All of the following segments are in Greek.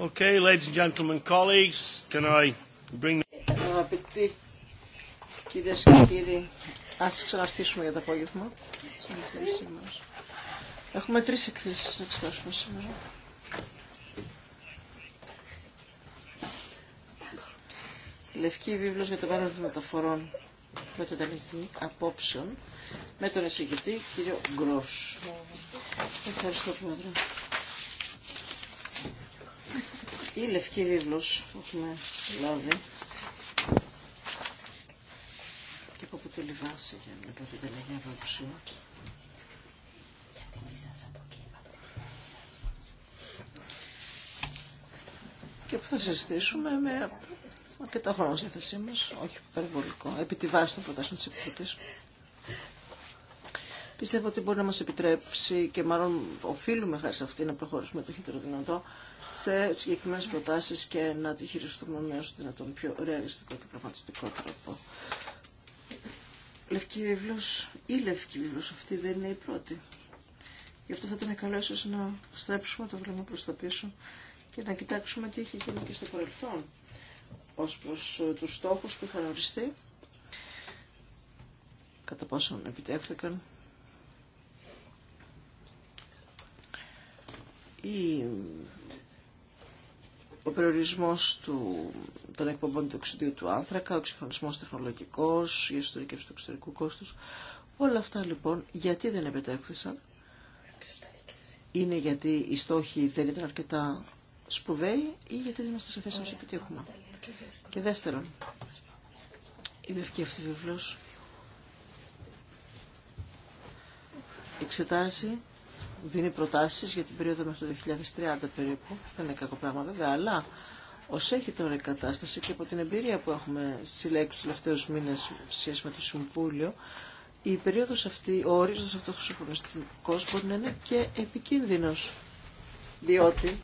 Okay, ladies and gentlemen, colleagues, can I bring... Αγαπητοί και κύριοι, ας ξαναρχίσουμε για το απόγευμα. Έχουμε τρεις εκθέσεις να εξετάσουμε σήμερα. Λευκή βίβλος για το μέλλον των μεταφορών πρώτη ανταλλαγή απόψεων με τον εισηγητή κύριο Γκρός. Ευχαριστώ πρόεδρε λευκή, λευκή ρίβλος, που έχουμε λάβει και από που αποτελεί βάση για μια πρώτη ανταλλαγή απόψεων. Και που θα συζητήσουμε με αρκετά χρόνο στη θέση μα, όχι υπερβολικό, επί τη βάση των προτάσεων τη Επιτροπή πιστεύω ότι μπορεί να μας επιτρέψει και μάλλον οφείλουμε χάρη σε αυτή να προχωρήσουμε το χύτερο δυνατό σε συγκεκριμένες προτάσεις και να τη χειριστούμε με όσο δυνατόν πιο ρεαλιστικό και πραγματιστικό τρόπο. Λευκή βιβλός ή λευκή βιβλός αυτή δεν είναι η πρώτη. Γι' αυτό θα ήταν καλό ίσω να στρέψουμε το βλέμμα προς τα πίσω και να κοιτάξουμε τι έχει γίνει και στο παρελθόν ως προς ε, τους στόχους που είχαν οριστεί, κατά πόσον επιτεύχθηκαν ο περιορισμός του, των εκπομπών του οξυδίου του άνθρακα, ο εξυγχρονισμός τεχνολογικός, η ιστορική του εξωτερικού κόστους, όλα αυτά λοιπόν γιατί δεν επιτέχθησαν. Είναι γιατί οι στόχοι δεν ήταν αρκετά σπουδαίοι ή γιατί δεν είμαστε σε θέση να του επιτύχουμε. Και δεύτερον, η λευκή αυτή βίβλος εξετάζει δίνει προτάσεις για την περίοδο μέχρι το 2030 περίπου. Δεν είναι κακό πράγμα βέβαια, αλλά ω έχει τώρα η κατάσταση και από την εμπειρία που έχουμε συλλέξει του τελευταίου μήνε σχέση με το Συμβούλιο, η περίοδος αυτή, ο ορίζοντας αυτός ο μπορεί να είναι και επικίνδυνος. Διότι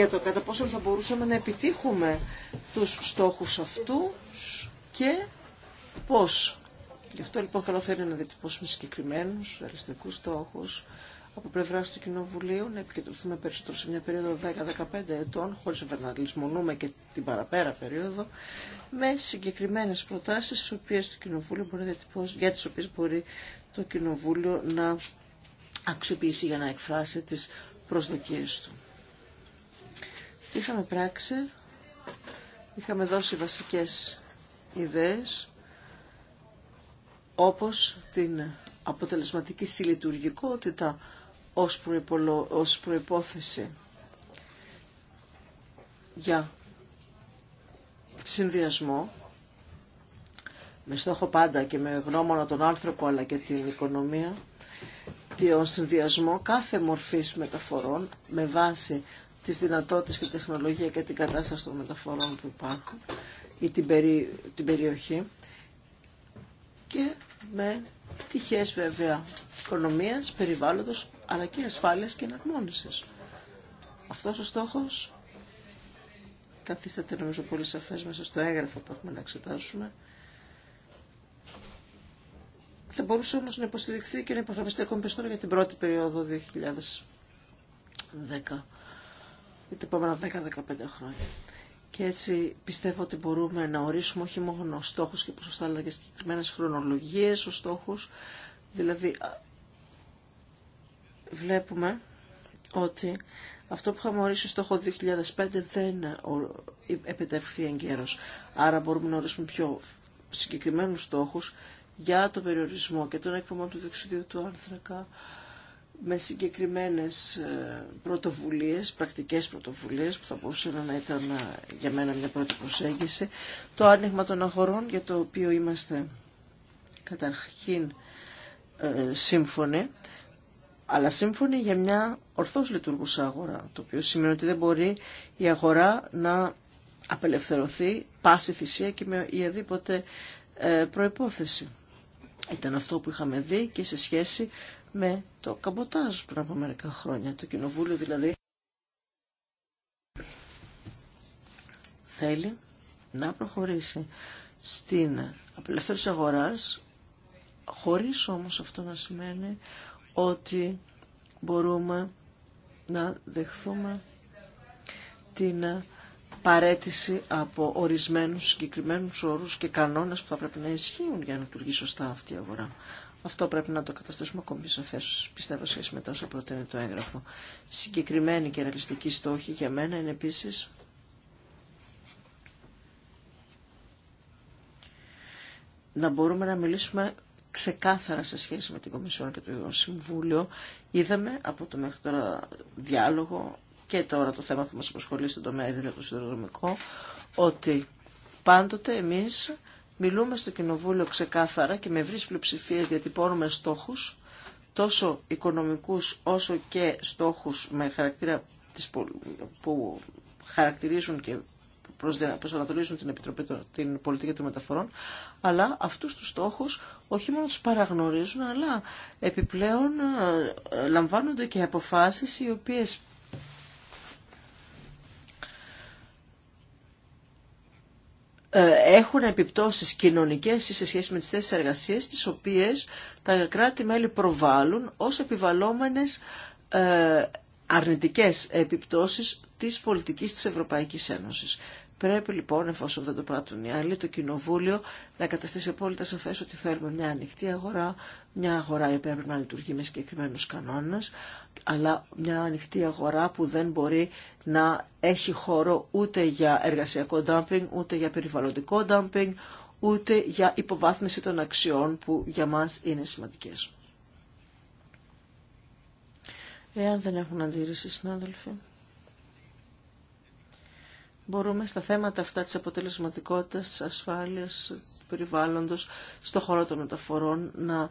για το κατά πόσο θα μπορούσαμε να επιτύχουμε τους στόχους αυτούς και πώς. Γι' αυτό λοιπόν καλό θα είναι να διατυπώσουμε συγκεκριμένου ρεαλιστικού στόχου από πλευρά του Κοινοβουλίου, να επικεντρωθούμε περισσότερο σε μια περίοδο 10-15 ετών, χωρί να λησμονούμε και την παραπέρα περίοδο, με συγκεκριμένε προτάσει για τι οποίε μπορεί το Κοινοβούλιο να αξιοποιήσει για να εκφράσει τι προσδοκίε του είχαμε πράξει, είχαμε δώσει βασικές ιδέες, όπως την αποτελεσματική συλλειτουργικότητα ως, προϋπολο, προϋπόθεση για συνδυασμό με στόχο πάντα και με γνώμονα τον άνθρωπο αλλά και την οικονομία τον συνδυασμό κάθε μορφής μεταφορών με βάση τις δυνατότητες και τεχνολογία και την κατάσταση των μεταφορών που υπάρχουν ή την, περι, την περιοχή και με πτυχές βέβαια οικονομίας, περιβάλλοντος αλλά και ασφάλειας και εναρμόνισης. Αυτός ο στόχος καθίσταται νομίζω πολύ σαφές μέσα στο έγγραφο που έχουμε να εξετάσουμε. Θα μπορούσε όμως να υποστηριχθεί και να υπογραμμιστεί ακόμη περισσότερο για την πρώτη περίοδο 2010 τα επόμενα 10-15 χρόνια. Και έτσι πιστεύω ότι μπορούμε να ορίσουμε όχι μόνο στόχους και ποσοστά, αλλά και συγκεκριμένε χρονολογίες ο στόχους. Δηλαδή, βλέπουμε ότι αυτό που είχαμε ορίσει στόχο 2005 δεν επιτευχθεί εγκαίρως. Άρα μπορούμε να ορίσουμε πιο συγκεκριμένους στόχους για τον περιορισμό και τον εκπομπών του διοξιδίου του άνθρακα, με συγκεκριμένες ε, πρωτοβουλίες, πρακτικές πρωτοβουλίες που θα μπορούσε να ήταν ε, για μένα μια πρώτη προσέγγιση. Το άνοιγμα των αγορών για το οποίο είμαστε καταρχήν ε, σύμφωνοι, αλλά σύμφωνοι για μια ορθώς λειτουργούσα αγορά, το οποίο σημαίνει ότι δεν μπορεί η αγορά να απελευθερωθεί πάση θυσία και με οποιαδήποτε προϋπόθεση. Ήταν αυτό που είχαμε δει και σε σχέση με το καμποτάζ πριν από μερικά χρόνια. Το κοινοβούλιο δηλαδή θέλει να προχωρήσει στην απελευθέρωση αγοράς χωρίς όμως αυτό να σημαίνει ότι μπορούμε να δεχθούμε την παρέτηση από ορισμένους συγκεκριμένους όρους και κανόνες που θα πρέπει να ισχύουν για να λειτουργεί σωστά αυτή η αγορά. Αυτό πρέπει να το καταστήσουμε ακόμη πιο σαφέ, πιστεύω, σχέση με τόσο προτείνει το έγγραφο. Συγκεκριμένη και ρεαλιστική στόχη για μένα είναι επίση να μπορούμε να μιλήσουμε ξεκάθαρα σε σχέση με την Κομισιόν και το Συμβούλιο. Είδαμε από το μέχρι τώρα διάλογο και τώρα το θέμα που μας απασχολεί στον τομέα, ιδιαίτερα το συνδρομικό, ότι πάντοτε εμείς Μιλούμε στο Κοινοβούλιο ξεκάθαρα και με ευρύς πλειοψηφίες διατυπώνουμε στόχους, τόσο οικονομικούς όσο και στόχους με χαρακτήρα που χαρακτηρίζουν και προσανατολίζουν την, Επιτροπή, την πολιτική των μεταφορών, αλλά αυτούς τους στόχους όχι μόνο τους παραγνωρίζουν, αλλά επιπλέον ε, λαμβάνονται και αποφάσεις οι οποίες Ε, έχουν επιπτώσεις κοινωνικές σε σχέση με τις θέσεις εργασίας τις οποίες τα κράτη-μέλη προβάλλουν ως επιβαλλόμενες ε, αρνητικές επιπτώσεις της πολιτικής της Ευρωπαϊκής Ένωσης. Πρέπει λοιπόν, εφόσον δεν το πράττουν οι άλλοι, το Κοινοβούλιο να καταστήσει απόλυτα σαφέ ότι θέλουμε μια ανοιχτή αγορά, μια αγορά η οποία πρέπει να λειτουργεί με συγκεκριμένου κανόνε, αλλά μια ανοιχτή αγορά που δεν μπορεί να έχει χώρο ούτε για εργασιακό ντάμπινγκ, ούτε για περιβαλλοντικό ντάμπινγκ, ούτε για υποβάθμιση των αξιών που για μα είναι σημαντικέ. Εάν δεν έχουν αντίρρηση, συνάδελφοι, μπορούμε στα θέματα αυτά της αποτελεσματικότητας, της ασφάλειας, του περιβάλλοντος, στον χώρο των μεταφορών, να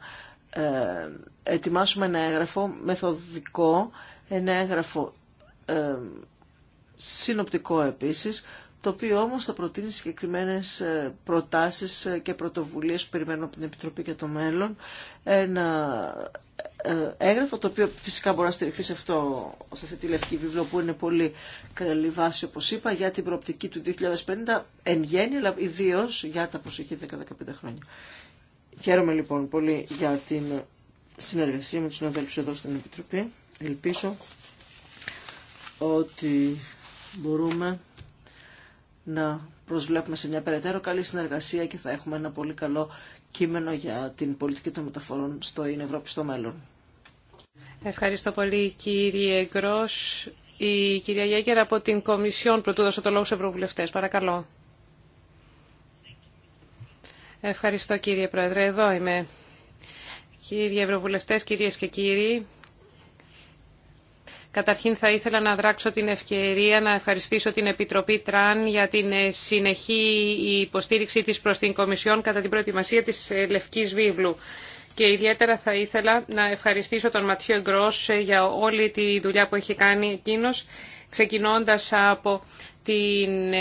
ε, ετοιμάσουμε ένα έγγραφο μεθοδικό, ένα έγγραφο ε, συνοπτικό επίσης, το οποίο όμως θα προτείνει συγκεκριμένες ε, προτάσεις και πρωτοβουλίες που περιμένουν από την Επιτροπή για το μέλλον. Ένα ε, έγγραφο, το οποίο φυσικά μπορεί να στηριχθεί σε, αυτό, σε αυτή τη λευκή βιβλίο που είναι πολύ καλή βάση, όπως είπα, για την προοπτική του 2050 εν γέννη, αλλά ιδίω για τα προσεχή 10-15 χρόνια. Χαίρομαι λοιπόν πολύ για την συνεργασία με τους συναδέλφους εδώ στην Επιτροπή. Ελπίζω ότι μπορούμε να προσβλέπουμε σε μια περαιτέρω καλή συνεργασία και θα έχουμε ένα πολύ καλό κείμενο για την πολιτική των μεταφορών στο «Είναι Ευρώπη στο μέλλον». Ευχαριστώ πολύ κύριε Γκρός. Η κυρία Γέγκερα από την Κομισιόν πρωτού δώσω το λόγο στους Ευρωβουλευτές. Παρακαλώ. Ευχαριστώ κύριε Πρόεδρε. Εδώ είμαι. Κύριοι Ευρωβουλευτές, κυρίες και κύριοι, Καταρχήν θα ήθελα να δράξω την ευκαιρία να ευχαριστήσω την Επιτροπή Τραν για την ε, συνεχή υποστήριξη της προς την Κομισιόν κατά την προετοιμασία της ε, Λευκής Βίβλου. Και ιδιαίτερα θα ήθελα να ευχαριστήσω τον Ματιό Γκρός ε, για όλη τη δουλειά που έχει κάνει εκείνος, ξεκινώντας από την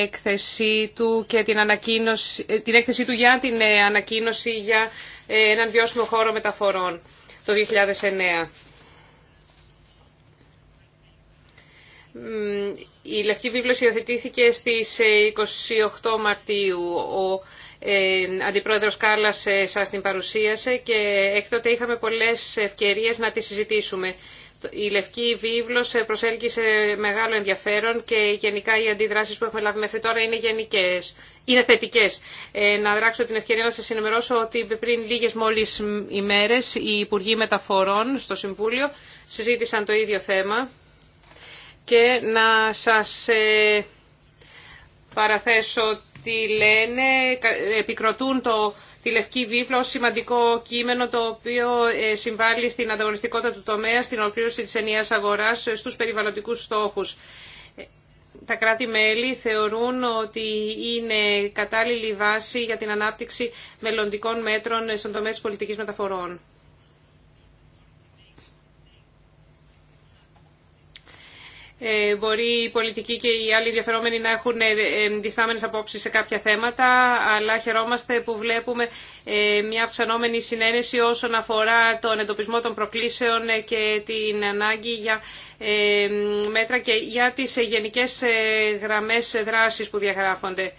έκθεσή του και την, ανακοίνωση, την έκθεσή του για την ανακοίνωση για έναν βιώσιμο χώρο μεταφορών το 2009. Η Λευκή Βίβλος υιοθετήθηκε στις 28 ε, Μαρτίου. Ο ε, Αντιπρόεδρος Κάλλας ε, σας την παρουσίασε και έκτοτε είχαμε πολλές ευκαιρίες να τη συζητήσουμε. Η Λευκή Βίβλος προσέλκυσε μεγάλο ενδιαφέρον και γενικά οι αντιδράσεις που έχουμε λάβει μέχρι τώρα είναι γενικές. Είναι θετικέ. να δράξω την ευκαιρία να σα ενημερώσω ότι πριν λίγε μόλι ημέρε οι Υπουργοί Μεταφορών στο Συμβούλιο συζήτησαν το ίδιο θέμα και να σας ε, παραθέσω τι λένε. Ε, επικροτούν το, τη Λευκή Βίβλο, σημαντικό κείμενο το οποίο ε, συμβάλλει στην ανταγωνιστικότητα του τομέα, στην ολοκλήρωση της ενιαίας αγοράς, στους περιβαλλοντικούς στόχους. Τα κράτη-μέλη θεωρούν ότι είναι κατάλληλη βάση για την ανάπτυξη μελλοντικών μέτρων στον τομέα της πολιτικής μεταφορών. Ε, μπορεί οι πολιτικοί και οι άλλοι ενδιαφερόμενοι να έχουν ε, ε, διστάμενε απόψεις σε κάποια θέματα, αλλά χαιρόμαστε που βλέπουμε μια αυξανόμενη συνένεση όσον αφορά τον εντοπισμό των προκλήσεων και την ανάγκη για μέτρα και για τις γενικές γραμμές δράσης που διαγράφονται.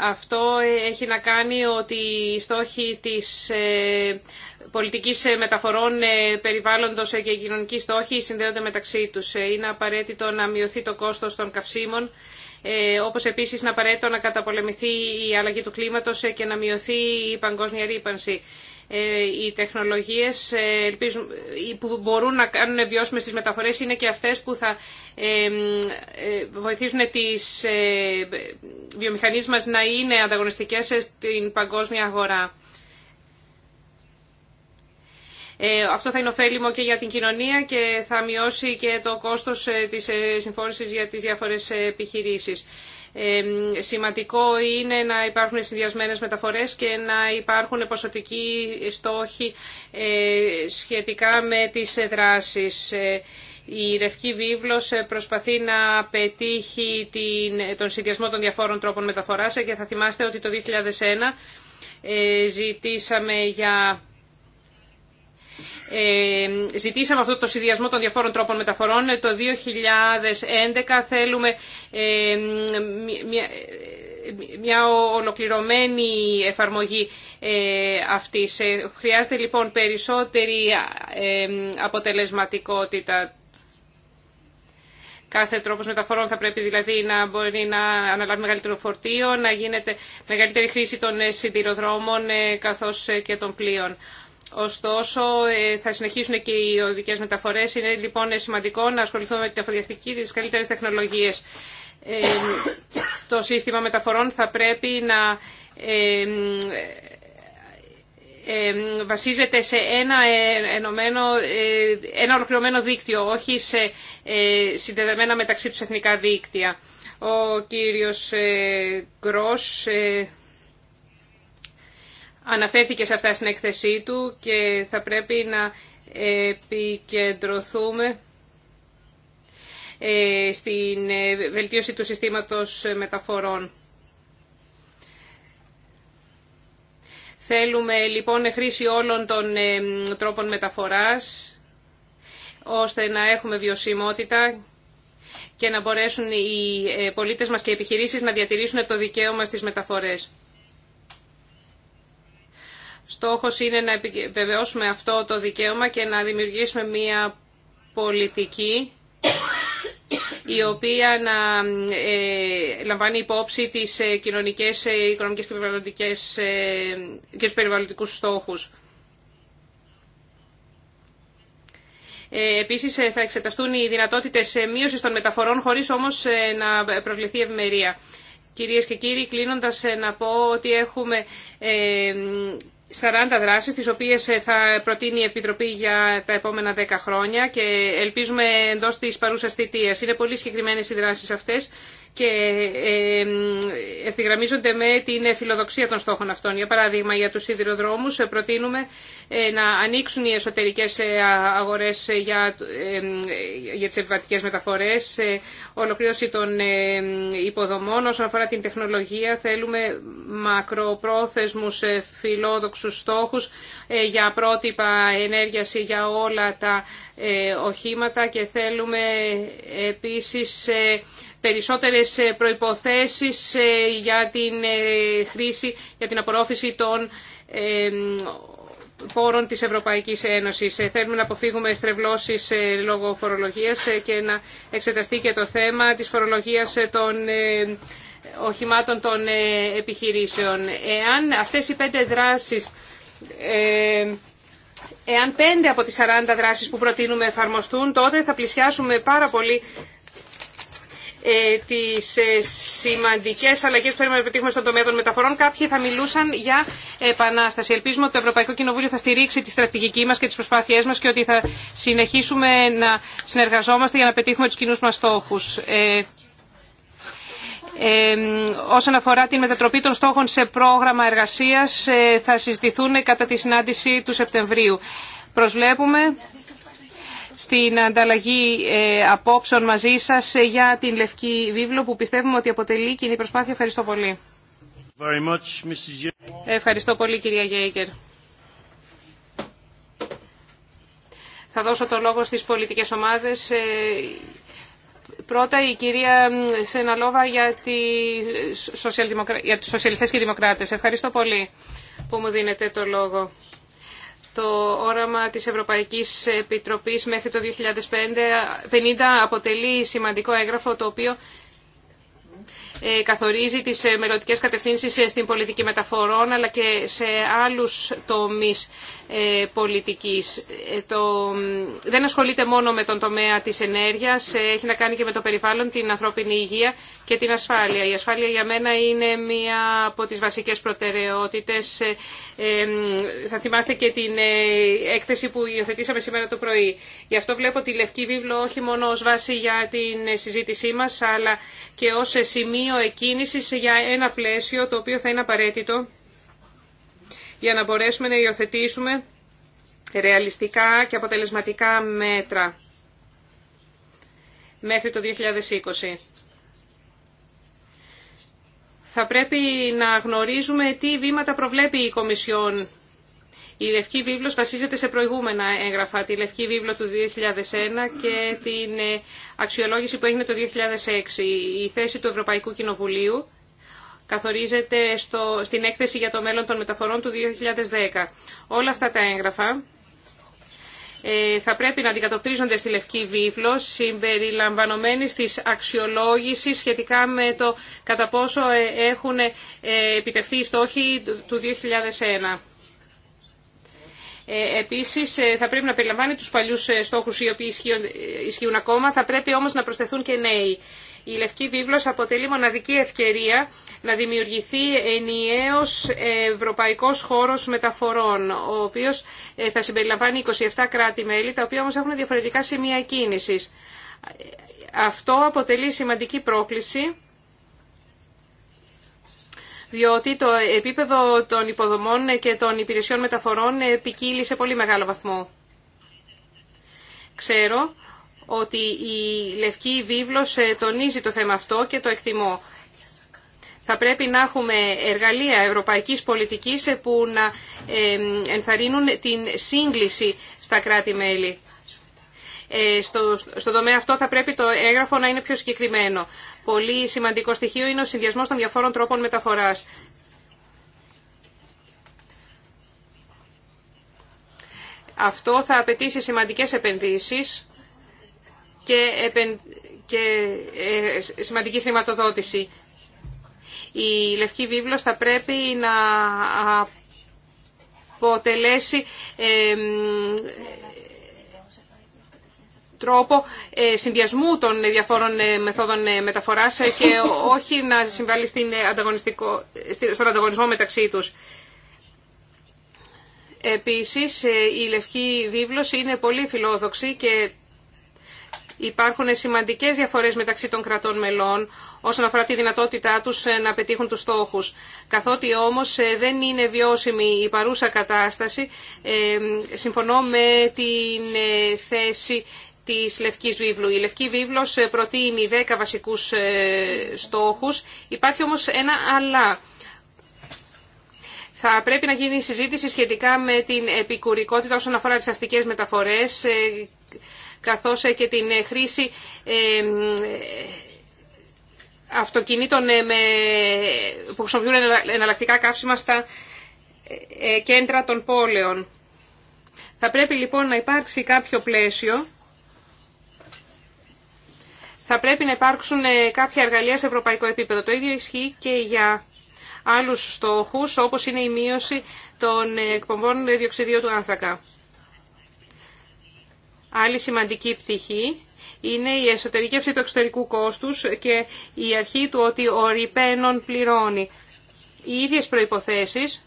Αυτό έχει να κάνει ότι οι στόχοι της πολιτική ε, μεταφορών, ε, περιβάλλοντος ε, και κοινωνικοί στόχοι συνδέονται μεταξύ τους. Είναι απαραίτητο να μειωθεί το κόστος των καυσίμων, όπως επίσης είναι απαραίτητο να καταπολεμηθεί η αλλαγή του κλίματος και να μειωθεί η παγκόσμια ρήπανση. Οι τεχνολογίες που μπορούν να κάνουν βιώσιμες τις μεταφορές είναι και αυτές που θα βοηθήσουν τις βιομηχανίες μας να είναι ανταγωνιστικές στην παγκόσμια αγορά. Ε, αυτό θα είναι ωφέλιμο και για την κοινωνία και θα μειώσει και το κόστος ε, της ε, συμφόρησης για τις διάφορες επιχειρήσεις. Σημαντικό είναι να υπάρχουν συνδυασμένε μεταφορές και να υπάρχουν ποσοτικοί στόχοι σχετικά με τις δράσεις. Η Ρευκή Βίβλος προσπαθεί να πετύχει τον συνδυασμό των διαφόρων τρόπων μεταφοράς και θα θυμάστε ότι το 2001 ζητήσαμε για ζητήσαμε αυτό το συνδυασμό των διαφόρων τρόπων μεταφορών. Το 2011 θέλουμε μια ολοκληρωμένη εφαρμογή ε, αυτής. Ε, χρειάζεται λοιπόν περισσότερη αποτελεσματικότητα. Κάθε τρόπο μεταφορών θα πρέπει δηλαδή να μπορεί να αναλάβει μεγαλύτερο φορτίο, να γίνεται μεγαλύτερη χρήση των ε, σιδηροδρόμων καθώς και των πλοίων. Ωστόσο, ε, θα συνεχίσουν και οι οδικέ μεταφορέ. Είναι λοιπόν σημαντικό να ασχοληθούμε με τη διαφοδιαστική και τι καλύτερε τεχνολογίε. το σύστημα μεταφορών θα πρέπει να ε, ε, βασίζεται σε ένα, ε, ενωμένο, ε, ένα ολοκληρωμένο δίκτυο, όχι σε συνδεδεμένα μεταξύ τους εθνικά δίκτυα. Ο κύριος Γκρός αναφέρθηκε σε αυτά στην έκθεσή του και θα πρέπει να επικεντρωθούμε ε, στην ε, βελτίωση του συστήματος μεταφορών. Θέλουμε λοιπόν χρήση όλων των ε, τρόπων μεταφοράς ώστε να έχουμε βιωσιμότητα και να μπορέσουν οι πολίτες μας και οι επιχειρήσεις να διατηρήσουν το δικαίωμα στις μεταφορές. Στόχος είναι να επιβεβαιώσουμε αυτό το δικαίωμα και να δημιουργήσουμε μια πολιτική η οποία να ε, λαμβάνει υπόψη τις ε, κοινωνικές, ε, οικονομικές και, περιβαλλοντικές, ε, και τους περιβαλλοντικούς στόχους. Επίσης θα εξεταστούν οι δυνατότητες μείωσης των μεταφορών χωρίς όμως να προβληθεί ευμερία. Κυρίες και κύριοι, κλείνοντας να πω ότι έχουμε 40 δράσεις τις οποίες ε, θα προτείνει η Επιτροπή για τα επόμενα 10 χρόνια και ελπίζουμε εντός της παρούσας θητείας. Είναι πολύ συγκεκριμένες οι δράσεις αυτές και ευθυγραμμίζονται με την φιλοδοξία των στόχων αυτών. Για παράδειγμα, για τους σιδηροδρόμους προτείνουμε ε, να ανοίξουν οι εσωτερικές ε, αγορές για, για τις μεταφορέ, μεταφορές, ε, ολοκλήρωση των υποδομών. Όσον αφορά την τεχνολογία, θέλουμε μακροπρόθεσμους φιλόδοξους στόχους για πρότυπα ενέργειας για όλα τα οχήματα και θέλουμε επίσης περισσότερες ε, προϋποθέσεις ε, για την ε, χρήση, για την απορρόφηση των πόρων της Ευρωπαϊκής Ένωσης. Θέλουμε να αποφύγουμε στρεβλώσεις λόγω φορολογίας και να εξεταστεί και το θέμα της φορολογίας των οχημάτων των επιχειρήσεων. Εάν αυτές οι πέντε δράσεις Εάν πέντε από τις 40 δράσεις που προτείνουμε εφαρμοστούν, τότε θα πλησιάσουμε πάρα πολύ ε, τις ε, σημαντικές αλλαγέ που θέλουμε να πετύχουμε στον τομέα των μεταφορών. Κάποιοι θα μιλούσαν για επανάσταση. Ελπίζουμε ότι το Ευρωπαϊκό Κοινοβούλιο θα στηρίξει τη στρατηγική μας και τις προσπάθειές μας και ότι θα συνεχίσουμε να συνεργαζόμαστε για να πετύχουμε τους κοινού μας στόχους. Ε, ε, όσον αφορά την μετατροπή των στόχων σε πρόγραμμα εργασίας θα συζητηθούν κατά τη συνάντηση του Σεπτεμβρίου. Προσβλέπουμε στην ανταλλαγή ε, απόψεων μαζί σας ε, για την Λευκή Βίβλο που πιστεύουμε ότι αποτελεί κοινή προσπάθεια. Ευχαριστώ πολύ. much, Ευχαριστώ πολύ κυρία Γέικερ. Θα δώσω το λόγο στις πολιτικές ομάδες. Ε, πρώτα η κυρία Σεναλόβα για, τη για τους σοσιαλιστές και δημοκράτες. Ευχαριστώ πολύ που μου δίνετε το λόγο. Το όραμα της Ευρωπαϊκής Επιτροπής μέχρι το 2050 αποτελεί σημαντικό έγγραφο το οποίο ε, καθορίζει τις ε, μελλοντικέ κατευθύνσεις ε, στην πολιτική μεταφορών αλλά και σε άλλους τομείς ε, πολιτικής. Ε, το, δεν ασχολείται μόνο με τον τομέα της ενέργειας, ε, έχει να κάνει και με το περιβάλλον, την ανθρώπινη υγεία και την ασφάλεια. Η ασφάλεια για μένα είναι μία από τις βασικές προτεραιότητες. θα θυμάστε και την έκθεση που υιοθετήσαμε σήμερα το πρωί. Γι' αυτό βλέπω τη Λευκή Βίβλο όχι μόνο ως βάση για την συζήτησή μας, αλλά και ως σημείο εκκίνησης για ένα πλαίσιο το οποίο θα είναι απαραίτητο για να μπορέσουμε να υιοθετήσουμε ρεαλιστικά και αποτελεσματικά μέτρα μέχρι το 2020. Θα πρέπει να γνωρίζουμε τι βήματα προβλέπει η Κομισιόν. Η Λευκή Βίβλος βασίζεται σε προηγούμενα έγγραφα, τη Λευκή Βίβλο του 2001 και την ε, αξιολόγηση που έγινε το 2006. Η θέση του Ευρωπαϊκού Κοινοβουλίου καθορίζεται στο, στην έκθεση για το μέλλον των μεταφορών του 2010. Όλα αυτά τα έγγραφα ε, θα πρέπει να αντικατοπτρίζονται στη Λευκή Βίβλο συμπεριλαμβανομένης της αξιολόγησης σχετικά με το κατά πόσο ε, έχουν ε, επιτευχθεί οι στόχοι του 2001. Επίσης θα πρέπει να περιλαμβάνει τους παλιούς στόχους οι οποίοι ισχύουν ακόμα, θα πρέπει όμως να προσθεθούν και νέοι. Η Λευκή Βίβλος αποτελεί μοναδική ευκαιρία να δημιουργηθεί ενιαίος ευρωπαϊκός χώρος μεταφορών, ο οποίος ε, θα συμπεριλαμβάνει 27 κράτη-μέλη, τα οποία όμως έχουν διαφορετικά σημεία κίνησης. Αυτό αποτελεί σημαντική πρόκληση διότι το επίπεδο των υποδομών και των υπηρεσιών μεταφορών ποικίλει σε πολύ μεγάλο βαθμό. Ξέρω ότι η Λευκή Βίβλος ε, τονίζει το θέμα αυτό και το εκτιμώ. Θα πρέπει να έχουμε εργαλεία ευρωπαϊκής πολιτικής ε, που να ε, ενθαρρύνουν την σύγκληση στα κράτη-μέλη. Στο, στο τομέα αυτό θα πρέπει το έγγραφο να είναι πιο συγκεκριμένο. Πολύ σημαντικό στοιχείο είναι ο συνδυασμός των διαφόρων τρόπων μεταφοράς. Αυτό θα απαιτήσει σημαντικές επενδύσεις και ε, σημαντική χρηματοδότηση. Η Λευκή Βίβλος θα πρέπει να αποτελέσει τρόπο ε, συνδυασμού των διαφόρων ε, μεθόδων μεταφοράς και όχι να συμβάλλει στην ανταγωνιστικό, στον ανταγωνισμό μεταξύ τους. Επίσης, η Λευκή Βίβλος είναι πολύ φιλόδοξη και Υπάρχουν σημαντικές διαφορές μεταξύ των κρατών μελών όσον αφορά τη δυνατότητά τους ε, να πετύχουν τους στόχους. Καθότι όμως ε, δεν είναι βιώσιμη η παρούσα κατάσταση, ε, συμφωνώ με την θέση της Λευκής Βίβλου. Η Λευκή Βίβλος προτείνει 10 βασικούς στόχους. Υπάρχει όμως ένα αλλά. Θα πρέπει να γίνει συζήτηση σχετικά με την επικουρικότητα όσον αφορά τις αστικές μεταφορές καθώς και την ε, χρήση ε, ε, αυτοκινήτων που χρησιμοποιούν εναλλακτικά καύσιμα στα κέντρα των πόλεων. Θα πρέπει λοιπόν να υπάρξει κάποιο πλαίσιο θα πρέπει να υπάρξουν κάποια εργαλεία σε ευρωπαϊκό επίπεδο. Το ίδιο ισχύει και για άλλους στόχους, όπως είναι η μείωση των εκπομπών διοξιδίου του άνθρακα. Άλλη σημαντική πτυχή είναι η εσωτερική αυτή του εξωτερικού κόστους και η αρχή του ότι ο ρηπαίνων πληρώνει. Οι ίδιες προϋποθέσεις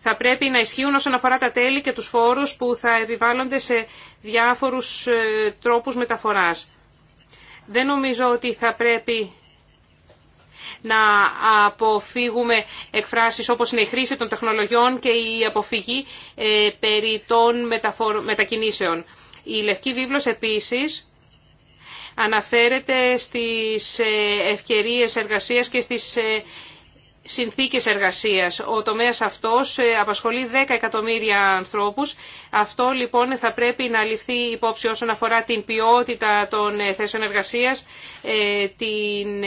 θα πρέπει να ισχύουν όσον αφορά τα τέλη και τους φόρους που θα επιβάλλονται σε διάφορους ε, τρόπους μεταφοράς. Δεν νομίζω ότι θα πρέπει να αποφύγουμε εκφράσεις όπως είναι η χρήση των τεχνολογιών και η αποφυγή ε, περί των μετακινήσεων. Η Λευκή Βίβλος επίσης αναφέρεται στις ε, ευκαιρίες εργασίας και στις ε, συνθήκες εργασίας. Ο τομέας αυτός ε, απασχολεί 10 εκατομμύρια ανθρώπους. Αυτό λοιπόν θα πρέπει να ληφθεί υπόψη όσον αφορά την ποιότητα των ε, θέσεων εργασίας, ε, την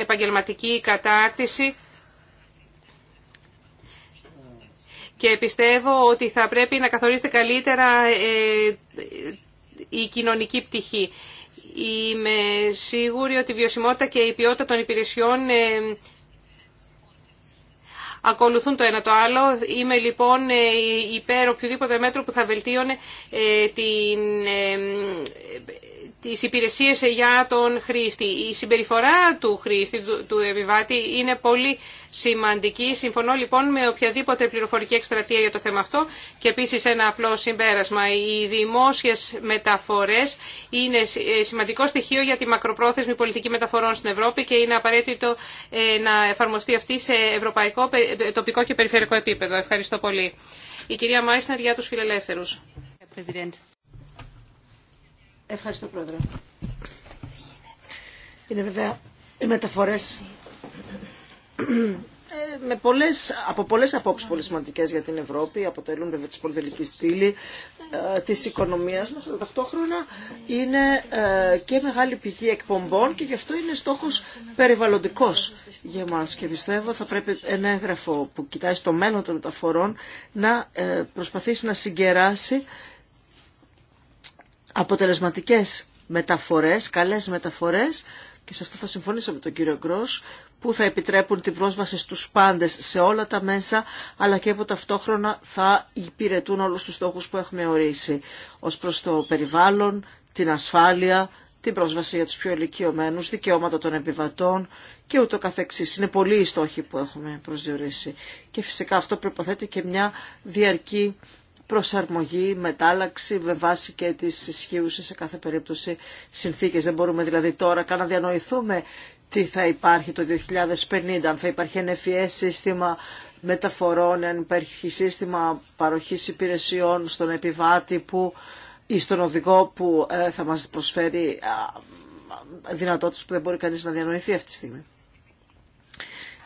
επαγγελματική κατάρτιση. Και πιστεύω ότι θα πρέπει να καθορίσετε καλύτερα η κοινωνική πτυχή. Είμαι σίγουρη ότι η βιωσιμότητα και η ποιότητα των υπηρεσιών ακολουθούν το ένα το άλλο. Είμαι λοιπόν ε, υπέρ οποιοδήποτε μέτρο που θα βελτίωνε ε, την ε, τις υπηρεσίες για τον χρήστη. Η συμπεριφορά του χρήστη, του, του επιβάτη, είναι πολύ σημαντική. Συμφωνώ λοιπόν με οποιαδήποτε πληροφορική εκστρατεία για το θέμα αυτό και επίσης ένα απλό συμπέρασμα. Οι δημόσιες μεταφορές είναι ε, σημαντικό στοιχείο για τη μακροπρόθεσμη πολιτική μεταφορών στην Ευρώπη και είναι απαραίτητο ε, να εφαρμοστεί αυτή σε ευρωπαϊκό, ε, τοπικό και περιφερειακό επίπεδο. Ευχαριστώ πολύ. Η κυρία Μάισνερ για τους φιλελεύθερους. Ευχαριστώ, Πρόεδρε. Είναι βέβαια οι μεταφορές ε, με πολλές, από πολλέ απόψει πολύ σημαντικέ για την Ευρώπη, αποτελούν βέβαια τη πολυδελική στήλη ε, της τη οικονομία μα, ταυτόχρονα είναι ε, και μεγάλη πηγή εκπομπών και γι' αυτό είναι στόχο περιβαλλοντικό για μα. Και πιστεύω θα πρέπει ένα έγγραφο που κοιτάει στο μέλλον των μεταφορών να προσπαθήσει να συγκεράσει αποτελεσματικές μεταφορές, καλές μεταφορές και σε αυτό θα συμφωνήσω με τον κύριο Γκρός που θα επιτρέπουν την πρόσβαση στους πάντες σε όλα τα μέσα αλλά και από ταυτόχρονα θα υπηρετούν όλους τους στόχους που έχουμε ορίσει ως προς το περιβάλλον, την ασφάλεια, την πρόσβαση για τους πιο ηλικιωμένους, δικαιώματα των επιβατών και ούτω καθεξής. Είναι πολλοί οι στόχοι που έχουμε προσδιορίσει. Και φυσικά αυτό προποθέτει και μια διαρκή προσαρμογή, μετάλλαξη με βάση και τις ισχύουσες σε κάθε περίπτωση συνθήκες. Δεν μπορούμε δηλαδή τώρα καν να διανοηθούμε τι θα υπάρχει το 2050, αν θα υπάρχει NFS σύστημα μεταφορών, αν υπάρχει σύστημα παροχής υπηρεσιών στον επιβάτη που, ή στον οδηγό που ε, θα μας προσφέρει δυνατότητες που δεν μπορεί κανείς να διανοηθεί αυτή τη στιγμή.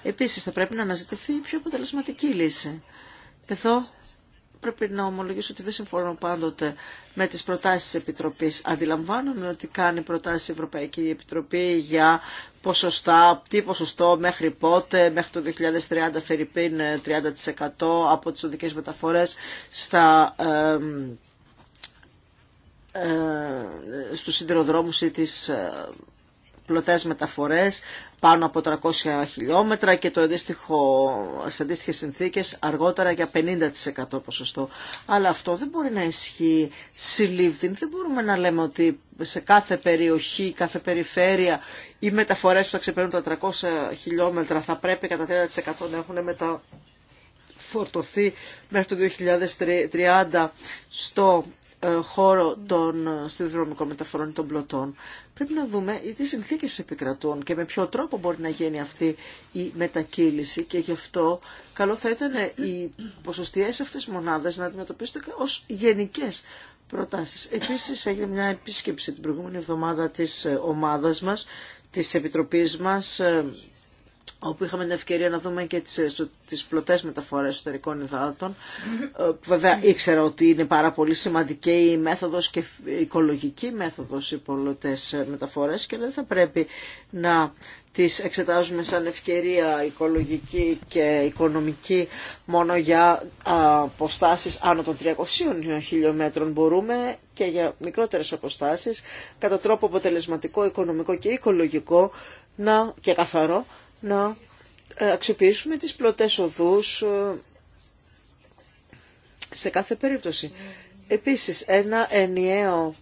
Επίσης θα πρέπει να αναζητηθεί η πιο αποτελεσματική λύση. Εδώ πρέπει να ομολογήσω ότι δεν συμφωνώ πάντοτε με τις προτάσεις της Επιτροπής. Αντιλαμβάνομαι ότι κάνει προτάσεις η Ευρωπαϊκή Επιτροπή για ποσοστά, τι ποσοστό μέχρι πότε, μέχρι το 2030 Φερρυπίν 30% από τις οδικές μεταφορές στα... Ε, στους σιδηροδρόμους ή τις ε, πλωτές μεταφορές πάνω από 300 χιλιόμετρα και το αντίστοιχο, σε αντίστοιχε συνθήκες αργότερα για 50% ποσοστό. Αλλά αυτό δεν μπορεί να ισχύει συλλήφθη. Δεν μπορούμε να λέμε ότι σε κάθε περιοχή, κάθε περιφέρεια οι μεταφορές που θα ξεπερνούν τα 300 χιλιόμετρα θα πρέπει κατά 30% να έχουν μεταφορτωθεί μέχρι το 2030 στο ε, χώρο των σιδηροδρομικών μεταφορών των πλωτών. Πρέπει να δούμε τι συνθήκε επικρατούν και με ποιο τρόπο μπορεί να γίνει αυτή η μετακύληση και γι' αυτό καλό θα ήταν οι ποσοστιαίες αυτέ μονάδε να αντιμετωπίσουν ω γενικέ προτάσει. Επίση, έγινε μια επίσκεψη την προηγούμενη εβδομάδα της ε, ομάδα μα, τη επιτροπή μα. Ε, όπου είχαμε την ευκαιρία να δούμε και τις, τις πλωτές μεταφορές εσωτερικών υδάτων, που ε, βέβαια ήξερα ότι είναι πάρα πολύ σημαντική η μέθοδος και οικολογική μέθοδος οι πλωτές μεταφορές και δεν θα πρέπει να τις εξετάζουμε σαν ευκαιρία οικολογική και οικονομική μόνο για αποστάσεις άνω των 300 χιλιόμετρων μπορούμε και για μικρότερες αποστάσεις κατά τρόπο αποτελεσματικό, οικονομικό και οικολογικό να, και καθαρό να ε, αξιοποιήσουμε τις πλωτές οδούς ε, σε κάθε περίπτωση. Επίσης, ένα ενιαίο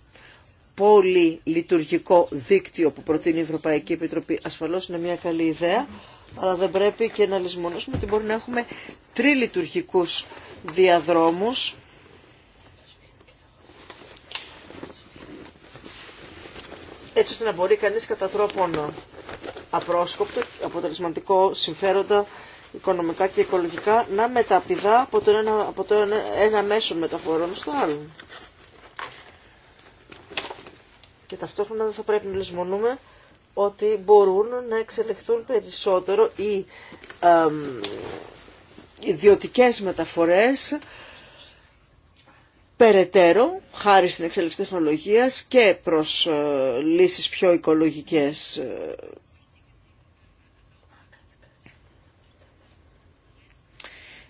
πολύ λειτουργικό δίκτυο που προτείνει η Ευρωπαϊκή Επιτροπή ασφαλώς είναι μια καλή ιδέα, αλλά δεν πρέπει και να λησμονώσουμε ότι μπορεί να έχουμε τριλειτουργικούς διαδρόμους έτσι ώστε να μπορεί κανείς κατά τρόπον απρόσκοπτα, αποτελεσματικό συμφέροντα οικονομικά και οικολογικά να μεταπηδά από το ένα, από το ένα, μέσο μεταφορών στο άλλο. Και ταυτόχρονα δεν θα πρέπει να λησμονούμε ότι μπορούν να εξελιχθούν περισσότερο οι ιδιωτικέ ιδιωτικές μεταφορές περαιτέρω, χάρη στην εξέλιξη τεχνολογίας και προς ε, λύσεις πιο οικολογικές ε,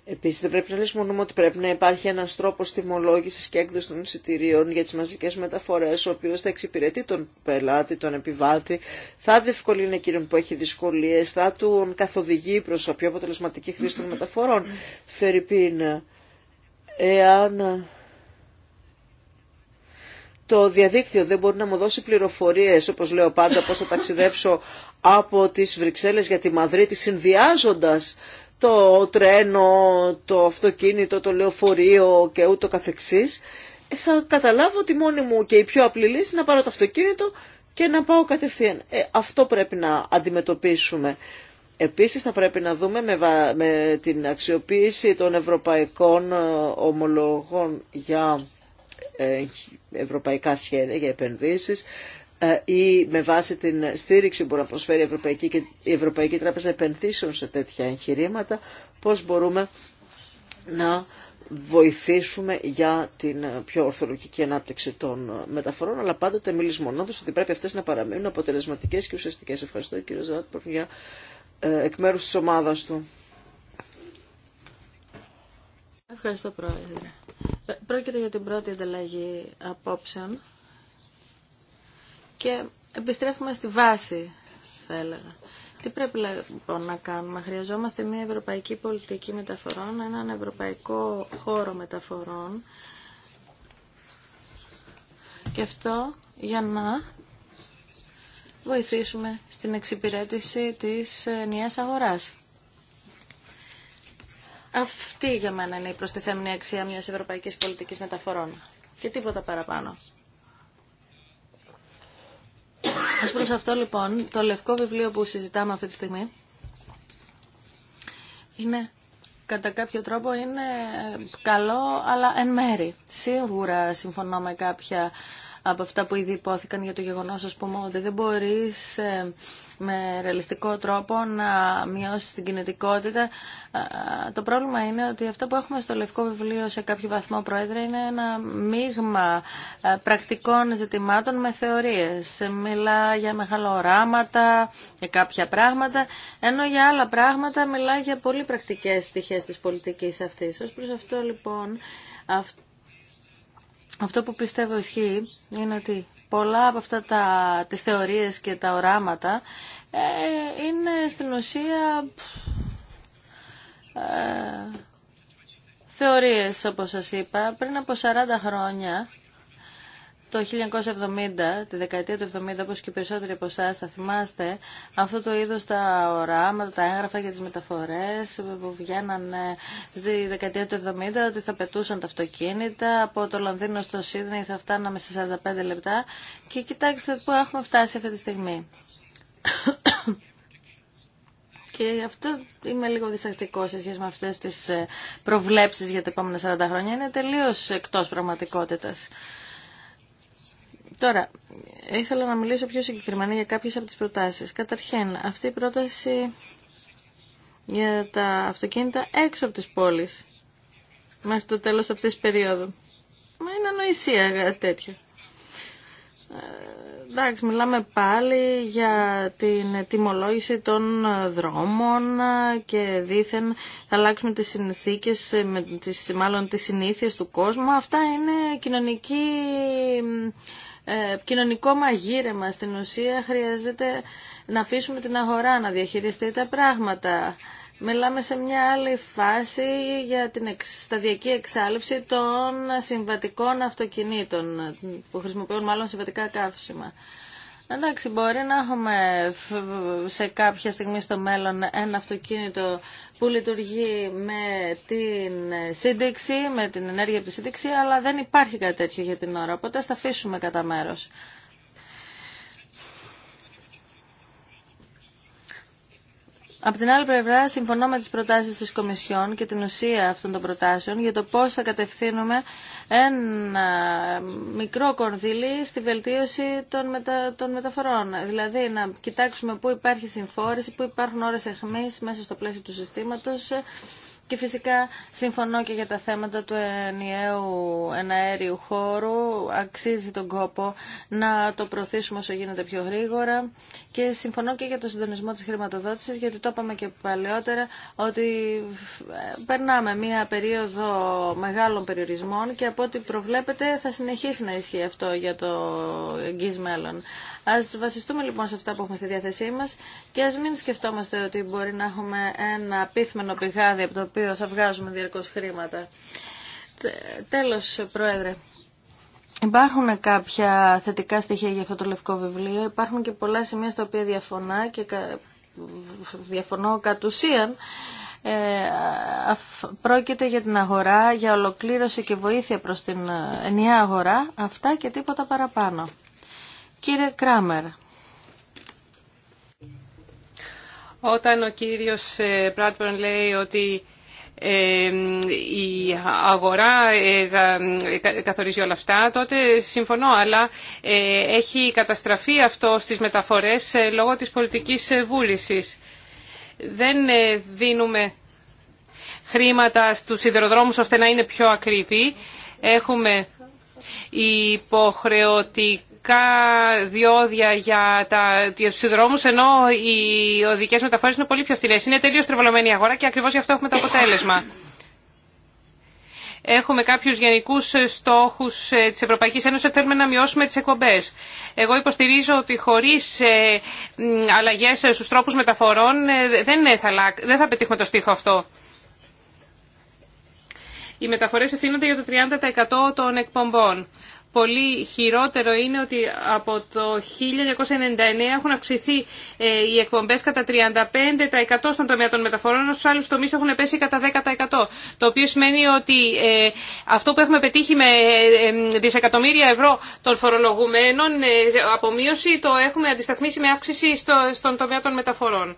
Επίση, δεν πρέπει να λησμονούμε ότι πρέπει να υπάρχει ένα τρόπο τιμολόγηση και έκδοση των εισιτηρίων για τι μαζικέ μεταφορέ, ο οποίο θα εξυπηρετεί τον πελάτη, τον επιβάτη, θα διευκολύνει εκείνον που έχει δυσκολίε, θα του καθοδηγεί προ πιο αποτελεσματική χρήση των μεταφορών. Φερρυπίν, εάν το διαδίκτυο δεν μπορεί να μου δώσει πληροφορίε, όπω λέω πάντα, πώ θα ταξιδέψω από τι Βρυξέλλες για τη Μαδρίτη, συνδυάζοντα το τρένο, το αυτοκίνητο, το λεωφορείο και ούτω καθεξής, ε, θα καταλάβω ότι μόνη μου και η πιο απλή λύση να πάρω το αυτοκίνητο και να πάω κατευθείαν. Ε, αυτό πρέπει να αντιμετωπίσουμε. Επίσης θα πρέπει να δούμε με, με την αξιοποίηση των ευρωπαϊκών ε, ομολογών για ευρωπαϊκά σχέδια για επενδύσεις ε, ή με βάση την στήριξη που μπορεί να προσφέρει η Ευρωπαϊκή, και η Ευρωπαϊκή Τράπεζα Επενδύσεων σε τέτοια εγχειρήματα, πώς μπορούμε να βοηθήσουμε για την πιο ορθολογική ανάπτυξη των μεταφορών, αλλά πάντοτε μονόδος ότι πρέπει αυτές να παραμείνουν αποτελεσματικές και ουσιαστικές. Ευχαριστώ κύριε Ζάτπορ για ε, εκ μέρου της ομάδας του. Ευχαριστώ Πρόεδρε. Ε, πρόκειται για την πρώτη ανταλλαγή απόψεων και επιστρέφουμε στη βάση, θα έλεγα. Τι πρέπει λοιπόν να κάνουμε. Χρειαζόμαστε μια ευρωπαϊκή πολιτική μεταφορών, έναν ευρωπαϊκό χώρο μεταφορών. Και αυτό για να βοηθήσουμε στην εξυπηρέτηση της νέας αγοράς. Αυτή για μένα είναι η προστιθέμενη αξία μιας ευρωπαϊκής πολιτικής μεταφορών. Και τίποτα παραπάνω. Ως προς αυτό λοιπόν, το λευκό βιβλίο που συζητάμε αυτή τη στιγμή είναι κατά κάποιο τρόπο είναι καλό, αλλά εν μέρη. Σίγουρα συμφωνώ με κάποια από αυτά που ήδη υπόθηκαν για το γεγονός, ας πούμε, ότι δεν μπορείς ε, με ρεαλιστικό τρόπο να μειώσει την κινητικότητα. Το πρόβλημα είναι ότι αυτό που έχουμε στο Λευκό Βιβλίο σε κάποιο βαθμό, Πρόεδρε, είναι ένα μείγμα ε, πρακτικών ζητημάτων με θεωρίες. Μιλά για μεγάλα οράματα, για κάποια πράγματα, ενώ για άλλα πράγματα μιλά για πολύ πρακτικές πτυχές της πολιτικής αυτής. Ως προς αυτό, λοιπόν, αυτό που πιστεύω ισχύει είναι ότι πολλά από αυτά τα, τις θεωρίες και τα οράματα ε, είναι στην ουσία ε, θεωρίες όπως σας είπα πριν από 40 χρόνια το 1970, τη δεκαετία του 70, όπως και οι περισσότεροι από εσά θα θυμάστε, αυτό το είδος τα οράματα, τα έγγραφα για τις μεταφορές που βγαίνανε στη δεκαετία του 70, ότι θα πετούσαν τα αυτοκίνητα, από το Λονδίνο στο Σίδνεϊ θα φτάναμε σε 45 λεπτά και κοιτάξτε πού έχουμε φτάσει αυτή τη στιγμή. Και αυτό είμαι λίγο διστακτικό σε σχέση με αυτέ τι ε, προβλέψει για τα επόμενα 40 χρόνια. Είναι τελείως εκτός πραγματικότητας Τώρα, ήθελα να μιλήσω πιο συγκεκριμένα για κάποιες από τις προτάσεις. Καταρχήν, αυτή η πρόταση για τα αυτοκίνητα έξω από τις πόλεις μέχρι το τέλος αυτής της περίοδου. Μα είναι ανοησία τέτοια. Ε, εντάξει, μιλάμε πάλι για την τιμολόγηση των δρόμων και δήθεν θα αλλάξουμε τις συνθήκες, με τις, μάλλον τις συνήθειες του κόσμου. Αυτά είναι κοινωνική ε, κοινωνικό μαγείρεμα. Στην ουσία χρειάζεται να αφήσουμε την αγορά να διαχειριστεί τα πράγματα. Μιλάμε σε μια άλλη φάση για την σταδιακή εξάλληψη των συμβατικών αυτοκινήτων, που χρησιμοποιούν μάλλον συμβατικά καύσιμα. Εντάξει, μπορεί να έχουμε σε κάποια στιγμή στο μέλλον ένα αυτοκίνητο που λειτουργεί με την σύνδεξη, με την ενέργεια από τη σύνδεξη, αλλά δεν υπάρχει κάτι τέτοιο για την ώρα, οπότε θα αφήσουμε κατά μέρος. Από την άλλη πλευρά, συμφωνώ με τις προτάσεις της Κομισιόν και την ουσία αυτών των προτάσεων για το πώς θα κατευθύνουμε ένα μικρό κονδύλι στη βελτίωση των, μετα... των μεταφορών. Δηλαδή, να κοιτάξουμε πού υπάρχει συμφόρηση, πού υπάρχουν ώρες αιχμή μέσα στο πλαίσιο του συστήματος, και φυσικά συμφωνώ και για τα θέματα του ενιαίου εναέριου χώρου. Αξίζει τον κόπο να το προωθήσουμε όσο γίνεται πιο γρήγορα. Και συμφωνώ και για το συντονισμό της χρηματοδότησης, γιατί το είπαμε και παλαιότερα, ότι ε, περνάμε μία περίοδο μεγάλων περιορισμών και από ό,τι προβλέπετε θα συνεχίσει να ισχύει αυτό για το εγγύς μέλλον. Ας βασιστούμε λοιπόν σε αυτά που έχουμε στη διάθεσή μα και ας μην σκεφτόμαστε ότι μπορεί να έχουμε ένα πίθμενο πηγάδι από το οποίο θα βγάζουμε διαρκώ χρήματα. Τέλος, Πρόεδρε. Υπάρχουν κάποια θετικά στοιχεία για αυτό το λευκό βιβλίο. Υπάρχουν και πολλά σημεία στα οποία διαφωνά και διαφωνώ κατ' ουσίαν. Ε, πρόκειται για την αγορά, για ολοκλήρωση και βοήθεια προς την ε, ενιαία αγορά, αυτά και τίποτα παραπάνω. Κύριε Κράμερ. Όταν ο κύριος Πράτπρον ε, λέει ότι ε, η αγορά ε, καθορίζει όλα αυτά, τότε συμφωνώ, αλλά έχει καταστραφεί αυτό στις μεταφορές λόγω της πολιτικής βούλησης. Δεν δίνουμε χρήματα στους σιδηροδρόμους ώστε να είναι πιο ακριβή. Έχουμε υποχρεωτικά ειδικά διόδια για, τα, για τους συνδρόμους, ενώ οι οδικές μεταφορές είναι πολύ πιο φθηνές. Είναι τελείως τρεβολωμένη η αγορά και ακριβώς γι' αυτό έχουμε το αποτέλεσμα. Έχουμε κάποιους γενικούς στόχους ε, της Ευρωπαϊκής Ένωσης ότι θέλουμε να μειώσουμε τις εκπομπές. Εγώ υποστηρίζω ότι χωρίς ε, αλλαγές στους τρόπους μεταφορών ε, δεν θα, δεν θα πετύχουμε το στίχο αυτό. Οι μεταφορές ευθύνονται για το 30% των εκπομπών πολύ χειρότερο είναι ότι από το 1999 έχουν αυξηθεί ε, οι εκπομπές κατά 35% στον τομέα των μεταφορών, ενώ στους άλλους τομείς έχουν πέσει κατά 10%. Το οποίο σημαίνει ότι ε, αυτό που έχουμε πετύχει με ε, δισεκατομμύρια ευρώ των φορολογουμένων από μείωση το έχουμε αντισταθμίσει με αύξηση στον τομέα των μεταφορών.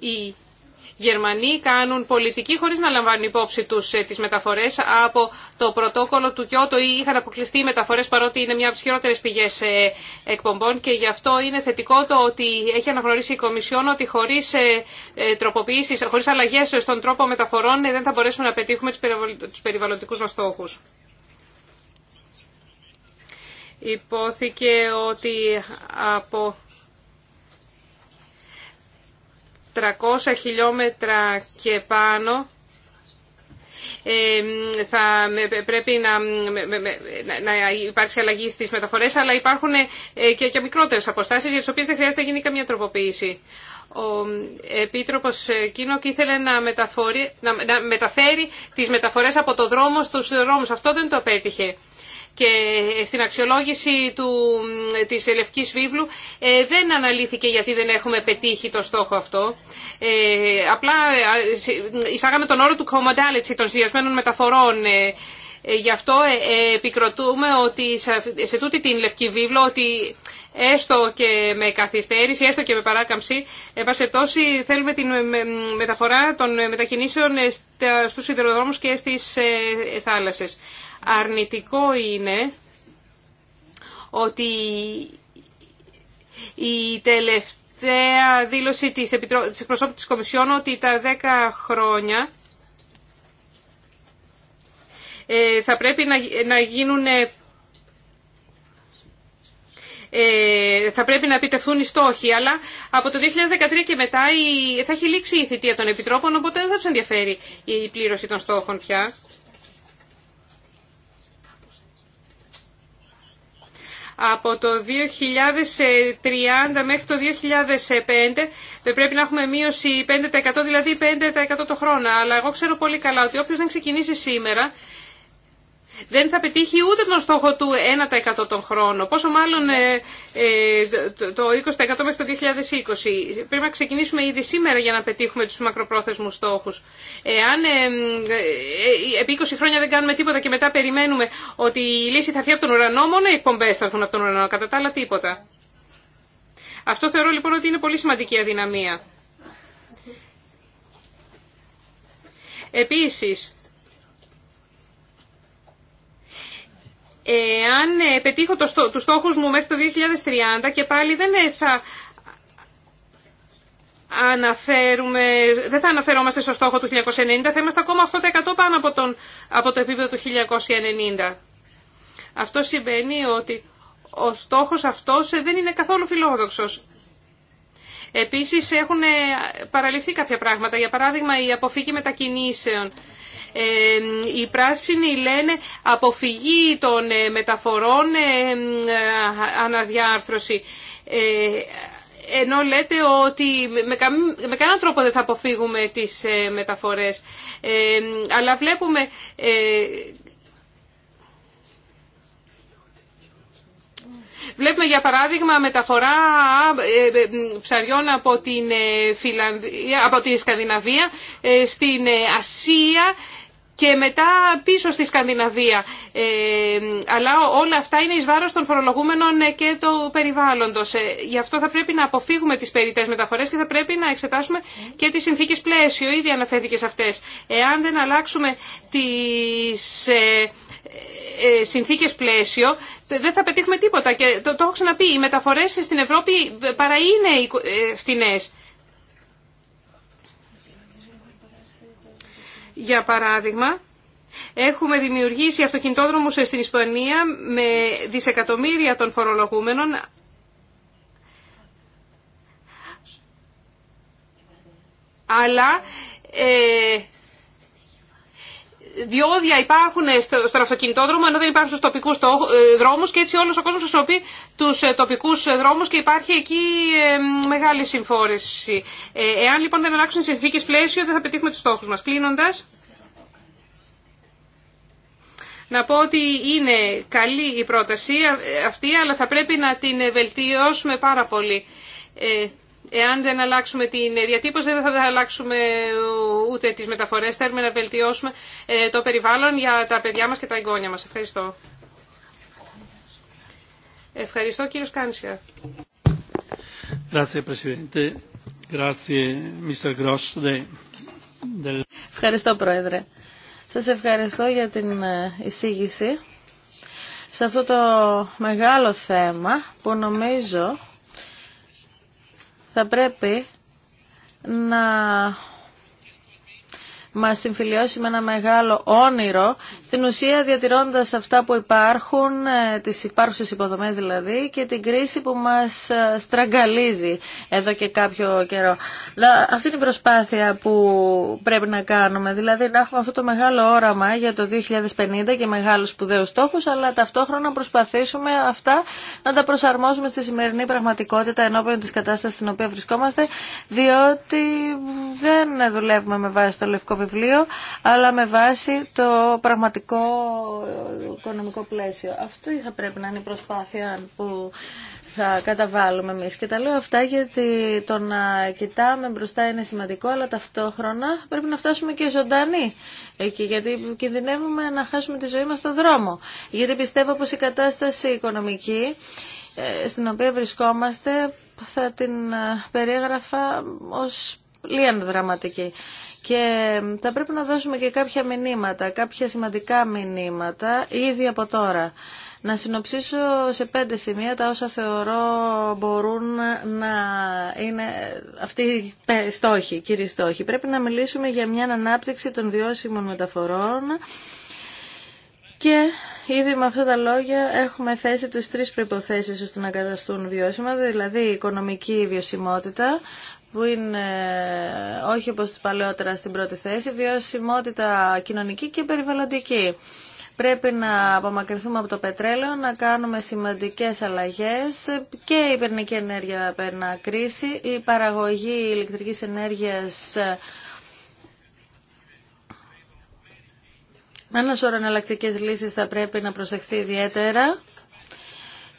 Η Γερμανοί κάνουν πολιτική χωρίς να λαμβάνουν υπόψη τους ε, τις μεταφορές. Από το πρωτόκολλο του Κιώτο είχαν αποκλειστεί οι μεταφορές παρότι είναι μια από τις χειρότερες πηγές ε, εκπομπών και γι' αυτό είναι θετικό το ότι έχει αναγνωρίσει η Κομισιόν ότι χωρίς ε, τροποποιήσεις, χωρίς αλλαγές στον τρόπο μεταφορών δεν θα μπορέσουμε να πετύχουμε τους περιβαλλοντικούς μας στόχους. Υπόθηκε ότι από 300 χιλιόμετρα και πάνω ε, θα πρέπει να, να υπάρξει αλλαγή στις μεταφορές, αλλά υπάρχουν ε, και, και μικρότερες αποστάσεις για τις οποίες δεν χρειάζεται να γίνει καμία τροποποίηση. Ο ε, Επίτροπος Κίνοκ ήθελε να, μεταφορεί, να, μεταφέρει τις μεταφορές από το δρόμο στους δρόμους. Αυτό δεν το απέτυχε και στην αξιολόγηση του, της Λευκής Βίβλου ε, δεν αναλύθηκε γιατί δεν έχουμε πετύχει το στόχο αυτό. Ε, απλά εισάγαμε τον όρο του commodality των συνδυασμένων μεταφορών ε, Γι' αυτό επικροτούμε ότι σε τούτη την Λευκή Βίβλο ότι έστω και με καθυστέρηση, έστω και με παράκαμψη, επασχετώσει θέλουμε την μεταφορά των μετακινήσεων στους σιδηροδρόμους και στις θάλασσες. Αρνητικό είναι ότι η τελευταία δήλωση της, Επιτρο... της Κομισιόν ότι τα 10 χρόνια ε, θα πρέπει να γίνουν ε, ε, θα πρέπει να επιτευθούν οι στόχοι, αλλά από το 2013 και μετά θα έχει λήξει η θητεία των επιτρόπων, οπότε δεν θα του ενδιαφέρει η πλήρωση των στόχων πια. από το 2030 μέχρι το 2005 ε, πρέπει να έχουμε μείωση 5% δηλαδή 5% το χρόνο. Αλλά εγώ ξέρω πολύ καλά ότι όποιος δεν ξεκινήσει σήμερα δεν θα πετύχει ούτε τον στόχο του 1% τον χρόνο, πόσο μάλλον ε, ε, το 20% μέχρι το 2020. Πρέπει να ξεκινήσουμε ήδη σήμερα για να πετύχουμε τους μακροπρόθεσμους στόχους. Εάν ε, επί 20 χρόνια δεν κάνουμε τίποτα και μετά περιμένουμε ότι η λύση θα έρθει από τον ουρανό, μόνο οι εκπομπές θα έρθουν από τον ουρανό, κατά τα άλλα τίποτα. Αυτό θεωρώ λοιπόν ότι είναι πολύ σημαντική αδυναμία. Επίσης, εάν ε, πετύχω το, στό, τους στόχους μου μέχρι το 2030 και πάλι δεν ε, θα αναφέρουμε, δεν θα αναφερόμαστε στο στόχο του 1990, θα είμαστε ακόμα 8% πάνω από, τον, από το επίπεδο του 1990. Αυτό σημαίνει ότι ο στόχος αυτός ε, δεν είναι καθόλου φιλόδοξος. Επίσης έχουν παραλυφθεί κάποια πράγματα, για παράδειγμα η αποφύγη μετακινήσεων. Οι πράσινοι λένε αποφυγή των ε, μεταφορών, ε, αναδιάρθρωση. Ε, ενώ λέτε ότι με, κανέναν τρόπο δεν θα αποφύγουμε τις μεταφορές. Αλλά βλέπουμε... Βλέπουμε για παράδειγμα μεταφορά ψαριών από την, Φιλανδία, από την Σκανδιναβία στην Ασία και μετά πίσω στη Σκανδιναβία. Ε, αλλά όλα αυτά είναι εις βάρος των φορολογούμενων ε, και του περιβάλλοντος. Ε, γι' αυτό θα πρέπει να αποφύγουμε τις περιττές μεταφορές και θα πρέπει να εξετάσουμε και τις συνθήκες πλαίσιο. Ήδη αναφέρθηκε σε αυτές. Εάν δεν αλλάξουμε τις... Ε, ε πλαίσιο δεν θα πετύχουμε τίποτα και το, το έχω ξαναπεί οι μεταφορές στην Ευρώπη παρά είναι φτηνές Για παράδειγμα, έχουμε δημιουργήσει αυτοκινητόδρομους στην Ισπανία με δισεκατομμύρια των φορολογούμενων, αλλά... Ε, διόδια υπάρχουν στον αυτοκινητόδρομο ενώ δεν υπάρχουν στους τοπικούς ε, δρόμους και έτσι όλος ο κόσμος χρησιμοποιεί τους ε, τοπικούς ε, δρόμους και υπάρχει εκεί μεγάλη συμφόρηση. Εάν λοιπόν δεν αλλάξουν οι συνθήκες πλαίσιο δεν θα πετύχουμε τους στόχους μας. Κλείνοντας, να πω ότι είναι καλή η πρόταση αυτή αλλά θα πρέπει να την βελτιώσουμε πάρα πολύ. Εάν δεν αλλάξουμε την διατύπωση δεν θα αλλάξουμε ούτε τις μεταφορές. Θέλουμε να βελτιώσουμε ε, το περιβάλλον για τα παιδιά μας και τα εγγόνια μας. Ευχαριστώ. Ευχαριστώ κύριο Κάνσια. Ευχαριστώ πρόεδρε. Σας ευχαριστώ για την ε, εισήγηση σε αυτό το μεγάλο θέμα που νομίζω θα πρέπει να μας συμφιλιώσει με ένα μεγάλο όνειρο στην ουσία διατηρώντας αυτά που υπάρχουν, ε, τις υπάρχουσες υποδομές δηλαδή και την κρίση που μας ε, στραγγαλίζει εδώ και κάποιο καιρό. Αυτή είναι η προσπάθεια που πρέπει να κάνουμε, δηλαδή να έχουμε αυτό το μεγάλο όραμα για το 2050 και μεγάλους σπουδαίους στόχους, αλλά ταυτόχρονα προσπαθήσουμε αυτά να τα προσαρμόσουμε στη σημερινή πραγματικότητα ενώπιον της κατάστασης στην οποία βρισκόμαστε, διότι δεν δουλεύουμε με βάση το λευκό βιβλίο, αλλά με βάση το πραγματικό οικονομικό πλαίσιο. Αυτό θα πρέπει να είναι η προσπάθεια που θα καταβάλουμε εμείς. Και τα λέω αυτά γιατί το να κοιτάμε μπροστά είναι σημαντικό, αλλά ταυτόχρονα πρέπει να φτάσουμε και ζωντανοί εκεί, γιατί κινδυνεύουμε να χάσουμε τη ζωή μας στον δρόμο. Γιατί πιστεύω πως η κατάσταση οικονομική ε, στην οποία βρισκόμαστε θα την ε, περιέγραφα ως λίγαν δραματική. Και θα πρέπει να δώσουμε και κάποια μηνύματα, κάποια σημαντικά μηνύματα ήδη από τώρα. Να συνοψίσω σε πέντε σημεία τα όσα θεωρώ μπορούν να είναι αυτοί οι στόχοι, κύριοι στόχοι. Πρέπει να μιλήσουμε για μια ανάπτυξη των βιώσιμων μεταφορών και ήδη με αυτά τα λόγια έχουμε θέσει τις τρεις προϋποθέσεις ώστε να καταστούν βιώσιμα, δηλαδή οικονομική βιωσιμότητα που είναι ε, όχι όπως παλαιότερα στην πρώτη θέση, βιωσιμότητα κοινωνική και περιβαλλοντική. Πρέπει να απομακρυνθούμε από το πετρέλαιο, να κάνουμε σημαντικές αλλαγές και η υπερνική ενέργεια περνά κρίση, η παραγωγή ηλεκτρικής ενέργειας ε, Ένα σώρο εναλλακτικέ λύσεις θα πρέπει να προσεχθεί ιδιαίτερα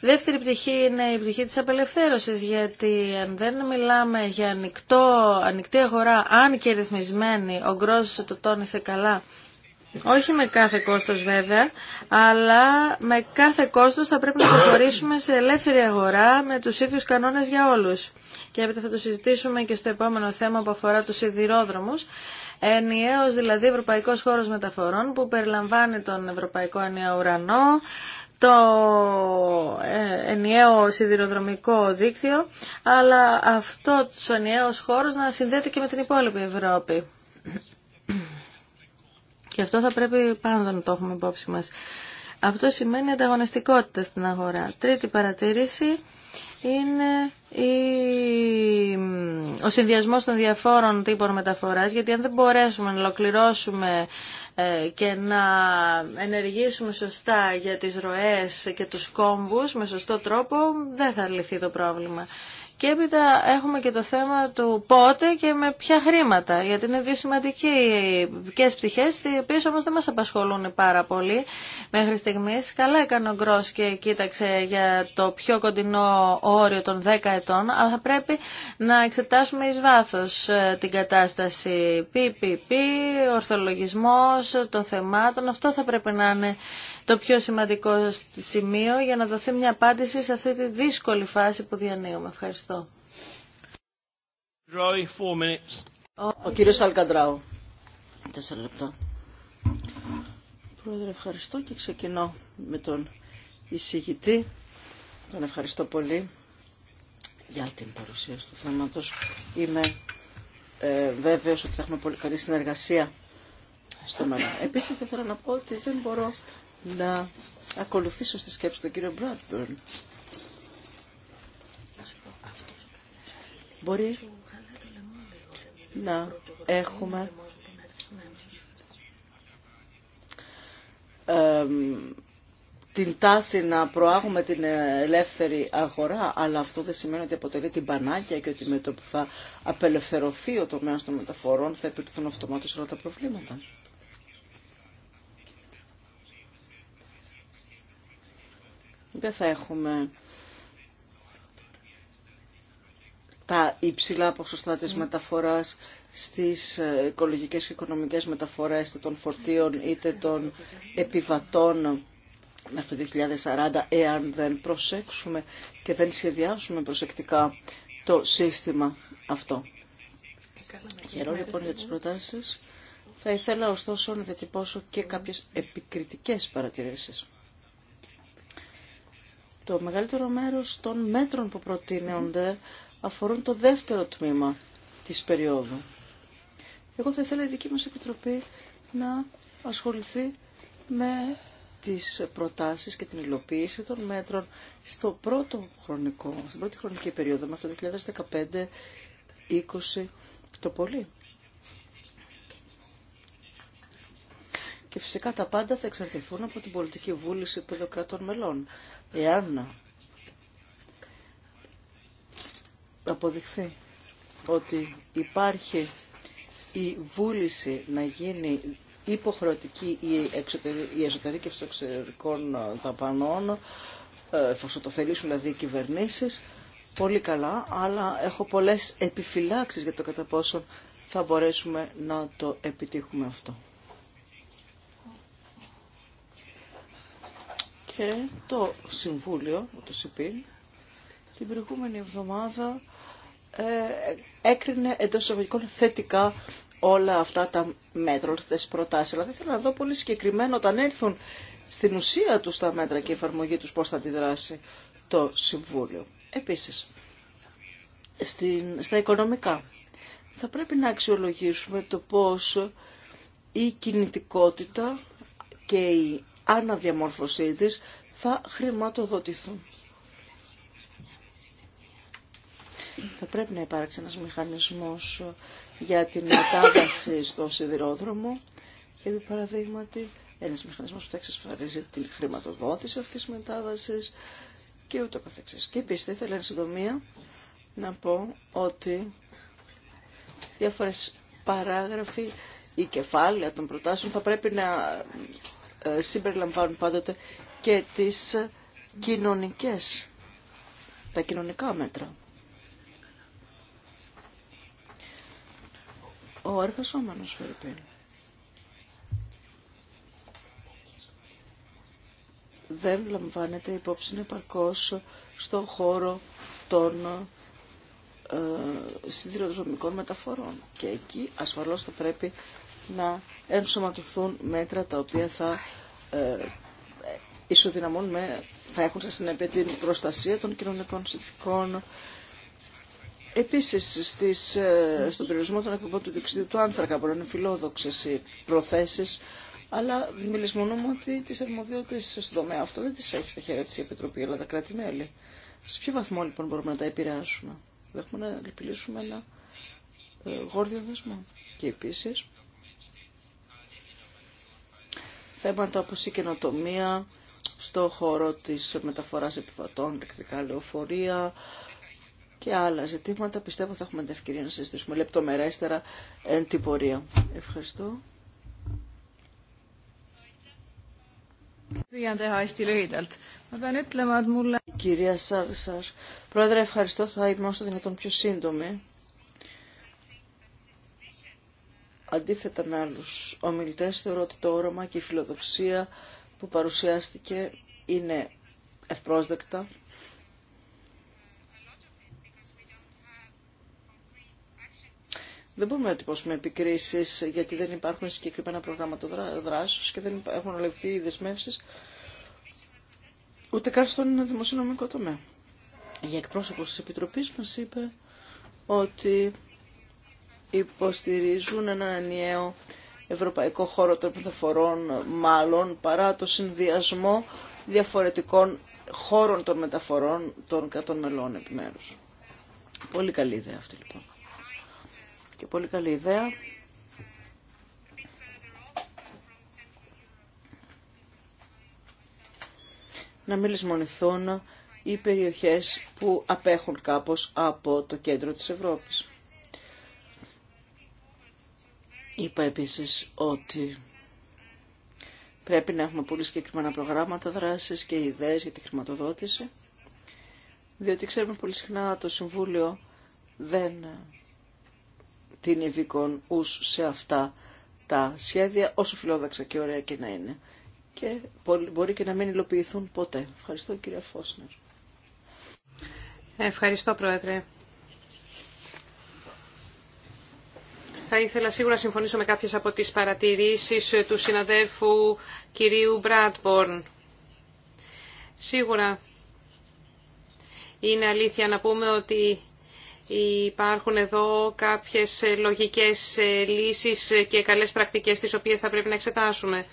Δεύτερη πτυχή είναι η πτυχή της απελευθέρωσης, γιατί αν δεν μιλάμε για ανοιχτό, ανοιχτή αγορά, αν και ρυθμισμένη, ο Γκρός το τόνισε καλά, όχι με κάθε κόστος βέβαια, αλλά με κάθε κόστος θα πρέπει να προχωρήσουμε σε ελεύθερη αγορά με τους ίδιους κανόνες για όλους. Και έπειτα θα το συζητήσουμε και στο επόμενο θέμα που αφορά τους σιδηρόδρομους. Ενιαίος δηλαδή Ευρωπαϊκός Χώρος Μεταφορών που περιλαμβάνει τον Ευρωπαϊκό Ενιαίο Ουρανό, το ε, ενιαίο σιδηροδρομικό δίκτυο, αλλά αυτό ο ενιαίο χώρος να συνδέεται και με την υπόλοιπη Ευρώπη. Και αυτό θα πρέπει πάντα να το έχουμε υπόψη μας. Αυτό σημαίνει ανταγωνιστικότητα στην αγορά. Τρίτη παρατήρηση είναι η... ο συνδυασμός των διαφόρων τύπων μεταφοράς, γιατί αν δεν μπορέσουμε να ολοκληρώσουμε ε, και να ενεργήσουμε σωστά για τις ροές και τους κόμβους με σωστό τρόπο, δεν θα λυθεί το πρόβλημα. Και έπειτα έχουμε και το θέμα του πότε και με ποια χρήματα, γιατί είναι δύο σημαντικέ πτυχέ, οι οποίε όμω δεν μα απασχολούν πάρα πολύ μέχρι στιγμή. Καλά έκανε ο Γκρό και κοίταξε για το πιο κοντινό όριο των 10 ετών, αλλά θα πρέπει να εξετάσουμε ει βάθο ε, την κατάσταση PPP, ορθολογισμό των θεμάτων. Αυτό θα πρέπει να είναι το πιο σημαντικό σημείο για να δοθεί μια απάντηση σε αυτή τη δύσκολη φάση που διανύουμε. Ευχαριστώ. Ο, Ο κύριος Αλκαντράου. Τέσσερα λεπτά. Πρόεδρε, ευχαριστώ και ξεκινώ με τον εισηγητή. Τον ευχαριστώ πολύ για την παρουσία του θέματος. Είμαι ε, βέβαιος ότι θα έχουμε πολύ καλή συνεργασία στο μέλλον. Επίσης, θα ήθελα να πω ότι δεν μπορώ να ακολουθήσω στη σκέψη του κύριο Μπράντμπερν. Μπορεί να έχουμε την τάση να προάγουμε την ελεύθερη αγορά, αλλά αυτό δεν σημαίνει ότι αποτελεί την πανάκια και ότι με το που θα απελευθερωθεί ο τομέας των μεταφορών θα επιτυχθούν αυτομάτως όλα τα προβλήματα. δεν θα έχουμε τα υψηλά ποσοστά της ναι. μεταφοράς στις ε, οικολογικές και οικονομικές μεταφορές είτε των φορτίων είτε των επιβατών μέχρι το 2040 εάν δεν προσέξουμε και δεν σχεδιάσουμε προσεκτικά το σύστημα αυτό. Χαιρό λοιπόν για τις προτάσεις. Θα ήθελα ωστόσο να διατυπώσω και κάποιες επικριτικές παρατηρήσεις. Το μεγαλύτερο μέρος των μέτρων που προτείνονται αφορούν το δεύτερο τμήμα της περίοδου. Εγώ θα ήθελα η δική μας Επιτροπή να ασχοληθεί με τις προτάσεις και την υλοποίηση των μέτρων στο πρώτο χρονικό, στην πρώτη χρονική περίοδο, μέχρι το 2015-20 το πολύ. Και φυσικά τα πάντα θα εξαρτηθούν από την πολιτική βούληση των κρατών μελών. Εάν αποδειχθεί ότι υπάρχει η βούληση να γίνει υποχρεωτική η εσωτερική των εξωτερικών ε, δαπανών, ε, εφόσον το θελήσουν δηλαδή οι κυβερνήσεις, πολύ καλά, αλλά έχω πολλές επιφυλάξεις για το κατά πόσο θα μπορέσουμε να το επιτύχουμε αυτό. και το Συμβούλιο, το ΣΥΠΗΝ, την προηγούμενη εβδομάδα ε, έκρινε εντό εισαγωγικών θετικά όλα αυτά τα μέτρα, όλε αυτέ τι προτάσει. Αλλά δεν θέλω να δω πολύ συγκεκριμένα όταν έρθουν στην ουσία του τα μέτρα και η εφαρμογή του πώ θα αντιδράσει το Συμβούλιο. Επίση, στα οικονομικά. Θα πρέπει να αξιολογήσουμε το πώς η κινητικότητα και η αναδιαμόρφωσή της θα χρηματοδοτηθούν. Θα πρέπει να υπάρξει ένας μηχανισμός για την μετάβαση στο σιδηρόδρομο, επί παραδείγματι, ένας μηχανισμός που θα εξασφαλίζει την χρηματοδότηση αυτής της μετάβασης και ούτω καθεξής. Και επίσης, ήθελα εν συντομία να πω ότι διάφορες παράγραφοι ή κεφάλαια των προτάσεων θα πρέπει να ε, συμπεριλαμβάνουν πάντοτε και τις κοινωνικές, τα κοινωνικά μέτρα. Ο εργαζόμενος Φερρυπίν. δεν λαμβάνεται υπόψη επαρκώς στον χώρο των ε, μεταφορών. Και εκεί ασφαλώς θα πρέπει να ενσωματωθούν μέτρα τα οποία θα ε, ισοδυναμούν με, θα έχουν στην συνέπεια την προστασία των κοινωνικών συνθήκων. Επίσης, στις, ε, στον περιορισμό των εκπομπών του διοξιδίου του άνθρακα μπορεί να είναι φιλόδοξες οι προθέσεις, αλλά μιλισμονούμε ότι τις αρμοδιότητες στον τομέα αυτό δεν τις έχει στα χέρια της η Επιτροπή, αλλά τα κράτη-μέλη. Σε ποιο βαθμό λοιπόν μπορούμε να τα επηρεάσουμε. Δεν Έχουμε να επιλύσουμε ένα ε, γόρδιο δεσμό. Και επίσης, θέματα όπως η καινοτομία στο χώρο της μεταφοράς επιβατών, ηλεκτρικά λεωφορεία και άλλα ζητήματα. Πιστεύω θα έχουμε την ευκαιρία να συζητήσουμε λεπτομερέστερα εν την πορεία. Ευχαριστώ. Κυρία Σάρσαρ, πρόεδρε ευχαριστώ, θα είμαι όσο δυνατόν πιο σύντομη. Αντίθετα με άλλους ομιλητές θεωρώ ότι το όρομα και η φιλοδοξία που παρουσιάστηκε είναι ευπρόσδεκτα. Δεν μπορούμε να τυπώσουμε επικρίσει γιατί δεν υπάρχουν συγκεκριμένα προγράμματα δράσεω και δεν έχουν ληφθεί οι δεσμεύσει ούτε καν στον δημοσιονομικό τομέα. Η εκπρόσωπο τη Επιτροπή μα είπε ότι υποστηρίζουν ένα ενιαίο ευρωπαϊκό χώρο των μεταφορών μάλλον παρά το συνδυασμό διαφορετικών χώρων των μεταφορών των κρατών μελών επιμέρους. Πολύ καλή ιδέα αυτή λοιπόν. Και πολύ καλή ιδέα. Να μην λησμονηθούν οι περιοχές που απέχουν κάπως από το κέντρο της Ευρώπης. Είπα επίσης ότι πρέπει να έχουμε πολύ συγκεκριμένα προγράμματα δράσης και ιδέες για τη χρηματοδότηση, διότι ξέρουμε πολύ συχνά το Συμβούλιο δεν την ειδικών ους σε αυτά τα σχέδια, όσο φιλόδοξα και ωραία και να είναι. Και μπορεί και να μην υλοποιηθούν ποτέ. Ευχαριστώ κύριε Φόσνερ. Ευχαριστώ Πρόεδρε. Θα ήθελα σίγουρα να συμφωνήσω με κάποιες από τις παρατηρήσεις του συναδέρφου κυρίου Μπράτμπορν. Σίγουρα είναι αλήθεια να πούμε ότι υπάρχουν εδώ κάποιες λογικές λύσεις και καλές πρακτικές τις οποίες θα πρέπει να εξετάσουμε.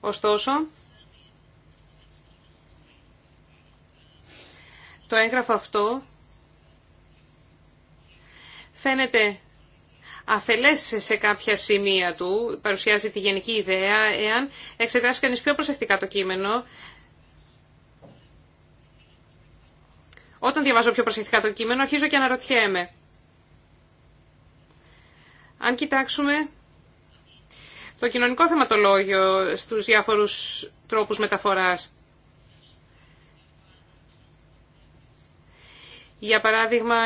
Ωστόσο, το έγγραφο αυτό φαίνεται αφελές σε κάποια σημεία του, παρουσιάζει τη γενική ιδέα, εάν εξετάσει κανείς πιο προσεκτικά το κείμενο, Όταν διαβάζω πιο προσεκτικά το κείμενο, αρχίζω και αναρωτιέμαι. Αν κοιτάξουμε το κοινωνικό θεματολόγιο στους διάφορους τρόπους μεταφοράς. Για παράδειγμα,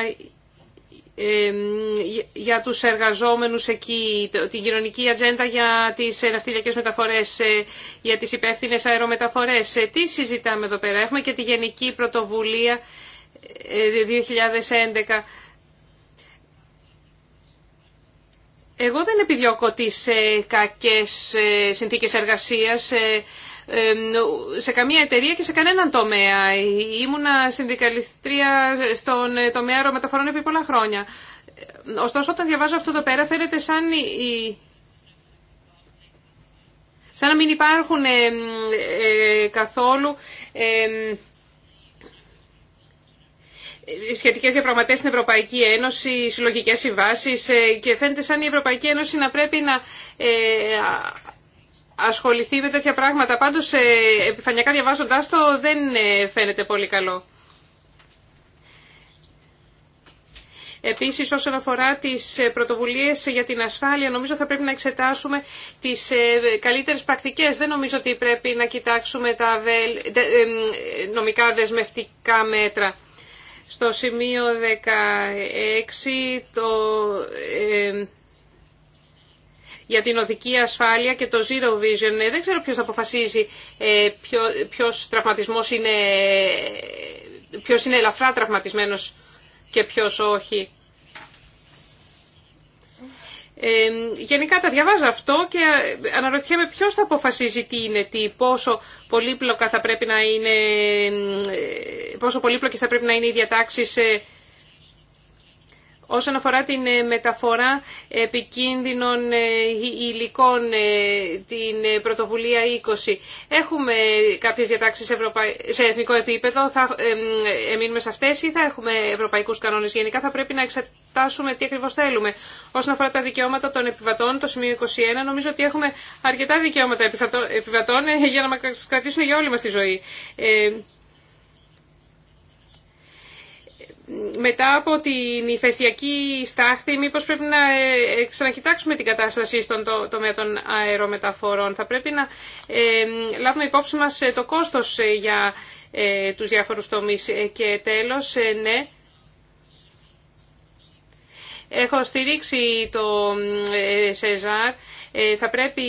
για τους εργαζόμενους εκεί, την κοινωνική ατζέντα για τις ναυτιλιακές μεταφορές, ε, για τις υπεύθυνε αερομεταφορές. Ε, τι συζητάμε εδώ πέρα. Έχουμε και τη Γενική Πρωτοβουλία 2011. Ε, Εγώ δεν επιδιώκω τις κακές συνθήκες εργασίας σε καμία εταιρεία και σε κανέναν τομέα. Ήμουνα συνδικαλιστρία στον ε, τομέα αερομεταφορών επί πολλά χρόνια. Ωστόσο, όταν διαβάζω αυτό εδώ πέρα, φαίνεται σαν η σαν να μην υπάρχουν ε, καθόλου ε, σχετικές διαπραγματεύσεις στην Ευρωπαϊκή Ένωση, συλλογικέ συμβάσει ε, και φαίνεται σαν η Ευρωπαϊκή Ένωση να πρέπει να ε, ασχοληθεί με τέτοια πράγματα. Πάντως, ε, επιφανειακά διαβάζοντα το, δεν ε, φαίνεται πολύ καλό. Επίσης, όσον αφορά τις ε, πρωτοβουλίες για την ασφάλεια, νομίζω θα πρέπει να εξετάσουμε τις καλύτερες πρακτικές. Δεν νομίζω ότι πρέπει να κοιτάξουμε τα νομικά δεσμευτικά μέτρα. Στο σημείο 16, το για την οδική ασφάλεια και το Zero Vision. Ε, δεν ξέρω ποιος θα αποφασίζει ε, ποιο, ποιος τραυματισμός είναι, ε, ποιος είναι ελαφρά τραυματισμένος και ποιος όχι. Ε, γενικά τα διαβάζω αυτό και αναρωτιέμαι ποιος θα αποφασίζει τι είναι τι, πόσο πολύπλοκα θα πρέπει να είναι, πόσο πολύπλοκες θα πρέπει να είναι οι διατάξεις όσον αφορά την ε, μεταφορά επικίνδυνων ε, υλικών, ε, την πρωτοβουλία 20. Έχουμε κάποιες διατάξεις σε εθνικό επίπεδο, θα εμείνουμε σε αυτές ή θα έχουμε ευρωπαϊκούς κανόνες. Γενικά θα πρέπει να εξετάσουμε τι ακριβώς θέλουμε. Όσον αφορά τα δικαιώματα των επιβατών, το σημείο 21, νομίζω ότι έχουμε αρκετά δικαιώματα επιβατών για να μας κρατήσουν για όλη μας τη ζωή. μετά από την ηφαιστειακή στάχτη, μήπως πρέπει να ε, ε, ξανακοιτάξουμε την κατάσταση στον τομέα των αερομεταφορών. Θα πρέπει να ε, λάβουμε υπόψη μας το κόστος για τους διάφορους τομείς. Και τέλος, ναι, έχω στηρίξει το ΣΕΖΑΡ. Θα πρέπει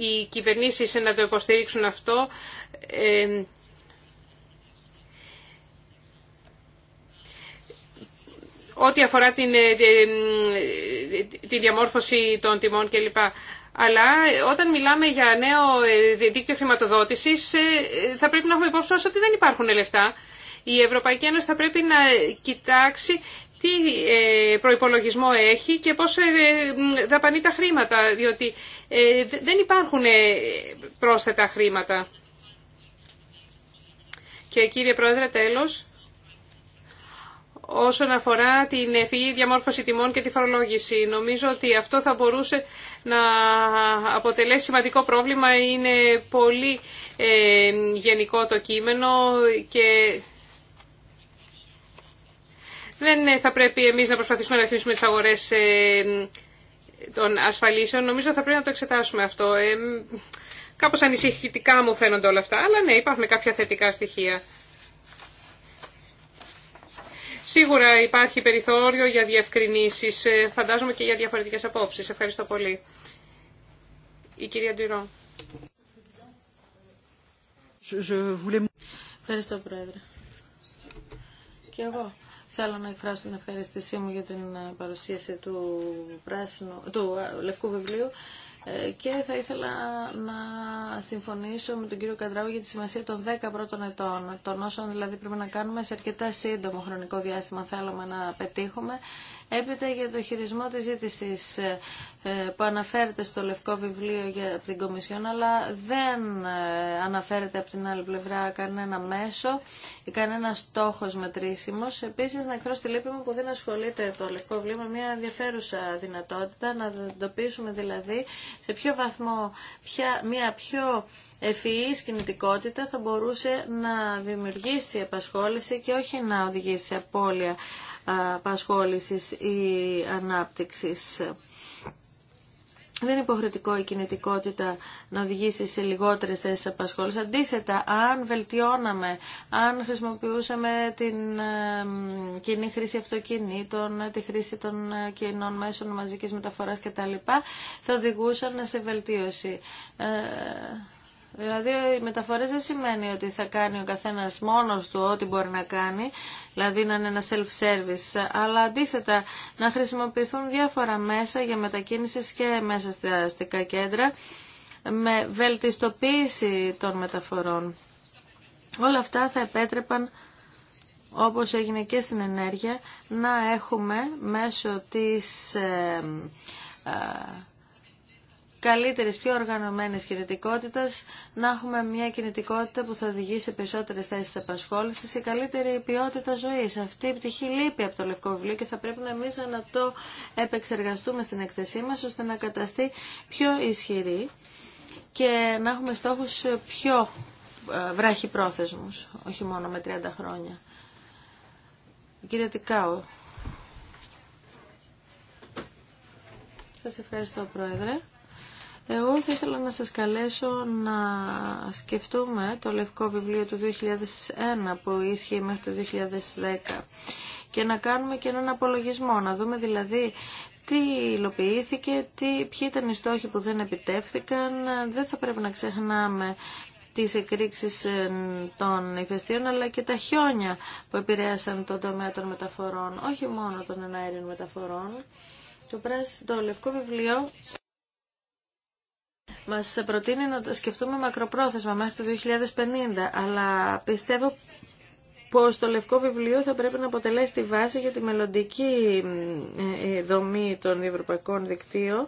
οι κυβερνήσεις να το υποστηρίξουν αυτό ό,τι αφορά την, ε, ε, τη διαμόρφωση των τιμών κλπ. Αλλά όταν μιλάμε για νέο ε, δίκτυο χρηματοδότησης θα πρέπει να έχουμε υπόψη ότι δεν υπάρχουν λεφτά. Η Ευρωπαϊκή Ένωση θα πρέπει να κοιτάξει τι προϋπολογισμό έχει και πώς δαπανεί τα χρήματα, διότι δεν υπάρχουν πρόσθετα χρήματα. Και κύριε Πρόεδρε, τέλος, όσον αφορά την ευφυγή διαμόρφωση τιμών και τη φορολόγηση. Νομίζω ότι αυτό θα μπορούσε να αποτελέσει σημαντικό πρόβλημα. Είναι πολύ ε, γενικό το κείμενο και δεν θα πρέπει εμείς να προσπαθήσουμε να ρυθμίσουμε τις αγορές ε, των ασφαλίσεων. Νομίζω θα πρέπει να το εξετάσουμε αυτό. Ε, κάπως ανησυχητικά μου φαίνονται όλα αυτά, αλλά ναι, υπάρχουν κάποια θετικά στοιχεία. Σίγουρα υπάρχει περιθώριο για διευκρινήσει. Ε, φαντάζομαι και για διαφορετικές απόψεις. Ευχαριστώ πολύ. Η κυρία Ντυρό. Ευχαριστώ, Πρόεδρε. Και εγώ θέλω να εκφράσω την ευχαριστησή μου για την ε, παρουσίαση του, πράσινου, του ε, λευκού βιβλίου ε, και θα ήθελα να συμφωνήσω με τον κύριο Καντράου για τη σημασία των 10 πρώτων ετών, των όσων δηλαδή πρέπει να κάνουμε σε αρκετά σύντομο χρονικό διάστημα θέλουμε να πετύχουμε Έπειτα για το χειρισμό της ζήτηση ε, ε, που αναφέρεται στο Λευκό Βιβλίο για, την Κομισιόν, αλλά δεν ε, αναφέρεται από την άλλη πλευρά κανένα μέσο ή κανένα στόχος μετρήσιμος. Επίσης, να εκφράσω τη λύπη μου που δεν ασχολείται το Λευκό Βιβλίο με μια ενδιαφέρουσα δυνατότητα, να εντοπίσουμε δηλαδή σε ποιο βαθμό ποια, μια πιο ευφυής κινητικότητα θα μπορούσε να δημιουργήσει επασχόληση και όχι να οδηγήσει σε απώλεια απασχόλησης ή ανάπτυξης. Δεν είναι υποχρεωτικό η κινητικότητα να οδηγήσει σε λιγότερε θέσει απασχόληση. Αντίθετα, αν βελτιώναμε, αν χρησιμοποιούσαμε την ε, κοινή χρήση αυτοκινήτων, ε, τη χρήση των ε, κοινών μέσων μαζική μεταφορά κτλ., θα οδηγούσαν σε βελτίωση. Δηλαδή οι μεταφορές δεν σημαίνει ότι θα κάνει ο καθένας μόνος του ό,τι μπορεί να κάνει, δηλαδή να είναι ένα self-service, αλλά αντίθετα να χρησιμοποιηθούν διάφορα μέσα για μετακίνηση και μέσα στα αστικά κέντρα με βελτιστοποίηση των μεταφορών. Όλα αυτά θα επέτρεπαν όπως έγινε και στην ενέργεια, να έχουμε μέσω της ε, ε, καλύτερης, πιο οργανωμένης κινητικότητας, να έχουμε μια κινητικότητα που θα οδηγήσει σε περισσότερες θέσεις απασχόλησης, και καλύτερη ποιότητα ζωής. Αυτή η πτυχή λείπει από το Λευκό Βιβλίο και θα πρέπει να εμείς να το επεξεργαστούμε στην εκθεσή μας, ώστε να καταστεί πιο ισχυρή και να έχουμε στόχους πιο ε, βράχοι πρόθεσμους, όχι μόνο με 30 χρόνια. Κύριε Τικάου. Σας ευχαριστώ Πρόεδρε. Εγώ θα ήθελα να σας καλέσω να σκεφτούμε το λευκό βιβλίο του 2001 που ίσχυε μέχρι το 2010 και να κάνουμε και έναν απολογισμό, να δούμε δηλαδή τι υλοποιήθηκε, τι, ποιοι ήταν οι στόχοι που δεν επιτεύθηκαν. Δεν θα πρέπει να ξεχνάμε τις εκρήξεις ε, των ηφαιστείων αλλά και τα χιόνια που επηρέασαν τον τομέα των μεταφορών, όχι μόνο των εναέριων μεταφορών. Το, το λευκό βιβλίο μας προτείνει να σκεφτούμε μακροπρόθεσμα μέχρι το 2050, αλλά πιστεύω πως το Λευκό Βιβλίο θα πρέπει να αποτελέσει τη βάση για τη μελλοντική ε, ε, δομή των ευρωπαϊκών δικτύων,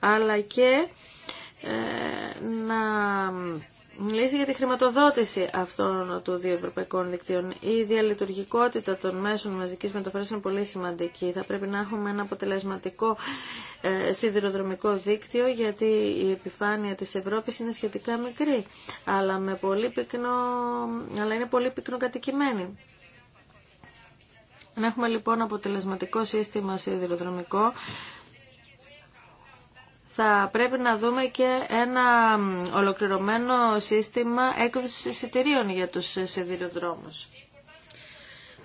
αλλά και ε, να μιλήσει για τη χρηματοδότηση αυτών των δύο ευρωπαϊκών δικτύων. Η διαλειτουργικότητα των μέσων μαζικής μεταφοράς είναι πολύ σημαντική. Θα πρέπει να έχουμε ένα αποτελεσματικό ε, σιδηροδρομικό δίκτυο γιατί η επιφάνεια της Ευρώπης είναι σχετικά μικρή αλλά, με πολύ πυκνο, αλλά είναι πολύ πυκνοκατοικημένη. Να έχουμε λοιπόν αποτελεσματικό σύστημα σιδηροδρομικό θα πρέπει να δούμε και ένα ολοκληρωμένο σύστημα έκδοσης εισιτηρίων για τους σιδηροδρόμους.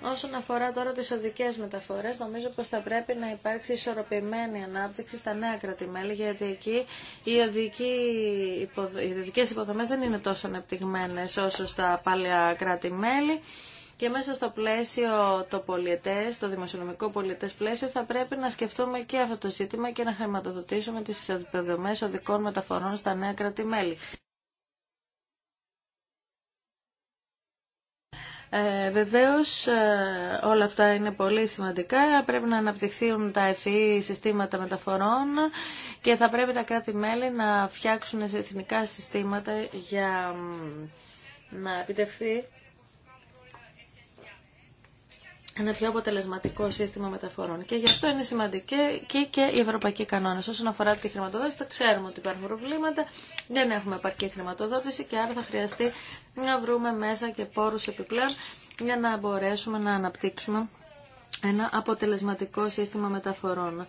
Όσον αφορά τώρα τις οδικές μεταφορές, νομίζω πως θα πρέπει να υπάρξει ισορροπημένη ανάπτυξη στα νέα κρατημέλη, γιατί εκεί οι, οδικοί, οι οδικές υποδομές δεν είναι τόσο αναπτυγμένες όσο στα παλιά κρατημέλη και μέσα στο πλαίσιο το πολιτέ, το δημοσιονομικό πολιτέ πλαίσιο θα πρέπει να σκεφτούμε και αυτό το ζήτημα και να χρηματοδοτήσουμε τις δομές οδικών μεταφορών στα νέα κράτη-μέλη. Ε, βεβαίως ε, όλα αυτά είναι πολύ σημαντικά. Πρέπει να αναπτυχθούν τα ΕΦΗ e, συστήματα μεταφορών και θα πρέπει τα κράτη-μέλη να φτιάξουν εθνικά συστήματα για να επιτευχθεί ένα πιο αποτελεσματικό σύστημα μεταφορών. Και γι' αυτό είναι σημαντική και, και οι ευρωπαϊκοί κανόνε. Όσον αφορά τη χρηματοδότηση, ξέρουμε ότι υπάρχουν προβλήματα, δεν έχουμε επαρκή χρηματοδότηση και άρα θα χρειαστεί να βρούμε μέσα και πόρου επιπλέον για να μπορέσουμε να αναπτύξουμε ένα αποτελεσματικό σύστημα μεταφορών.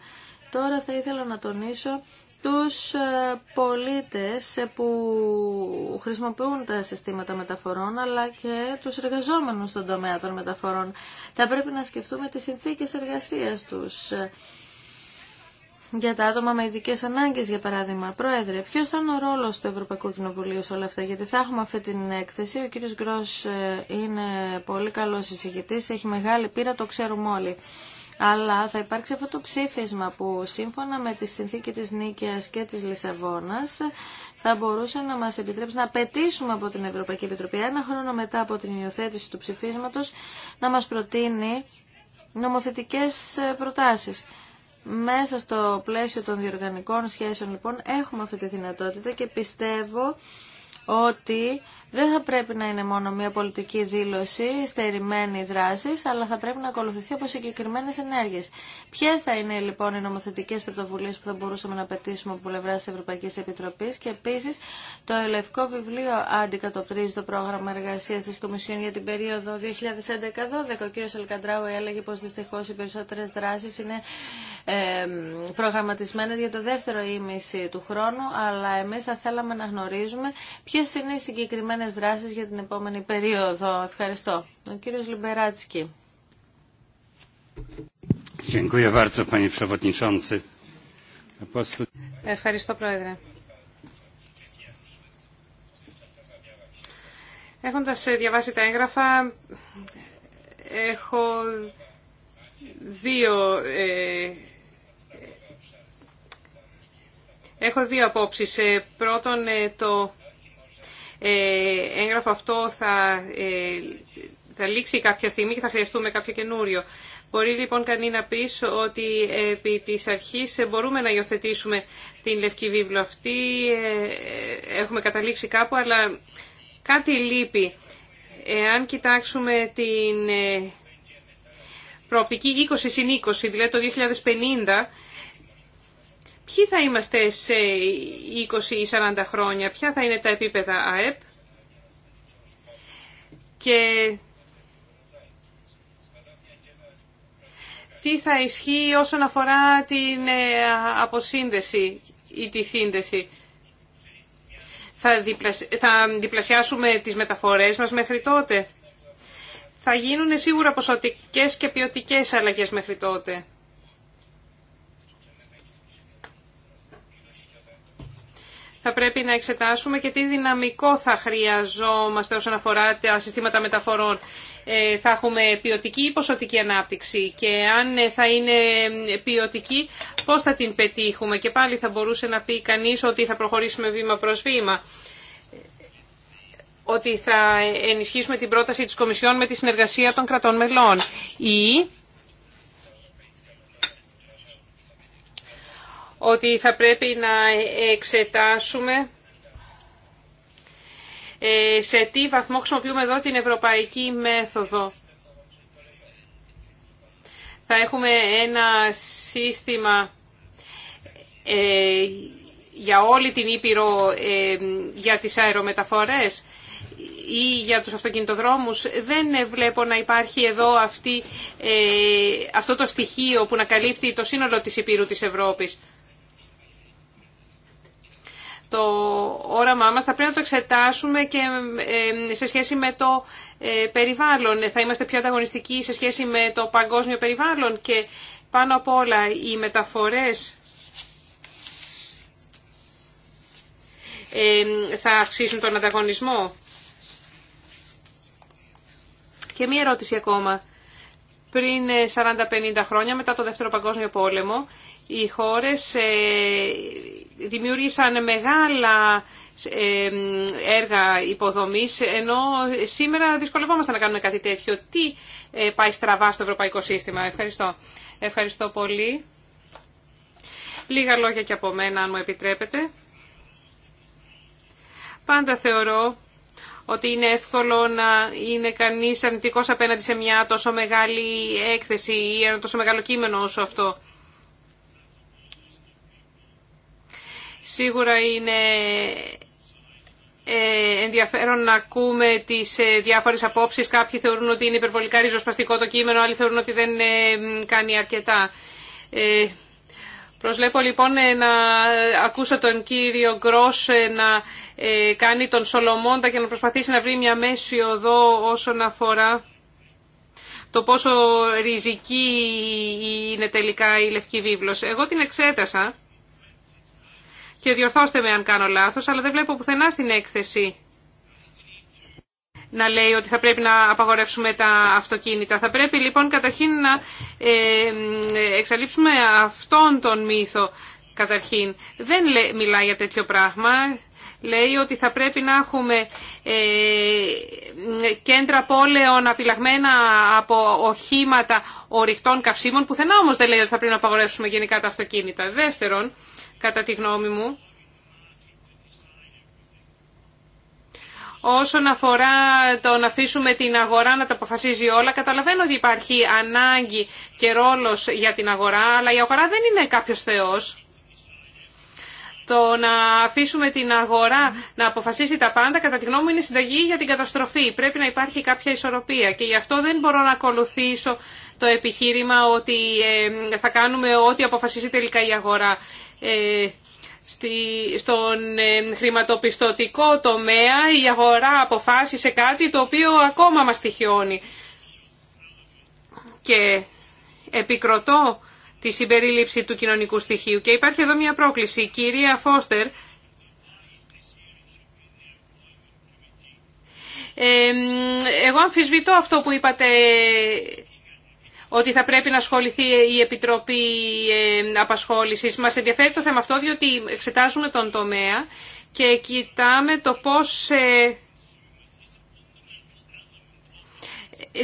Τώρα θα ήθελα να τονίσω τους ε, πολίτες ε, που χρησιμοποιούν τα συστήματα μεταφορών αλλά και τους εργαζόμενους στον τομέα των μεταφορών. Θα πρέπει να σκεφτούμε τις συνθήκες εργασίας τους. Για τα άτομα με ειδικέ ανάγκε, για παράδειγμα. Πρόεδρε, ποιο θα είναι ο ρόλο του Ευρωπαϊκού Κοινοβουλίου σε όλα αυτά, γιατί θα έχουμε αυτή την έκθεση. Ο κύριο Γκρό ε, είναι πολύ καλό συζητητή, έχει μεγάλη πείρα, το ξέρουμε όλοι αλλά θα υπάρξει αυτό το ψήφισμα που σύμφωνα με τη συνθήκη της Νίκαιας και της Λισαβόνας θα μπορούσε να μας επιτρέψει να απαιτήσουμε από την Ευρωπαϊκή Επιτροπή ένα χρόνο μετά από την υιοθέτηση του ψηφίσματος να μας προτείνει νομοθετικές προτάσεις. Μέσα στο πλαίσιο των διοργανικών σχέσεων λοιπόν έχουμε αυτή τη δυνατότητα και πιστεύω ότι δεν θα πρέπει να είναι μόνο μια πολιτική δήλωση, στερημένη δράση, αλλά θα πρέπει να ακολουθηθεί από συγκεκριμένε ενέργειε. Ποιε θα είναι λοιπόν οι νομοθετικέ πρωτοβουλίε που θα μπορούσαμε να πετήσουμε από πλευρά τη Ευρωπαϊκή Επιτροπή και επίση το Ελευκό Βιβλίο αντικατοπτρίζει το πρόγραμμα εργασία τη Κομισιόν για την περίοδο 2011-2012. Ο κ. Αλκαντράου έλεγε πω δυστυχώ οι περισσότερε δράσει είναι ε, προγραμματισμένε για το δεύτερο ήμιση του χρόνου, αλλά εμεί θα θέλαμε να γνωρίζουμε Ποιε είναι οι συγκεκριμένες δράσεις για την επόμενη περίοδο. Ευχαριστώ. Ο κύριο Λιμπεράτσκι. Ευχαριστώ, Πρόεδρε. Έχοντα ε, διαβάσει τα έγγραφα, έχω δύο, ε, έχω δύο απόψεις. Ε, πρώτον, ε, το ε, έγγραφο αυτό θα, ε, θα λήξει κάποια στιγμή και θα χρειαστούμε κάποιο καινούριο. Μπορεί λοιπόν κανεί να πει ότι επί της αρχής μπορούμε να υιοθετήσουμε την Λευκή Βίβλο αυτή. Ε, έχουμε καταλήξει κάπου, αλλά κάτι λείπει. Εάν κοιτάξουμε την προοπτική 20 συν 20, δηλαδή το 2050, Ποιοι θα είμαστε σε 20 ή 40 χρόνια, ποια θα είναι τα επίπεδα ΑΕΠ και τι θα ισχύει όσον αφορά την ε, αποσύνδεση ή τη σύνδεση. Θα, διπλασιάσουμε τις μεταφορές μας μέχρι τότε. Θα γίνουν σίγουρα ποσοτικές και ποιοτικές αλλαγές μέχρι τότε. θα πρέπει να εξετάσουμε και τι δυναμικό θα χρειαζόμαστε όσον αφορά τα συστήματα μεταφορών. Ε, θα έχουμε ποιοτική ή ποσοτική ανάπτυξη και αν ε, θα είναι ε, ποιοτική πώς θα την πετύχουμε και πάλι θα μπορούσε να πει κανείς ότι θα προχωρήσουμε βήμα προς βήμα ότι θα ενισχύσουμε την πρόταση της Κομισιόν με τη συνεργασία των κρατών μελών ότι θα πρέπει να εξετάσουμε ε, σε τι βαθμό χρησιμοποιούμε εδώ την ευρωπαϊκή μέθοδο. Θα έχουμε ένα σύστημα ε, για όλη την Ήπειρο ε, για τις αερομεταφορές ή για τους αυτοκινητοδρόμους. Δεν βλέπω να υπάρχει εδώ αυτή, αυτό το στοιχείο που να καλύπτει το σύνολο της Ήπειρου της Ευρώπης το όραμά μας θα πρέπει να το εξετάσουμε και ε, σε σχέση με το ε, περιβάλλον. Θα είμαστε πιο ανταγωνιστικοί σε σχέση με το παγκόσμιο περιβάλλον και πάνω απ' όλα οι μεταφορές ε, θα αυξήσουν τον ανταγωνισμό. Και μία ερώτηση ακόμα. Πριν 40-50 χρόνια μετά το Δεύτερο Παγκόσμιο Πόλεμο οι χώρες δημιούργησαν μεγάλα ε, έργα υποδομής, ενώ σήμερα δυσκολευόμαστε να κάνουμε κάτι τέτοιο. Τι ε, πάει στραβά στο ευρωπαϊκό σύστημα. Ευχαριστώ. Ευχαριστώ πολύ. Λίγα λόγια και από μένα, αν μου επιτρέπετε. Πάντα θεωρώ ότι είναι εύκολο να είναι κανείς αρνητικός απέναντι σε μια τόσο μεγάλη έκθεση ή ένα τόσο μεγάλο κείμενο όσο αυτό. Σίγουρα είναι ε, ενδιαφέρον να ακούμε τις ε, διάφορες απόψεις. Κάποιοι θεωρούν ότι είναι υπερβολικά ριζοσπαστικό το κείμενο, άλλοι θεωρούν ότι δεν ε, κάνει αρκετά. Προσλέπω λοιπόν να ακούσω τον κύριο Γκρός να κάνει τον Σολομόντα και να προσπαθήσει να βρει μια μέση οδό όσον αφορά το πόσο ριζική είναι τελικά η Λευκή Βίβλος. Εγώ την εξέτασα και διορθώστε με αν κάνω λάθος, αλλά δεν βλέπω πουθενά στην έκθεση να λέει ότι θα πρέπει να απαγορεύσουμε τα αυτοκίνητα. Θα πρέπει λοιπόν καταρχήν να ε, εξαλείψουμε αυτόν τον μύθο. Καταρχήν δεν μιλάει για τέτοιο πράγμα. Λέει ότι θα πρέπει να έχουμε ε, κέντρα πόλεων απειλαγμένα από οχήματα ορυκτών καυσίμων. Πουθενά όμως δεν λέει ότι θα πρέπει να απαγορεύσουμε γενικά τα αυτοκίνητα. Δεύτερον, κατά τη γνώμη μου, Όσον αφορά το να αφήσουμε την αγορά να τα αποφασίζει όλα, καταλαβαίνω ότι υπάρχει ανάγκη και ρόλος για την αγορά, αλλά η αγορά δεν είναι κάποιος θεός. Το να αφήσουμε την αγορά να αποφασίσει τα πάντα, κατά τη γνώμη μου, είναι συνταγή για την καταστροφή. Πρέπει να υπάρχει κάποια ισορροπία και γι' αυτό δεν μπορώ να ακολουθήσω το επιχείρημα ότι ε, θα κάνουμε ό,τι αποφασίσει τελικά η αγορά. Ε, στον ε, χρηματοπιστωτικό τομέα η αγορά αποφάσισε κάτι το οποίο ακόμα μας στοιχειώνει. Και επικροτώ τη συμπερίληψη του κοινωνικού στοιχείου. Και υπάρχει εδώ μια πρόκληση. κυρία Φώστερ ε, εγώ αμφισβητώ αυτό που είπατε ότι θα πρέπει να ασχοληθεί η Επιτροπή ε, Απασχόλησης. Μας ενδιαφέρει το θέμα αυτό διότι εξετάζουμε τον τομέα και κοιτάμε το πώς... Ε,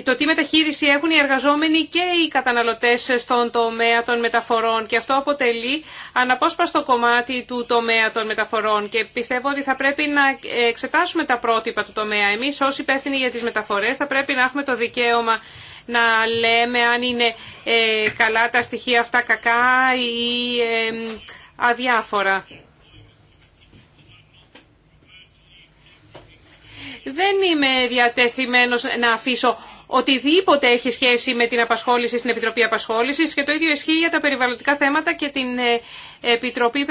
το τι μεταχείριση έχουν οι εργαζόμενοι και οι καταναλωτές στον τομέα των μεταφορών και αυτό αποτελεί αναπόσπαστο κομμάτι του τομέα των μεταφορών και πιστεύω ότι θα πρέπει να εξετάσουμε τα πρότυπα του τομέα. Εμείς όσοι υπεύθυνοι για τις μεταφορές θα πρέπει να έχουμε το δικαίωμα να λέμε αν είναι ε, καλά τα στοιχεία αυτά κακά ή ε, αδιάφορα. Δεν είμαι διατεθειμένος να αφήσω οτιδήποτε έχει σχέση με την απασχόληση στην Επιτροπή Απασχόλησης και το ίδιο ισχύει για τα περιβαλλοντικά θέματα και την ε, Επιτροπή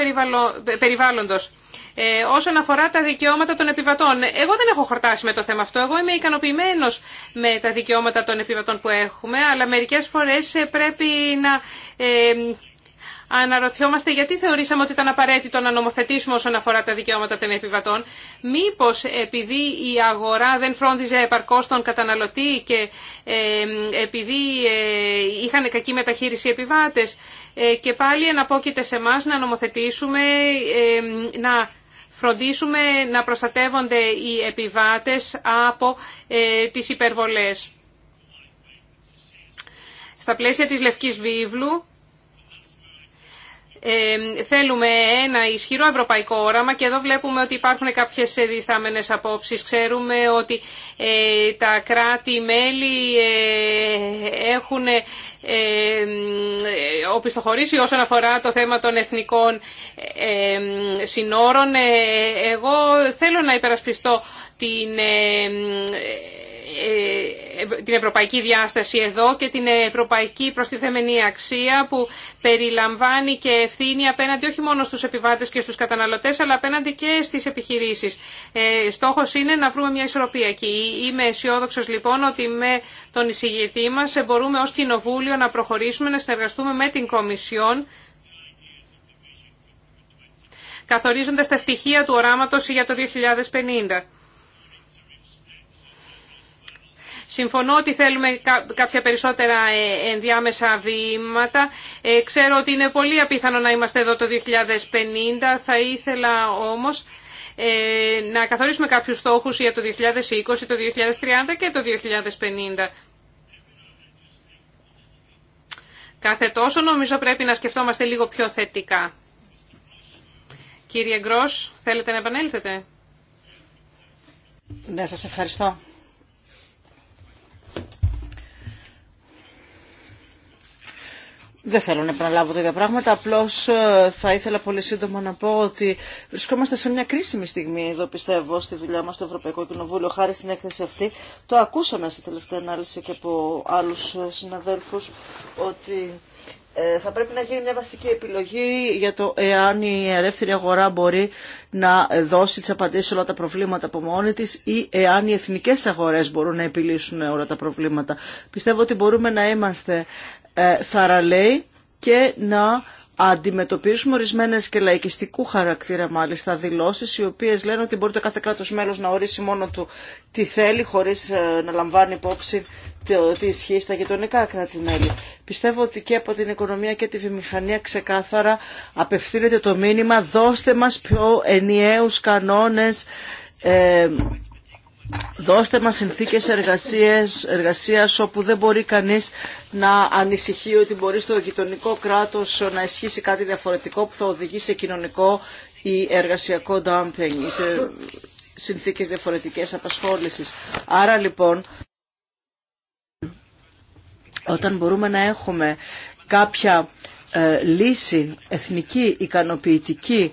Περιβάλλοντος. Ε, όσον αφορά τα δικαιώματα των επιβατών, εγώ δεν έχω χορτάσει με το θέμα αυτό. Εγώ είμαι ικανοποιημένο με τα δικαιώματα των επιβατών που έχουμε, αλλά μερικέ φορέ ε, πρέπει να. Ε, αναρωτιόμαστε γιατί θεωρήσαμε ότι ήταν απαραίτητο να νομοθετήσουμε όσον αφορά τα δικαιώματα των επιβατών. μήπω επειδή η αγορά δεν φρόντιζε επαρκώς τον καταναλωτή και ε, επειδή ε, είχαν κακή μεταχείριση οι επιβάτες ε, και πάλι εναπόκειται σε εμά να νομοθετήσουμε, να φροντίσουμε να προστατεύονται οι επιβάτες από τις υπερβολές. Στα πλαίσια της Λευκής Βίβλου θέλουμε ένα ισχυρό ευρωπαϊκό όραμα και εδώ βλέπουμε ότι υπάρχουν κάποιες διστάμενες απόψεις. Ξέρουμε ότι ε, τα κράτη-μέλη ε, έχουν ε, οπισθοχωρήσει όσον αφορά το θέμα των εθνικών συνόρων. Εγώ θέλω να υπερασπιστώ την ε, ε, ε, την ευρωπαϊκή διάσταση εδώ και την ευρωπαϊκή προστιθέμενη αξία που περιλαμβάνει και ευθύνη απέναντι όχι μόνο στους επιβάτες και στους καταναλωτές αλλά απέναντι και στις επιχειρήσεις. Ε, στόχος είναι να βρούμε μια ισορροπία εκεί. Είμαι αισιόδοξο λοιπόν ότι με τον εισηγητή μας μπορούμε ως κοινοβούλιο να προχωρήσουμε, να συνεργαστούμε με την Κομισιόν καθορίζοντας τα στοιχεία του οράματος για το 2050. Συμφωνώ ότι θέλουμε κάποια περισσότερα ε, ενδιάμεσα βήματα. Ε, ξέρω ότι είναι πολύ απίθανο να είμαστε εδώ το 2050. Θα ήθελα όμως ε, να καθορίσουμε κάποιους στόχους για το 2020, το 2030 και το 2050. Κάθε τόσο νομίζω πρέπει να σκεφτόμαστε λίγο πιο θετικά. Κύριε Γκρός, θέλετε να επανέλθετε. Ναι, σας ευχαριστώ. Δεν θέλω να επαναλάβω τα ίδια πράγματα, απλώς ε, θα ήθελα πολύ σύντομα να πω ότι βρισκόμαστε σε μια κρίσιμη στιγμή εδώ πιστεύω στη δουλειά μας στο Ευρωπαϊκό Κοινοβούλιο χάρη στην έκθεση αυτή. Το ακούσαμε σε τελευταία ανάλυση και από άλλους ε, συναδέλφους ότι ε, θα πρέπει να γίνει μια βασική επιλογή για το εάν η ελεύθερη αγορά μπορεί να δώσει τις απαντήσει σε όλα τα προβλήματα από μόνη της ή εάν οι εθνικές αγορές μπορούν να επιλύσουν όλα τα προβλήματα. Πιστεύω ότι μπορούμε να είμαστε ε, θαραλέοι και να αντιμετωπίσουμε ορισμένε και λαϊκιστικού χαρακτήρα μάλιστα δηλώσει, οι οποίε λένε ότι μπορεί το κάθε κράτο μέλο να ορίσει μόνο του τι θέλει, χωρί ε, να λαμβάνει υπόψη ότι ισχύει στα γειτονικά κράτη-μέλη. Πιστεύω ότι και από την οικονομία και τη βιομηχανία ξεκάθαρα απευθύνεται το μήνυμα δώστε μας πιο ενιαίους κανόνες ε, Δώστε μας συνθήκες εργασίες, εργασίας όπου δεν μπορεί κανείς να ανησυχεί ότι μπορεί στο γειτονικό κράτος να ισχύσει κάτι διαφορετικό που θα οδηγεί σε κοινωνικό ή εργασιακό dumping ή σε συνθήκες διαφορετικές απασχόλησης. Άρα λοιπόν, όταν μπορούμε να έχουμε κάποια ε, λύση εθνική ικανοποιητική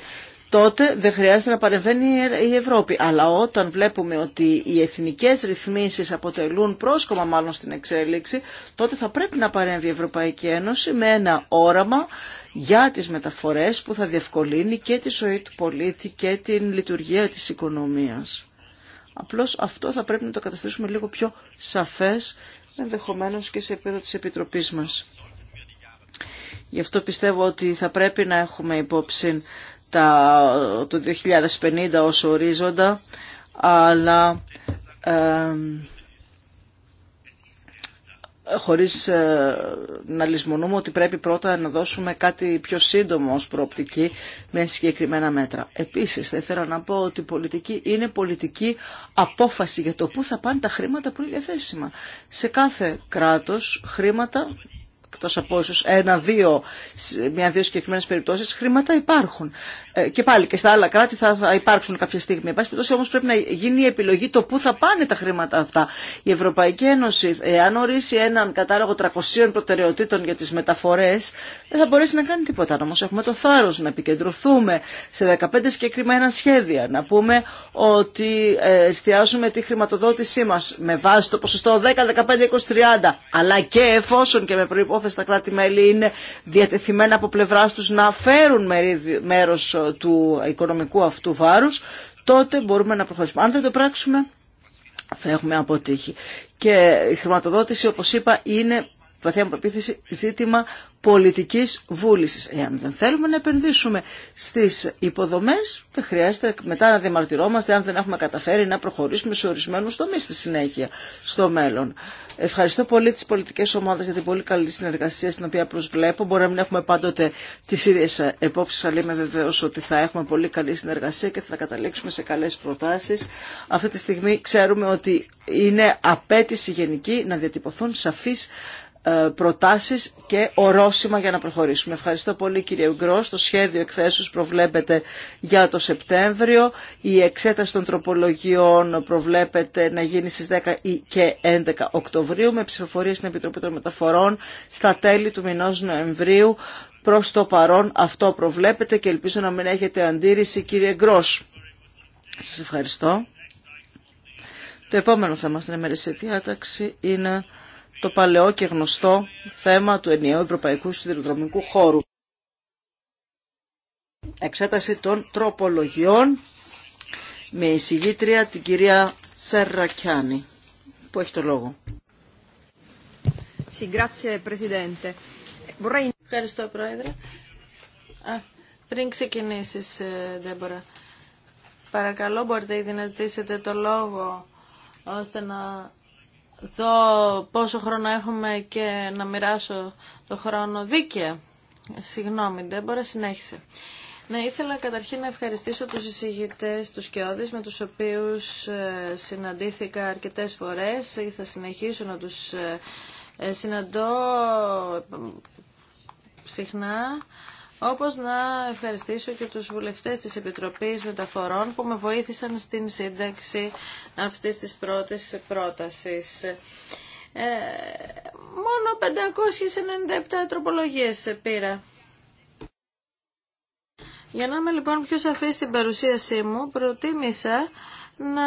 τότε δεν χρειάζεται να παρεμβαίνει ε- η Ευρώπη. Αλλά όταν βλέπουμε ότι οι εθνικές ρυθμίσεις αποτελούν πρόσκομα μάλλον στην εξέλιξη, τότε θα πρέπει να παρέμβει η Ευρωπαϊκή Ένωση με ένα όραμα για τις μεταφορές που θα διευκολύνει και τη ζωή του πολίτη και την λειτουργία της οικονομίας. Απλώς αυτό θα πρέπει να το καταστήσουμε λίγο πιο σαφές, ενδεχομένως και σε επίπεδο της Επιτροπής μας. Γι' αυτό πιστεύω ότι θα πρέπει να έχουμε υπόψη τα, το 2050 ως ορίζοντα, αλλά ε, χωρίς να λησμονούμε ότι πρέπει πρώτα να δώσουμε κάτι πιο σύντομο ως προοπτική με συγκεκριμένα μέτρα. Επίσης θα ήθελα να πω ότι η πολιτική είναι πολιτική απόφαση για το πού θα πάνε τα χρήματα που είναι διαθέσιμα. Σε κάθε κράτος χρήματα εκτός από ίσως ένα-δύο, μια-δύο συγκεκριμένες περιπτώσεις, χρήματα υπάρχουν. Ε, και πάλι και στα άλλα κράτη θα, υπάρξουν κάποια στιγμή. Εν πάση όμως πρέπει να γίνει η επιλογή το πού θα πάνε τα χρήματα αυτά. Η Ευρωπαϊκή Ένωση, εάν ορίσει έναν κατάλογο 300 προτεραιοτήτων για τι μεταφορέ, δεν θα μπορέσει να κάνει τίποτα. Όμω έχουμε το θάρρο, να επικεντρωθούμε σε 15 συγκεκριμένα σχέδια, να πούμε ότι ε, εστιάζουμε τη χρηματοδότησή μα με βάση το ποσοστό 10, 15, 20, 30, αλλά και εφόσον και με προπόθεση τα κράτη-μέλη είναι διατεθειμένα από πλευρά του να φέρουν μέρο του οικονομικού αυτού βάρους, τότε μπορούμε να προχωρήσουμε. Αν δεν το πράξουμε, θα έχουμε αποτύχει. Και η χρηματοδότηση, όπως είπα, είναι βαθιά μου πεποίθηση ζήτημα πολιτικής βούλησης. Εάν δεν θέλουμε να επενδύσουμε στις υποδομές, δεν χρειάζεται μετά να διαμαρτυρόμαστε αν δεν έχουμε καταφέρει να προχωρήσουμε σε ορισμένους τομείς στη συνέχεια στο μέλλον. Ευχαριστώ πολύ τις πολιτικές ομάδες για την πολύ καλή συνεργασία στην οποία προσβλέπω. Μπορεί να μην έχουμε πάντοτε τις ίδιες επόψεις, αλλά είμαι βεβαίως ότι θα έχουμε πολύ καλή συνεργασία και θα καταλήξουμε σε καλές προτάσεις. Αυτή τη στιγμή ξέρουμε ότι είναι απέτηση γενική να διατυπωθούν σαφείς ε, προτάσεις και ορόσημα για να προχωρήσουμε. Ευχαριστώ πολύ κύριε Ουγκρό. Το σχέδιο εκθέσεως προβλέπεται για το Σεπτέμβριο. Η εξέταση των τροπολογιών προβλέπεται να γίνει στις 10 και 11 Οκτωβρίου με ψηφοφορία στην Επιτροπή των Μεταφορών στα τέλη του μηνός Νοεμβρίου. Προς το παρόν αυτό προβλέπεται και ελπίζω να μην έχετε αντίρρηση κύριε Γκρός. Σας ευχαριστώ. Το επόμενο θέμα στην εμερησία διάταξη είναι το παλαιό και γνωστό θέμα του ενιαίου ευρωπαϊκού σιδηροδρομικού χώρου. Εξέταση των τροπολογιών με εισηγήτρια την κυρία Σερρακιάνη που έχει το λόγο. Ευχαριστώ Πρόεδρε. πριν ξεκινήσεις ε, Δέμπορα, παρακαλώ μπορείτε ήδη να ζητήσετε το λόγο ώστε να δω πόσο χρόνο έχουμε και να μοιράσω το χρόνο δίκαια. Συγγνώμη, δεν να συνέχισε. Ναι, ήθελα καταρχήν να ευχαριστήσω τους εισηγητές, τους Σκιώδης, με τους οποίους ε, συναντήθηκα αρκετές φορές. Ε, θα συνεχίσω να τους ε, συναντώ συχνά όπως να ευχαριστήσω και τους βουλευτές της Επιτροπής Μεταφορών που με βοήθησαν στην σύνταξη αυτής της πρώτης πρότασης. Ε, μόνο 597 τροπολογίες πήρα. Για να είμαι λοιπόν πιο σαφή στην παρουσίασή μου, προτίμησα να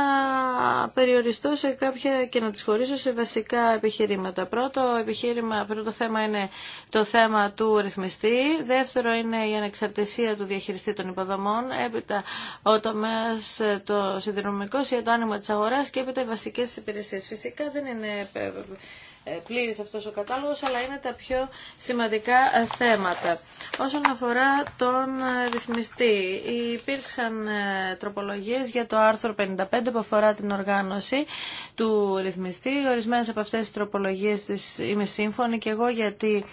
περιοριστώ σε κάποια και να τις χωρίσω σε βασικά επιχειρήματα. Πρώτο, επιχείρημα, πρώτο θέμα είναι το θέμα του ρυθμιστή, δεύτερο είναι η ανεξαρτησία του διαχειριστή των υποδομών, έπειτα ο τομέας το συνδυνομικός ή το άνοιγμα της αγοράς και έπειτα οι βασικές υπηρεσίες. Φυσικά δεν είναι ε, ε, πλήρης αυτός ο κατάλογος, αλλά είναι τα πιο σημαντικά ε, θέματα. Όσον αφορά τον ε, ρυθμιστή, υπήρξαν τροπολογίες για το άρθρο 55 που αφορά την οργάνωση του ρυθμιστή. Ορισμένες από αυτές τις τροπολογίες τις είμαι σύμφωνη και εγώ γιατί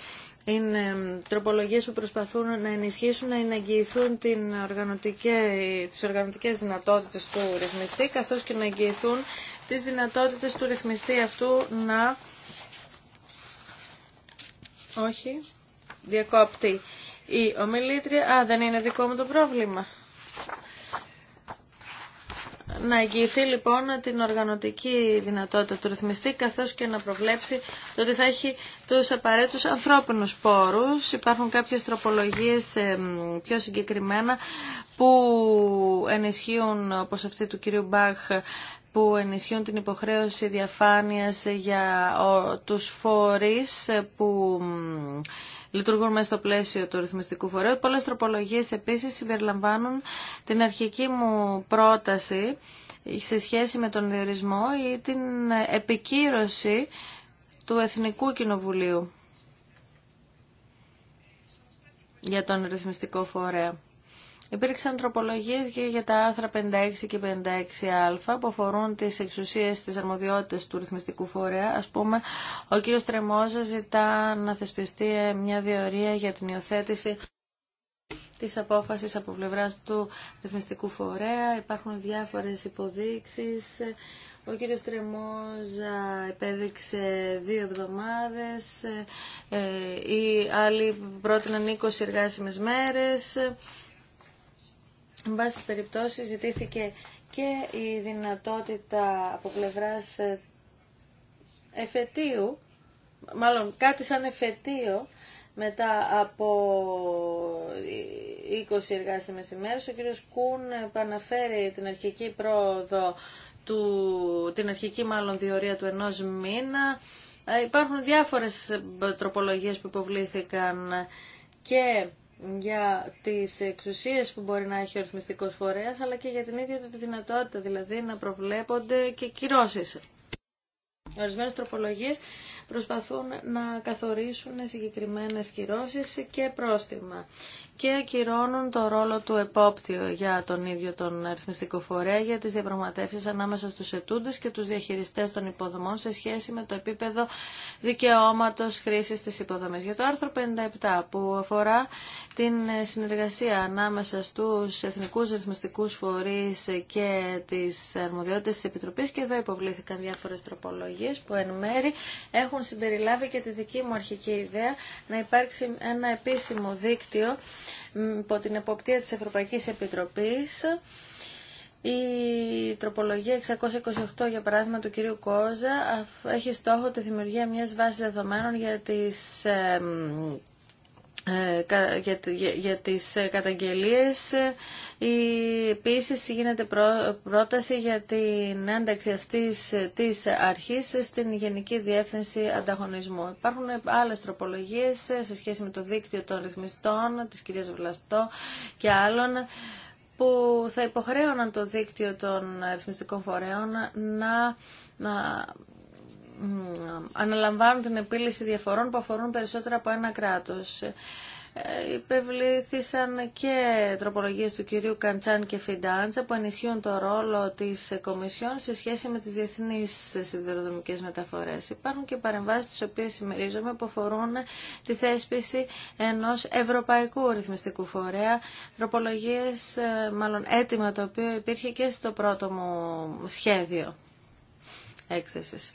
είναι τροπολογίες που προσπαθούν να ενισχύσουν, να εγγυηθούν την οργανωτική, τις οργανωτικές δυνατότητες του ρυθμιστή, καθώς και να εγγυηθούν τις δυνατότητες του ρυθμιστή αυτού να όχι. Διακόπτη. Η ομιλήτρια... Α, δεν είναι δικό μου το πρόβλημα. Να εγγυηθεί λοιπόν την οργανωτική δυνατότητα του ρυθμιστή καθώς και να προβλέψει το ότι θα έχει τους απαραίτητους ανθρώπινους πόρους. Υπάρχουν κάποιες τροπολογίες ε, πιο συγκεκριμένα που ενισχύουν όπως αυτή του κυρίου μπαχ που ενισχύουν την υποχρέωση διαφάνειας για τους φορείς που λειτουργούν μέσα στο πλαίσιο του ρυθμιστικού φορέου. Πολλές τροπολογίες επίσης συμπεριλαμβάνουν την αρχική μου πρόταση σε σχέση με τον διορισμό ή την επικύρωση του Εθνικού Κοινοβουλίου για τον ρυθμιστικό φορέα. Υπήρξαν τροπολογίες και για τα άρθρα 56 και 56α που αφορούν τις εξουσίες της αρμοδιότητας του ρυθμιστικού φορέα. Ας πούμε, ο κύριος Τρεμόζα ζητά να θεσπιστεί ε, μια διορία για την υιοθέτηση της απόφασης από πλευράς του ρυθμιστικού φορέα. Υπάρχουν διάφορες υποδείξεις. Ο κύριος Τρεμόζα επέδειξε δύο εβδομάδες, ε, ε, οι άλλοι πρότειναν 20 εργάσιμες μέρες. Εν πάση περιπτώσει ζητήθηκε και η δυνατότητα από πλευρά ε, εφετείου, μάλλον κάτι σαν εφετείο, μετά από 20 ε, εργάσιμες ημέρες, ο κύριος Κούν επαναφέρει την αρχική πρόοδο, του, την αρχική μάλλον διορία του ενός μήνα. Ε, υπάρχουν διάφορες τροπολογίες που υποβλήθηκαν και για τις εξουσίες που μπορεί να έχει ο ρυθμιστικός φορέας, αλλά και για την ίδια τη δυνατότητα, δηλαδή να προβλέπονται και κυρώσεις. Ορισμένες τροπολογίες προσπαθούν να καθορίσουν συγκεκριμένες κυρώσεις και πρόστιμα και ακυρώνουν το ρόλο του επόπτιο για τον ίδιο τον αριθμιστικό φορέα για τις διαπραγματεύσεις ανάμεσα στους ετούντες και τους διαχειριστές των υποδομών σε σχέση με το επίπεδο δικαιώματος χρήσης της υποδομής. Για το άρθρο 57 που αφορά την συνεργασία ανάμεσα στους εθνικούς ρυθμιστικούς φορείς και τις αρμοδιότητες της Επιτροπής και εδώ υποβλήθηκαν διάφορες τροπολογίες που εν έχουν συμπεριλάβει και τη δική μου αρχική ιδέα να υπάρξει ένα επίσημο δίκτυο υπό την εποπτεία της Ευρωπαϊκής Επιτροπής η τροπολογία 628 για παράδειγμα του κυρίου Κόζα έχει στόχο τη δημιουργία μιας βάσης δεδομένων για τις ε, ε, για τις ε, καταγγελίες. Ε, επίσης γίνεται πρόταση για την ένταξη αυτής της αρχής στην Γενική Διεύθυνση Ανταγωνισμού. Υπάρχουν άλλες τροπολογίες σε σχέση με το δίκτυο των ρυθμιστών, της κυρίας Βλαστό και άλλων που θα υποχρέωναν το δίκτυο των ρυθμιστικών φορέων να αναλαμβάνουν την επίλυση διαφορών που αφορούν περισσότερα από ένα κράτος. Ε, υπευλήθησαν και τροπολογίες του κυρίου Καντσάν και Φιντάντσα που ενισχύουν το ρόλο της Κομισιόν σε σχέση με τις διεθνείς σιδηροδρομικές μεταφορές. Υπάρχουν και παρεμβάσεις τις οποίες συμμερίζομαι που αφορούν τη θέσπιση ενός ευρωπαϊκού ρυθμιστικού φορέα. Τροπολογίες, ε, μάλλον έτοιμα το οποίο υπήρχε και στο πρώτο μου σχέδιο έκθεσης.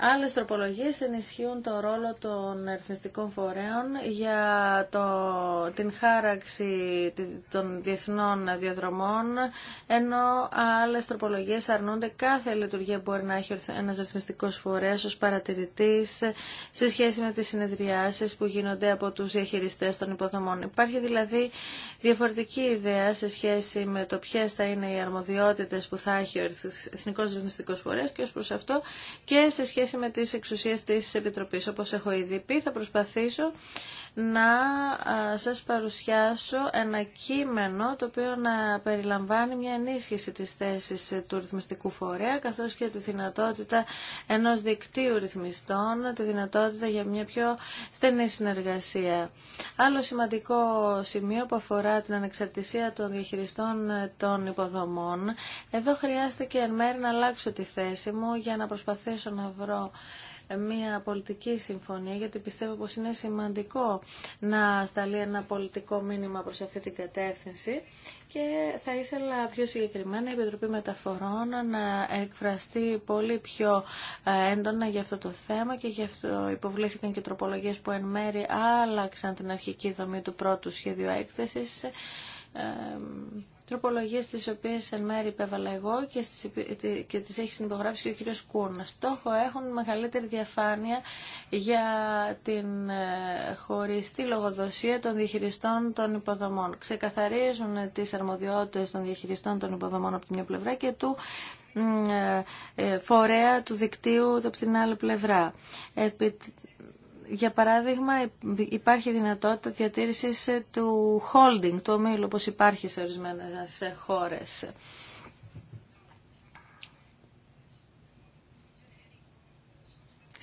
Άλλες τροπολογίες ενισχύουν το ρόλο των αριθμιστικών φορέων για το, την χάραξη των διεθνών διαδρομών, ενώ άλλες τροπολογίες αρνούνται κάθε λειτουργία που μπορεί να έχει ένας αριθμιστικός φορέας ως παρατηρητής σε σχέση με τις συνεδριάσεις που γίνονται από τους διαχειριστές των υποδομών. Υπάρχει δηλαδή διαφορετική ιδέα σε σχέση με το ποιε θα είναι οι αρμοδιότητες που θα έχει ο Εθνικός Αριθμιστικός Φορέας και ως προς αυτό και σε σχέση με τις εξουσίες της Επιτροπής. Όπως έχω ήδη πει, θα προσπαθήσω να σας παρουσιάσω ένα κείμενο το οποίο να περιλαμβάνει μια ενίσχυση της θέσης ε, του ρυθμιστικού φορέα καθώς και τη δυνατότητα ενός δικτύου ρυθμιστών, τη δυνατότητα για μια πιο στενή συνεργασία. Άλλο σημαντικό σημείο που αφορά την ανεξαρτησία των διαχειριστών ε, των υποδομών. Εδώ χρειάστηκε εν μέρει να αλλάξω τη θέση μου για να προσπαθήσω να βρω μια πολιτική συμφωνία, γιατί πιστεύω πως είναι σημαντικό να σταλεί ένα πολιτικό μήνυμα προς αυτή την κατεύθυνση και θα ήθελα πιο συγκεκριμένα η Επιτροπή Μεταφορών να εκφραστεί πολύ πιο ε, έντονα για αυτό το θέμα και γι' αυτό υποβλήθηκαν και τροπολογίες που εν μέρη άλλαξαν την αρχική δομή του πρώτου σχέδιου έκθεσης ε, τροπολογίες τις οποίες εν μέρη υπέβαλα εγώ και, στις, και τις έχει συνυπογράψει και ο κύριος Κούρνα. Στόχο έχουν μεγαλύτερη διαφάνεια για την ε, χωριστή λογοδοσία των διαχειριστών των υποδομών. Ξεκαθαρίζουν τις αρμοδιότητε των διαχειριστών των υποδομών από τη μια πλευρά και του ε, ε, φορέα του δικτύου από την άλλη πλευρά. Επι, για παράδειγμα, υπάρχει δυνατότητα διατήρησης του holding, του ομίλου, όπως υπάρχει σε ορισμένες χώρες.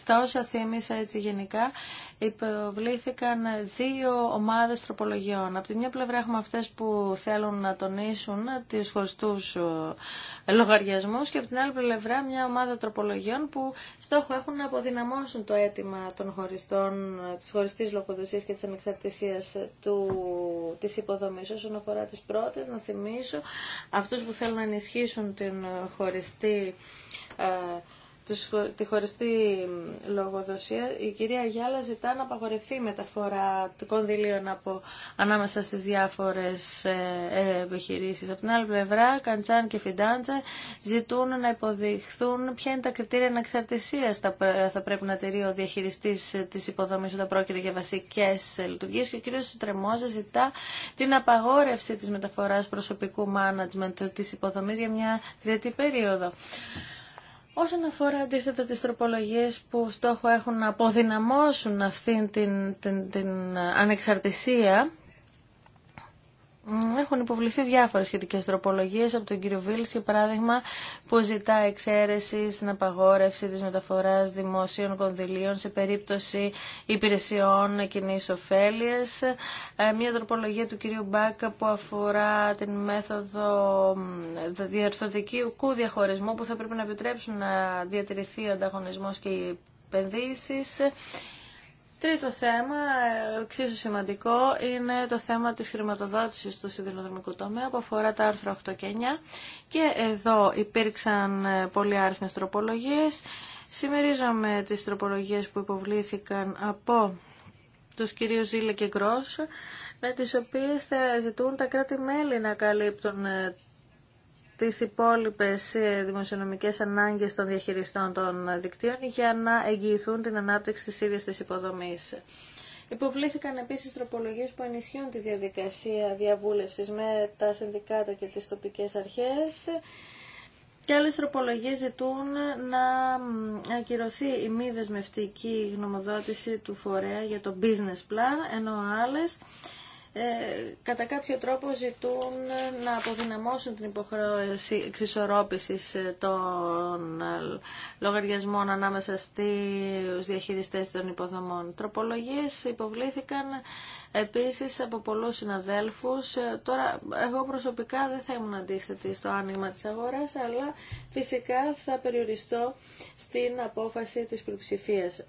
Στα όσα θύμισα έτσι γενικά, υποβλήθηκαν δύο ομάδες τροπολογιών. Από τη μια πλευρά έχουμε αυτές που θέλουν να τονίσουν τις χωριστούς ε, λογαριασμούς και από την άλλη πλευρά μια ομάδα τροπολογιών που στόχο έχουν να αποδυναμώσουν το αίτημα των χωριστών, ε, της χωριστής λογοδοσίας και της ανεξαρτησίας του, της υποδομής. Όσον αφορά τις πρώτες, να θυμίσω αυτούς που θέλουν να ενισχύσουν την ε, χωριστή τη χωριστή λογοδοσία, η κυρία Γιάλα ζητά να απαγορευτεί η μεταφορά κονδυλίων από, ανάμεσα στι διάφορε ε, Από την άλλη πλευρά, Καντζάν και Φιντάντζα ζητούν να υποδειχθούν ποια είναι τα κριτήρια αναξαρτησίας θα, θα πρέπει να τηρεί ο διαχειριστής της υποδομής όταν πρόκειται για βασικέ λειτουργίε και ο κύριο Τρεμόζα ζητά την απαγόρευση τη μεταφορά προσωπικού management τη υποδομή για μια τριετή περίοδο. Όσον αφορά αντίθετα τις τροπολογίες που στόχο έχουν να αποδυναμώσουν αυτήν την, την, την ανεξαρτησία έχουν υποβληθεί διάφορες σχετικέ τροπολογίε από τον κύριο Βίλς, για παράδειγμα, που ζητά εξαίρεση στην απαγόρευση της μεταφοράς δημοσίων κονδυλίων σε περίπτωση υπηρεσιών κοινή ωφέλεια. Ε, μια τροπολογία του κυρίου Μπάκα που αφορά την μέθοδο διαρθωτικού διαχωρισμού που θα πρέπει να επιτρέψουν να διατηρηθεί ο ανταγωνισμό και οι επενδύσει. Τρίτο θέμα, ε, εξίσου σημαντικό, είναι το θέμα της χρηματοδότησης του σιδηροδρομικού τομέα που αφορά τα άρθρα 8 και 9 και εδώ υπήρξαν ε, πολλοί άρθμες τροπολογίες. Σημερίζομαι τις τροπολογίες που υποβλήθηκαν από τους κυρίους Ζήλε και Γκρός, με τις οποίες θα ζητούν τα κράτη-μέλη να καλύπτουν ε, τις υπόλοιπες ε, δημοσιονομικές ανάγκες των διαχειριστών των δικτύων για να εγγυηθούν την ανάπτυξη της ίδιας της υποδομής. Υποβλήθηκαν επίσης τροπολογίες που ενισχύουν τη διαδικασία διαβούλευσης με τα συνδικάτα και τις τοπικές αρχές και άλλες τροπολογίες ζητούν να ακυρωθεί η μη δεσμευτική γνωμοδότηση του φορέα για το business plan, ενώ άλλες ε, κατά κάποιο τρόπο ζητούν να αποδυναμώσουν την υποχρέωση εξισορρόπησης ε, των ε, λογαριασμών ανάμεσα στους διαχειριστές των υποδομών. Τροπολογίες υποβλήθηκαν επίσης από πολλούς συναδέλφους. Τώρα εγώ προσωπικά δεν θα ήμουν αντίθετη στο άνοιγμα της αγοράς, αλλά φυσικά θα περιοριστώ στην απόφαση της πλειοψηφίας.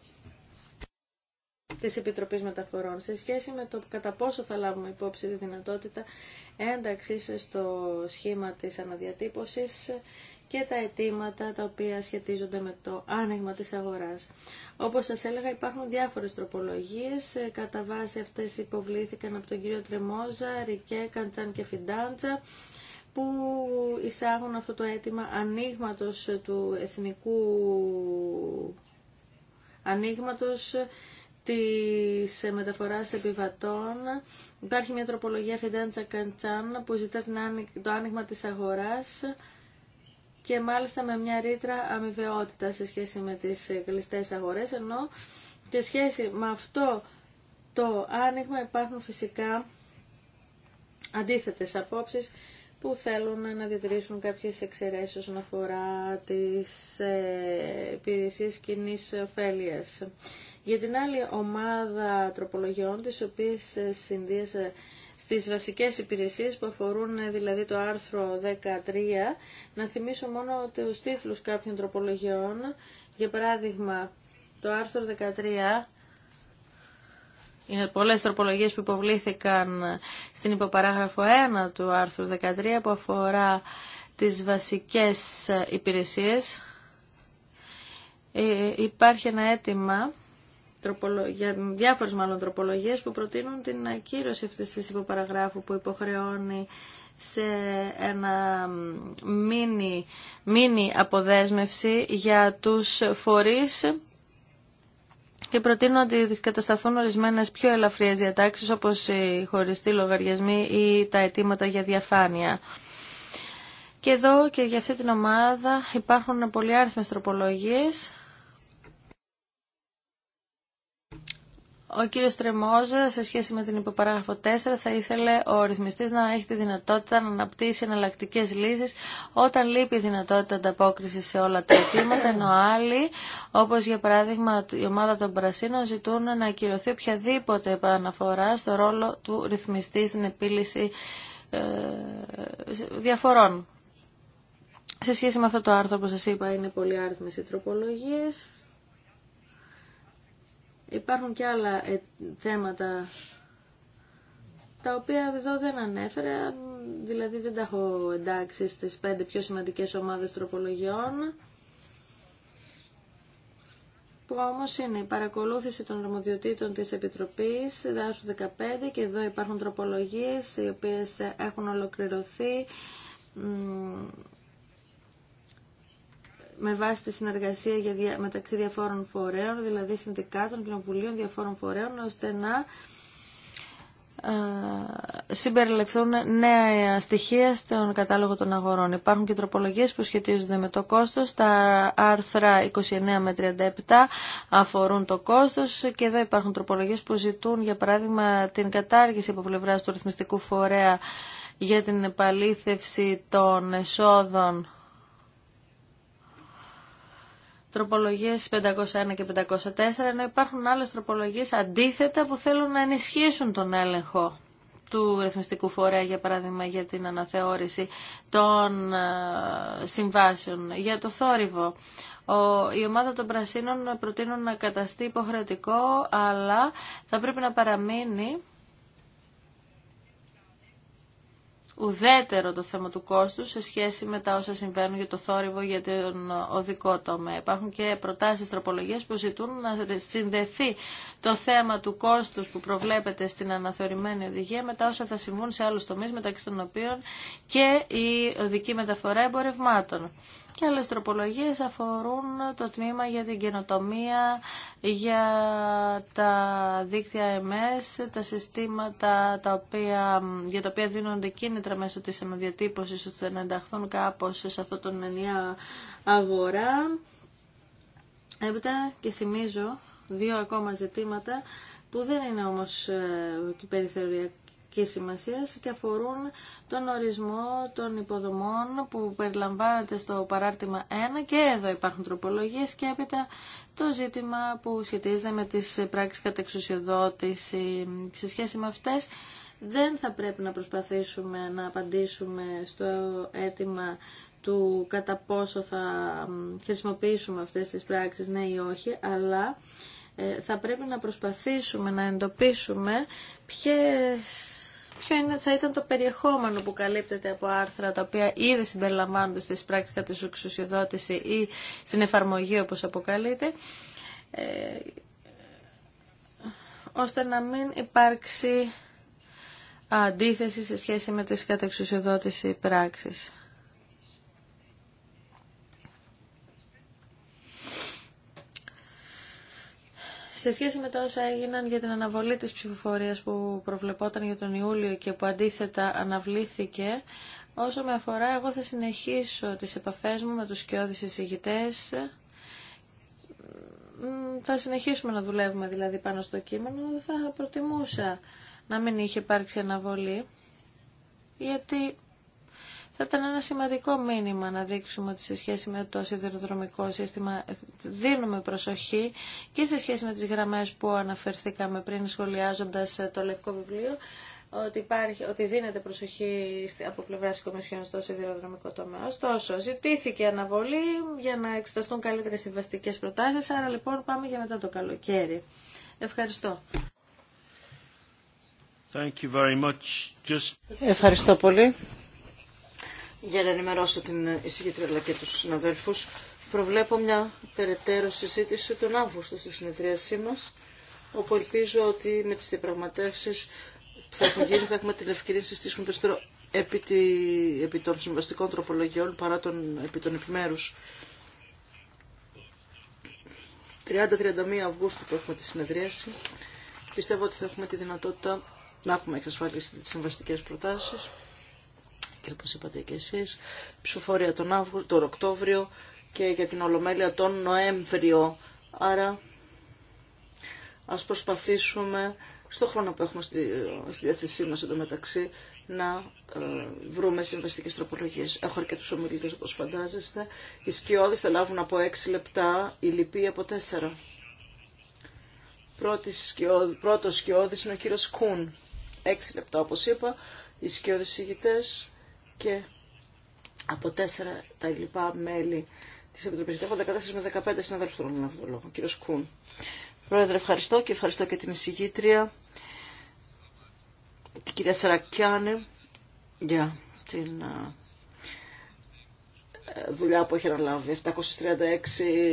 Τη επιτροπή Μεταφορών σε σχέση με το κατά πόσο θα λάβουμε υπόψη τη δυνατότητα ένταξης στο σχήμα της αναδιατύπωσης και τα αιτήματα τα οποία σχετίζονται με το άνοιγμα τη αγορά. Όπως σας έλεγα υπάρχουν διάφορες τροπολογίες, ε, κατά βάση αυτές υποβλήθηκαν από τον κύριο Τρεμόζα, Ρικέ, Καντζάν και Φιντάντζα, που εισάγουν αυτό το αίτημα ανοίγματο του εθνικού ανοίγματο της ε, μεταφοράς επιβατών. Υπάρχει μια τροπολογία Φιντάντσα Καντσάν που ζητά το άνοιγμα της αγοράς και μάλιστα με μια ρήτρα αμοιβαιότητα σε σχέση με τις κλειστέ αγορές, ενώ και σχέση με αυτό το άνοιγμα υπάρχουν φυσικά αντίθετες απόψεις που θέλουν να διατηρήσουν κάποιες εξαιρέσεις όσον αφορά τις ε, υπηρεσίες κοινή ωφέλεια. Για την άλλη ομάδα τροπολογιών, τις οποίες ε, συνδύασα στις βασικές υπηρεσίες που αφορούν ε, δηλαδή το άρθρο 13, να θυμίσω μόνο ο τίτλους κάποιων τροπολογιών. Για παράδειγμα, το άρθρο 13... Είναι πολλές τροπολογίες που υποβλήθηκαν ε, στην υποπαράγραφο 1 του άρθρου 13 που αφορά τις βασικές υπηρεσίες. Ε, υπάρχει ένα αίτημα για διάφορες μάλλον τροπολογίες που προτείνουν την ακύρωση αυτής της υποπαραγράφου που υποχρεώνει σε ένα μίνι, μίνι αποδέσμευση για τους φορείς και προτείνουν ότι κατασταθούν ορισμένε πιο ελαφριέ διατάξει όπως οι χωριστοί λογαριασμοί ή τα αιτήματα για διαφάνεια. Και εδώ και για αυτή την ομάδα υπάρχουν πολλοί άριθμες τροπολογίες Ο κύριο Τρεμόζα, σε σχέση με την υποπαράγραφο 4, θα ήθελε ο ρυθμιστή να έχει τη δυνατότητα να αναπτύσσει εναλλακτικέ λύσει όταν λείπει η δυνατότητα ανταπόκριση σε όλα τα αιτήματα, ενώ άλλοι, όπω για παράδειγμα η ομάδα των Πρασίνων, ζητούν να ακυρωθεί οποιαδήποτε επαναφορά στο ρόλο του ρυθμιστή στην επίλυση ε, διαφορών. Σε σχέση με αυτό το άρθρο, όπως σα είπα, είναι πολύ άριθμε οι τροπολογίε. Υπάρχουν και άλλα ε, θέματα τα οποία εδώ δεν ανέφερα, δηλαδή δεν τα έχω εντάξει στις πέντε πιο σημαντικές ομάδες τροπολογιών, που όμως είναι η παρακολούθηση των αρμοδιοτήτων της Επιτροπής, δάσου 15, και εδώ υπάρχουν τροπολογίες οι οποίες έχουν ολοκληρωθεί με βάση τη συνεργασία για, μεταξύ διαφόρων φορέων, δηλαδή συνδικάτων, κοινοβουλίων, διαφόρων φορέων, ώστε να ε, συμπεριληφθούν νέα στοιχεία στον κατάλογο των αγορών. Υπάρχουν και τροπολογίες που σχετίζονται με το κόστος. Τα άρθρα 29 με 37 αφορούν το κόστος και εδώ υπάρχουν τροπολογίες που ζητούν για παράδειγμα την κατάργηση από πλευρά του ρυθμιστικού φορέα για την επαλήθευση των εσόδων τροπολογίες 501 και 504, ενώ υπάρχουν άλλες τροπολογίες αντίθετα που θέλουν να ενισχύσουν τον έλεγχο του ρυθμιστικού φορέα, για παράδειγμα, για την αναθεώρηση των ε, συμβάσεων, για το θόρυβο. Ο, η ομάδα των Πρασίνων προτείνουν να καταστεί υποχρεωτικό, αλλά θα πρέπει να παραμείνει ουδέτερο το θέμα του κόστου σε σχέση με τα όσα συμβαίνουν για το θόρυβο για τον οδικό τομέα. Υπάρχουν και προτάσεις τροπολογίας που ζητούν να συνδεθεί το θέμα του κόστους που προβλέπεται στην αναθεωρημένη οδηγία με τα όσα θα συμβούν σε άλλους τομείς μεταξύ των οποίων και η οδική μεταφορά εμπορευμάτων. Και άλλες τροπολογίες αφορούν το τμήμα για την καινοτομία, για τα δίκτυα MS, τα συστήματα τα οποία, για τα οποία δίνονται κίνητρα μέσω της αναδιατύπωσης ώστε να ενταχθούν κάπως σε αυτό τον ενιαίο αγορά. Έπειτα και θυμίζω δύο ακόμα ζητήματα που δεν είναι όμως ε, περιφερειακά και αφορούν τον ορισμό των υποδομών που περιλαμβάνεται στο παράρτημα 1 και εδώ υπάρχουν τροπολογίες και έπειτα το ζήτημα που σχετίζεται με τις πράξεις κατεξουσιοδότηση σε σχέση με αυτές δεν θα πρέπει να προσπαθήσουμε να απαντήσουμε στο αίτημα του κατά πόσο θα χρησιμοποιήσουμε αυτές τις πράξεις, ναι ή όχι, αλλά ε, θα πρέπει να προσπαθήσουμε να εντοπίσουμε ποιες ποιο θα ήταν το περιεχόμενο που καλύπτεται από άρθρα τα οποία ήδη συμπεριλαμβάνονται στις πράκτικα της εξουσιοδότηση ή στην εφαρμογή όπως αποκαλείται ε, ώστε να μην υπάρξει αντίθεση σε σχέση με τις κατεξουσιοδότηση πράξεις. Σε σχέση με τα όσα έγιναν για την αναβολή της ψηφοφορίας που προβλεπόταν για τον Ιούλιο και που αντίθετα αναβλήθηκε, όσο με αφορά εγώ θα συνεχίσω τις επαφές μου με τους σκιώδεις εισηγητές. Θα συνεχίσουμε να δουλεύουμε δηλαδή πάνω στο κείμενο, θα προτιμούσα να μην είχε υπάρξει αναβολή, γιατί θα ήταν ένα σημαντικό μήνυμα να δείξουμε ότι σε σχέση με το σιδηροδρομικό σύστημα δίνουμε προσοχή και σε σχέση με τις γραμμές που αναφερθήκαμε πριν σχολιάζοντας ε, το λευκό βιβλίο ότι, υπάρχει, ότι δίνεται προσοχή από πλευρά τη Κομισιόν στο σιδηροδρομικό τομέα. Ωστόσο, ζητήθηκε αναβολή για να εξεταστούν καλύτερε συμβαστικέ προτάσει. Άρα λοιπόν πάμε για μετά το καλοκαίρι. Ευχαριστώ. Thank you very much. Just... Ευχαριστώ πολύ για να ενημερώσω την εισηγήτρια αλλά και τους συναδέλφους. Προβλέπω μια περαιτέρω συζήτηση τον Αύγουστο στη συνεδρίασή μας, όπου ελπίζω ότι με τις διαπραγματεύσεις που θα έχουν γίνει θα έχουμε την ευκαιρία να συστήσουμε περισσότερο επί, τη, επί των συμβαστικών τροπολογιών παρά των, επί των επιμέρους. 30-31 Αυγούστου που έχουμε τη συνεδρίαση. Πιστεύω ότι θα έχουμε τη δυνατότητα να έχουμε εξασφαλίσει τις συμβαστικές προτάσεις και όπως είπατε και εσείς, ψηφοφορία τον, Αύγου, τον Οκτώβριο και για την Ολομέλεια τον Νοέμβριο. Άρα ας προσπαθήσουμε στο χρόνο που έχουμε στη, στη διάθεσή μας εντωμεταξύ να ε, βρούμε συμβαστικέ τροπολογίε. Έχω αρκετού ομιλητέ όπω φαντάζεστε. Οι σκιώδει θα λάβουν από 6 λεπτά, οι λοιποί από 4. Πρώτο σκιώδη είναι ο κύριο Κούν. 6 λεπτά όπω είπα. Οι σκιώδει ηγητέ και από τέσσερα τα λοιπά μέλη τη Επιτροπή. Έχω 14 με 15 συναδέλφου που να λόγο. Κύριο Κούν. Πρόεδρε, ευχαριστώ και ευχαριστώ και την εισηγήτρια, την κυρία Σαρακιάνη, για την δουλειά που έχει αναλάβει. 736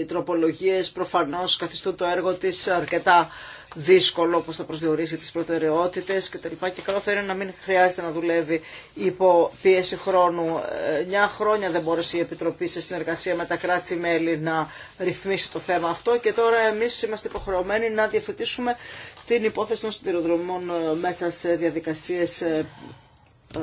τροπολογίες προφανώς καθιστούν το έργο της αρκετά δύσκολο όπως θα προσδιορίσει τις προτεραιότητες και και καλό θα είναι να μην χρειάζεται να δουλεύει υπό πίεση χρόνου. Νια χρόνια δεν μπόρεσε η Επιτροπή σε συνεργασία με τα κράτη-μέλη να ρυθμίσει το θέμα αυτό και τώρα εμείς είμαστε υποχρεωμένοι να διαφετήσουμε την υπόθεση των συντηροδρομών ε, μέσα σε διαδικασίες ε, ε,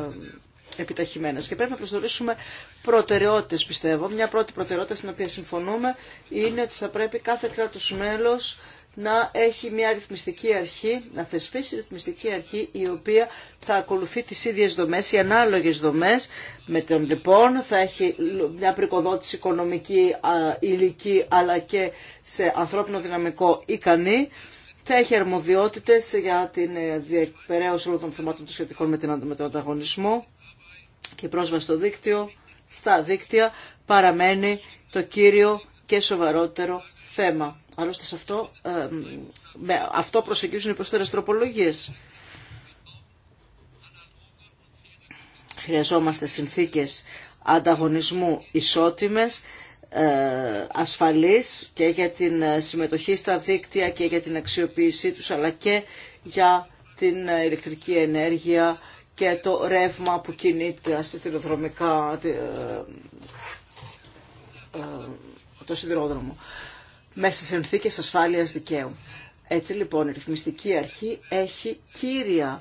επιταχυμένες. Και πρέπει να προσδορίσουμε προτεραιότητες, πιστεύω. Μια πρώτη προτεραιότητα στην οποία συμφωνούμε είναι ότι θα πρέπει κάθε κράτος μέλος να έχει μια ρυθμιστική αρχή, να θεσπίσει ρυθμιστική αρχή η οποία θα ακολουθεί τις ίδιες δομές, οι ανάλογες δομές με τον λοιπόν θα έχει μια πρικοδότηση οικονομική, υλική, αλλά και σε ανθρώπινο δυναμικό ικανή θα έχει αρμοδιότητες για την ε, διεκπαιρέωση όλων των θεμάτων των σχετικών με τον ανταγωνισμό και πρόσβαση στο δίκτυο, στα δίκτυα παραμένει το κύριο και σοβαρότερο θέμα. Άλλωστε σε αυτό, ε, αυτό προσεγγίζουν οι προσθέρες τροπολογίες. Χρειαζόμαστε συνθήκες ανταγωνισμού ισότιμες, ε, και για την συμμετοχή στα δίκτυα και για την αξιοποίησή τους, αλλά και για την ε, ηλεκτρική ενέργεια, και το ρεύμα που κινείται ε, ε, το σιδηρόδρομο μέσα σε συνθήκες ασφάλειας δικαίου. Έτσι λοιπόν η ρυθμιστική αρχή έχει κύρια,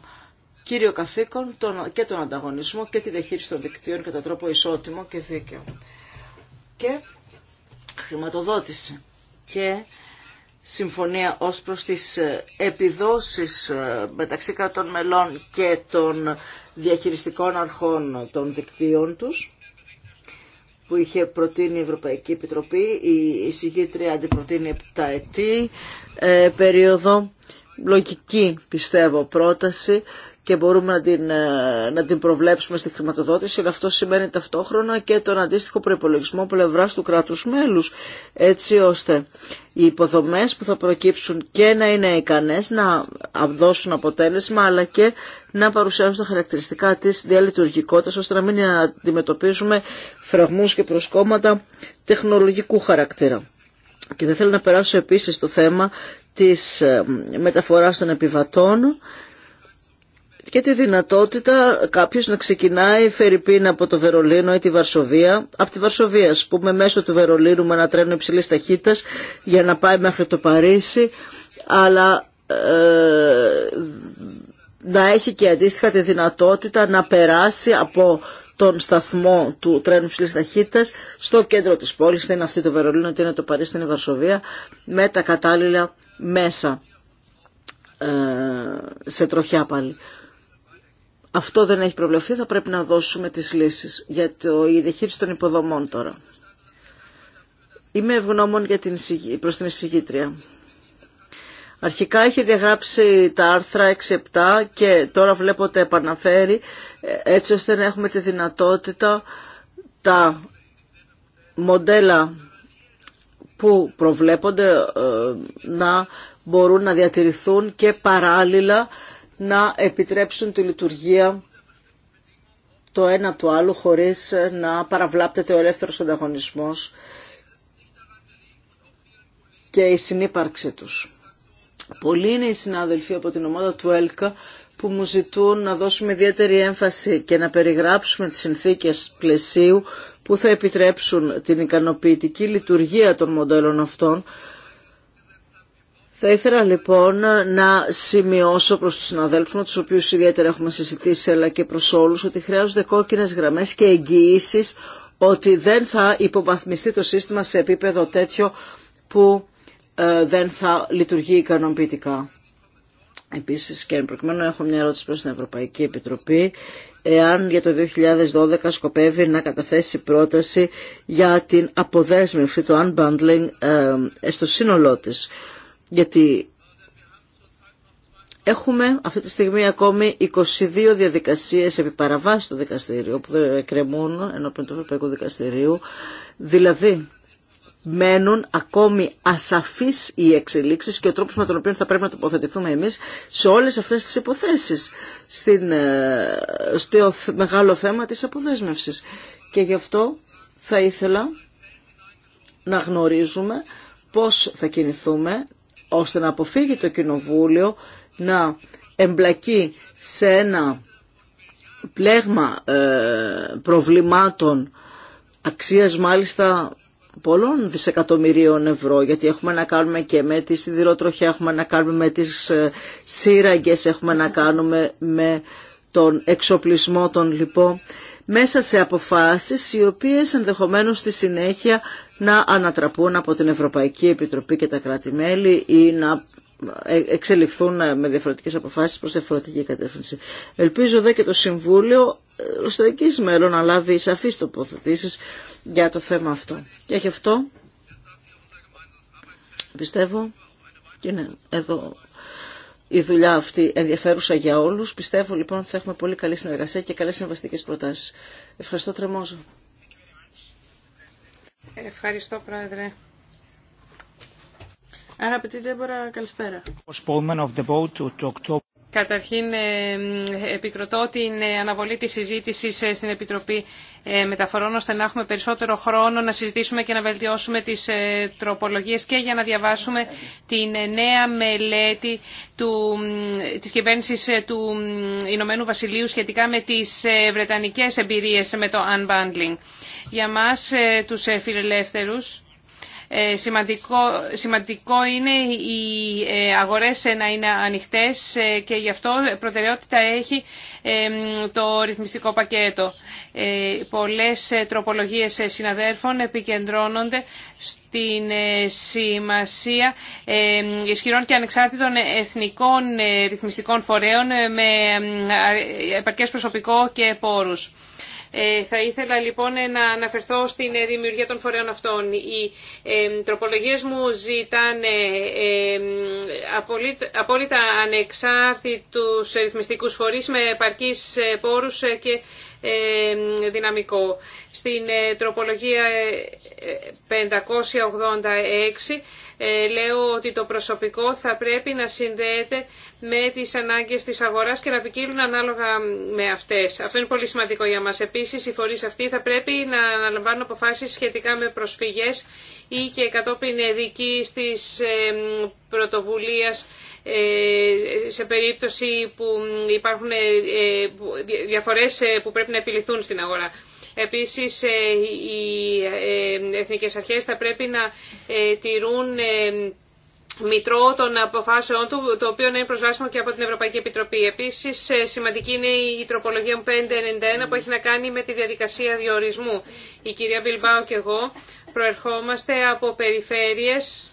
κύριο καθήκον τον, και τον ανταγωνισμό και τη διαχείριση των δικτύων κατά τρόπο ισότιμο και δίκαιο. Και χρηματοδότηση και συμφωνία ως προς τις ε, επιδόσεις ε, μεταξύ κρατών μελών και των διαχειριστικών αρχών των δικτύων τους που είχε προτείνει η Ευρωπαϊκή Επιτροπή. Η εισηγήτρια αντιπροτείνει ε, περίοδο. Λογική πιστεύω πρόταση και μπορούμε να την, ε, να την προβλέψουμε στη χρηματοδότηση, αλλά αυτό σημαίνει ταυτόχρονα και τον αντίστοιχο προπολογισμό πλευρά του κράτου μέλου, έτσι ώστε οι υποδομέ που θα προκύψουν και να είναι ικανέ να δώσουν αποτέλεσμα, αλλά και να παρουσιάζουν τα χαρακτηριστικά τη διαλειτουργικότητα, ώστε να μην αντιμετωπίζουμε φραγμού και προσκόμματα τεχνολογικού χαρακτήρα. Και δεν θέλω να περάσω επίση το θέμα τη ε, μεταφορά των επιβατών και τη δυνατότητα κάποιο να ξεκινάει φερρυπίν από το Βερολίνο ή τη Βαρσοβία, από τη Βαρσοβία α πούμε μέσω του Βερολίνου με ένα τρένο υψηλής ταχύτητας για να πάει μέχρι το Παρίσι, αλλά ε, να έχει και αντίστοιχα τη δυνατότητα να περάσει από τον σταθμό του τρένου υψηλή ταχύτητα στο κέντρο της πόλης, δεν είναι αυτή το Βερολίνο, είτε είναι το Παρίσι, είτε είναι η Βαρσοβία, με τα κατάλληλα μέσα, ε, σε τροχιά πάλι. Αυτό δεν έχει προβλεφθεί, θα πρέπει να δώσουμε τις λύσεις για το, διαχείριση των υποδομών τώρα. Είμαι ευγνώμων για την, προς την εισηγήτρια. Αρχικά είχε διαγράψει τα άρθρα 6-7 και τώρα βλέπω ότι επαναφέρει ε, έτσι ώστε να έχουμε τη δυνατότητα τα μοντέλα που προβλέπονται ε, να μπορούν να διατηρηθούν και παράλληλα να επιτρέψουν τη λειτουργία το ένα του άλλου χωρίς να παραβλάπτεται ο ελεύθερος ανταγωνισμός και η συνύπαρξη τους. Πολλοί είναι οι συνάδελφοι από την ομάδα του ΕΛΚΑ που μου ζητούν να δώσουμε ιδιαίτερη έμφαση και να περιγράψουμε τις συνθήκες πλαισίου που θα επιτρέψουν την ικανοποιητική λειτουργία των μοντέλων αυτών θα ήθελα λοιπόν να σημειώσω προς τους συναδέλφους μου, τους οποίους ιδιαίτερα έχουμε συζητήσει αλλά και προς όλους ότι χρειάζονται κόκκινες γραμμές και εγγυήσει ότι δεν θα υποβαθμιστεί το σύστημα σε επίπεδο τέτοιο που ε, δεν θα λειτουργεί ικανοποιητικά. Επίσης και εν προκειμένου έχω μια ερώτηση προς την Ευρωπαϊκή Επιτροπή εάν για το 2012 σκοπεύει να καταθέσει πρόταση για την αποδέσμευση του unbundling ε, ε, στο σύνολό της γιατί Έχουμε αυτή τη στιγμή ακόμη 22 διαδικασίες επί παραβάση του δικαστήριο που εκκρεμούν ενώπιν του Ευρωπαϊκού Δικαστηρίου. Δηλαδή, μένουν ακόμη ασαφείς οι εξελίξεις και ο τρόπος με τον οποίο θα πρέπει να τοποθετηθούμε εμείς σε όλες αυτές τις υποθέσεις, στην, ε, στο μεγάλο θέμα της αποδέσμευσης. Και γι' αυτό θα ήθελα να γνωρίζουμε πώς θα κινηθούμε, ώστε να αποφύγει το Κοινοβούλιο να εμπλακεί σε ένα πλέγμα ε, προβλημάτων αξίας μάλιστα πολλών δισεκατομμυρίων ευρώ, γιατί έχουμε να κάνουμε και με τη σιδηροτροχή, έχουμε να κάνουμε με τις ε, σύραγγες, έχουμε να κάνουμε με τον εξοπλισμό των λοιπόν μέσα σε αποφάσεις οι οποίες ενδεχομένως στη συνέχεια να ανατραπούν από την Ευρωπαϊκή Επιτροπή και τα κράτη-μέλη ή να εξελιχθούν με διαφορετικές αποφάσεις προς διαφορετική κατεύθυνση. Ελπίζω δε και το Συμβούλιο στο ε, εκεί μέλλον να λάβει σαφείς τοποθετήσεις για το θέμα αυτό. Και γι' αυτό πιστεύω και είναι εδώ η δουλειά αυτή ενδιαφέρουσα για όλους. Πιστεύω λοιπόν ότι θα έχουμε πολύ καλή συνεργασία και καλές συμβαστικές προτάσεις. Ευχαριστώ Τρεμόζο. Ευχαριστώ Πρόεδρε. Αγαπητή Δέμπορα, καλησπέρα. Καταρχήν, ε, επικροτώ την ε, αναβολή της συζήτησης ε, στην Επιτροπή Μεταφορών, ώστε να έχουμε περισσότερο χρόνο να συζητήσουμε και να βελτιώσουμε τις τροπολογίες και για να διαβάσουμε την νέα μελέτη του, της κυβέρνησης του Ηνωμένου Βασιλείου σχετικά με τις βρετανικές εμπειρίες με το unbundling. Για μας, τους φιλελεύθερους, ε, σημαντικό, είναι οι ε, αγορές να είναι ανοιχτές ε, και γι' αυτό προτεραιότητα έχει το ρυθμιστικό πακέτο. Πολλές τροπολογίες συναδέρφων επικεντρώνονται στην σημασία ισχυρών και ανεξάρτητων εθνικών ρυθμιστικών φορέων με επαρκές προσωπικό και πόρους. Ε, θα ήθελα λοιπόν να αναφερθώ στην ε, δημιουργία των φορέων αυτών. Οι ε, τροπολογίες μου ζητάνε απόλυτα ανεξάρτητους ρυθμιστικούς φορείς με επαρκείς πόρους και δυναμικό. Στην τροπολογία 586 ε, λέω ότι το προσωπικό θα πρέπει να συνδέεται με τις ανάγκες της αγοράς και να ποικίλουν ανάλογα με αυτές. Αυτό είναι πολύ σημαντικό για μας. Επίσης, οι φορείς αυτοί θα πρέπει να αναλαμβάνουν αποφάσεις σχετικά με προσφυγές ή και κατόπιν δική της ε, πρωτοβουλίας ε, σε περίπτωση που υπάρχουν διαφορές που πρέπει να επιληθούν στην αγορά. Επίσης, ε, οι ε, εθνικές αρχές θα πρέπει να ε, τηρούν μητρό των αποφάσεων του, το οποίο να είναι προσβάσιμο και από την Ευρωπαϊκή Επιτροπή. Επίση, σημαντική είναι η τροπολογία 591 που έχει να κάνει με τη διαδικασία διορισμού. Η κυρία Μπιλμπάου και εγώ προερχόμαστε από περιφέρειες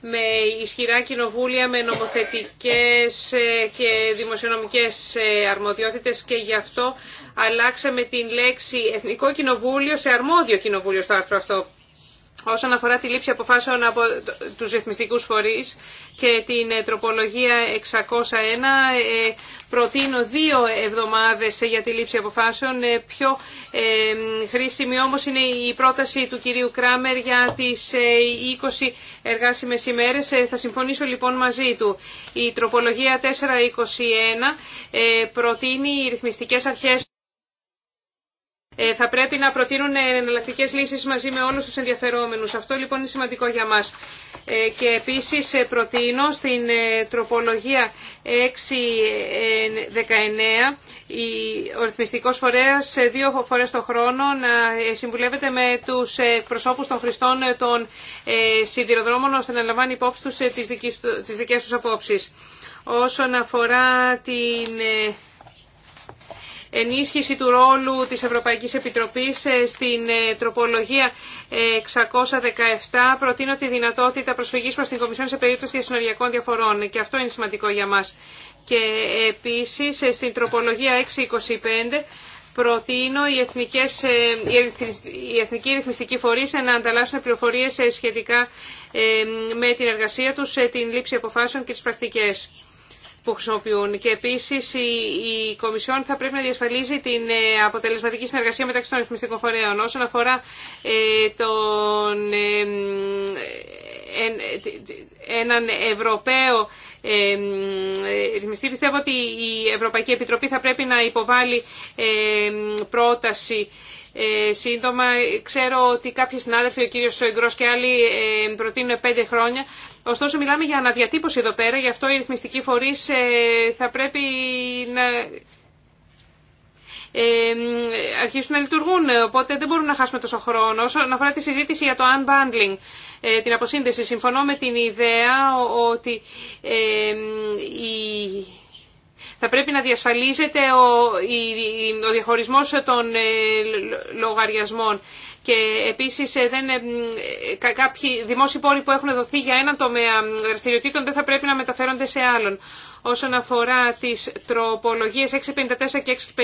με ισχυρά κοινοβούλια, με νομοθετικές ε, και δημοσιονομικές ε, αρμοδιότητες και γι' αυτό αλλάξαμε την λέξη Εθνικό Κοινοβούλιο σε αρμόδιο κοινοβούλιο στο άρθρο αυτό όσον αφορά τη λήψη αποφάσεων από τους ρυθμιστικούς φορείς και την ε, τροπολογία 601 ε, προτείνω δύο εβδομάδες για τη λήψη αποφάσεων. Ε, πιο χρήσιμη όμως είναι η πρόταση του κυρίου Κράμερ για τις 20 εργάσιμες ημέρες. Θα συμφωνήσω λοιπόν μαζί του. Η τροπολογία 421 προτείνει οι ρυθμιστικές αρχές ε, θα πρέπει να προτείνουν εναλλακτικέ λύσει μαζί με όλου του ενδιαφερόμενου. Αυτό λοιπόν είναι σημαντικό για μα. Ε, και επίση ε, προτείνω στην τροπολογία 619 ο ρυθμιστικό φορέα δύο φορέ το χρόνο να συμβουλεύεται με του προσώπους των χρηστών των σιδηροδρόμων ώστε να λαμβάνει υπόψη του τι δικέ του απόψει. Όσον αφορά την ενίσχυση του ρόλου της Ευρωπαϊκής Επιτροπής ε, στην ε, τροπολογία 617 ε, προτείνω τη δυνατότητα προσφυγής προς την Κομισιόν σε περίπτωση διασυνοριακών διαφορών και αυτό είναι σημαντικό για μας. Και επίσης στην τροπολογία 625 προτείνω οι, εθνικές, οι εθνικοί ρυθμιστικοί φορείς να ανταλλάσσουν πληροφορίες σχετικά με την εργασία τους, την λήψη αποφάσεων και τις πρακτικές που χρησιμοποιούν. Και επίσης η, η Κομισιόν θα πρέπει να διασφαλίζει την ε, αποτελεσματική συνεργασία μεταξύ των ρυθμιστικών φορέων. Όσον αφορά ε, τον, ε, έναν Ευρωπαίο ρυθμιστή, πιστεύω ότι η Ευρωπαϊκή Επιτροπή θα πρέπει να υποβάλει πρόταση σύντομα. Ξέρω ότι κάποιοι συνάδελφοι, ο κύριος Γκρός και άλλοι προτείνουν πέντε χρόνια. Ωστόσο μιλάμε για αναδιατύπωση εδώ πέρα, γι' αυτό οι ρυθμιστικοί φορείς ε, θα πρέπει να ε, αρχίσουν να λειτουργούν, οπότε δεν μπορούμε να χάσουμε τόσο χρόνο. Όσον αφορά τη συζήτηση για το unbundling, ε, την αποσύνδεση, συμφωνώ με την ιδέα ότι η... Θα πρέπει να διασφαλίζεται ο, ο διαχωρισμός των λογαριασμών και επίσης ε, δεν, ε, ε, κάποιοι δημόσιοι πόροι που έχουν δοθεί για έναν τομέα δραστηριοτήτων δεν θα πρέπει να μεταφέρονται σε άλλον. Όσον αφορά τις τροπολογίες 654 και 655,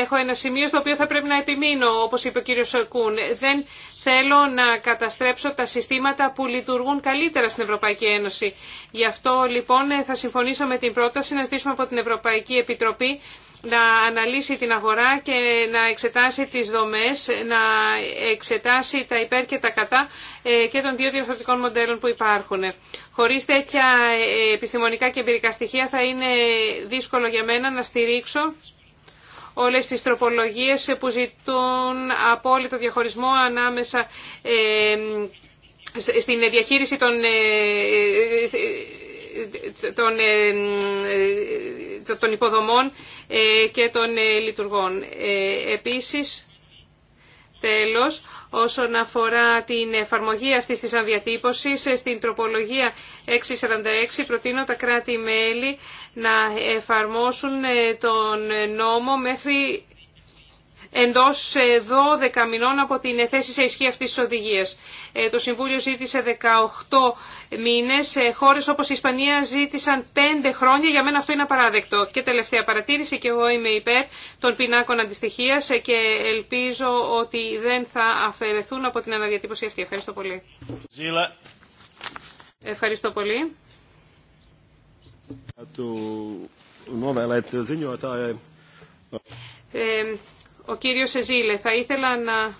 έχω ένα σημείο στο οποίο θα πρέπει να επιμείνω, όπως είπε ο κύριος Σοκούν. Δεν θέλω να καταστρέψω τα συστήματα που λειτουργούν καλύτερα στην Ευρωπαϊκή Ένωση. Γι' αυτό λοιπόν θα συμφωνήσω με την πρόταση να ζητήσουμε από την Ευρωπαϊκή Επιτροπή να αναλύσει την αγορά και να εξετάσει τις δομές, να εξετάσει τα υπέρ και τα κατά ε, και των δύο διαφορετικών μοντέλων που υπάρχουν. Χωρίς τέτοια ε, επιστημονικά και εμπειρικά στοιχεία θα είναι δύσκολο για μένα να στηρίξω όλες τις τροπολογίες που ζητούν απόλυτο διαχωρισμό ανάμεσα ε, στην διαχείριση των των, ε, ε, των υποδομών ε, και των λειτουργών. Επίσης, τέλος, όσον αφορά την εφαρμογή αυτής της ανδιατύπωσης, στην τροπολογία 646 προτείνω τα κράτη-μέλη να εφαρμόσουν τον νόμο μέχρι Εντό 12 ε, μηνών από την θέση σε ισχύ αυτής της οδηγίας. Ε, το Συμβούλιο ζήτησε 18 μήνες, ε, Χώρε όπως η Ισπανία ζήτησαν 5 χρόνια, για μένα αυτό είναι απαράδεκτο. Και τελευταία παρατήρηση, και εγώ είμαι υπέρ των πινάκων αντιστοιχίας και ελπίζω ότι δεν θα αφαιρεθούν από την αναδιατύπωση αυτή. Ευχαριστώ πολύ. Ζήλα. Ευχαριστώ πολύ. Ε, ο κύριος Σεζίλε, θα ήθελα να...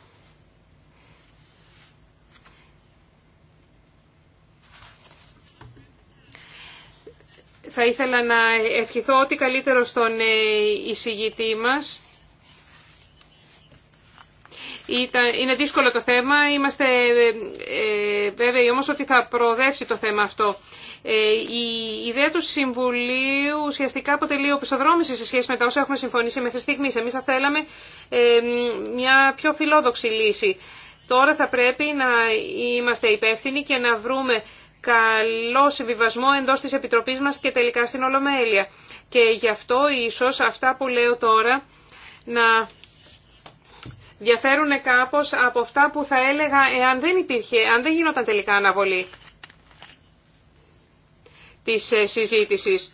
Θα ήθελα να ευχηθώ ότι καλύτερο στον ε, εισηγητή μας. Είναι δύσκολο το θέμα, είμαστε ε, ε, βέβαιοι όμως ότι θα προοδεύσει το θέμα αυτό. Ε, η ιδέα του Συμβουλίου ουσιαστικά αποτελεί οπισθοδρόμηση σε σχέση με τα όσα έχουμε συμφωνήσει μέχρι στιγμή. Εμεί θα θέλαμε ε, μια πιο φιλόδοξη λύση. Τώρα θα πρέπει να είμαστε υπεύθυνοι και να βρούμε καλό συμβιβασμό εντός της Επιτροπής μας και τελικά στην Ολομέλεια. Και γι' αυτό ίσως αυτά που λέω τώρα να διαφέρουν κάπως από αυτά που θα έλεγα εάν δεν υπήρχε, αν δεν γινόταν τελικά αναβολή της ε, συζήτησης.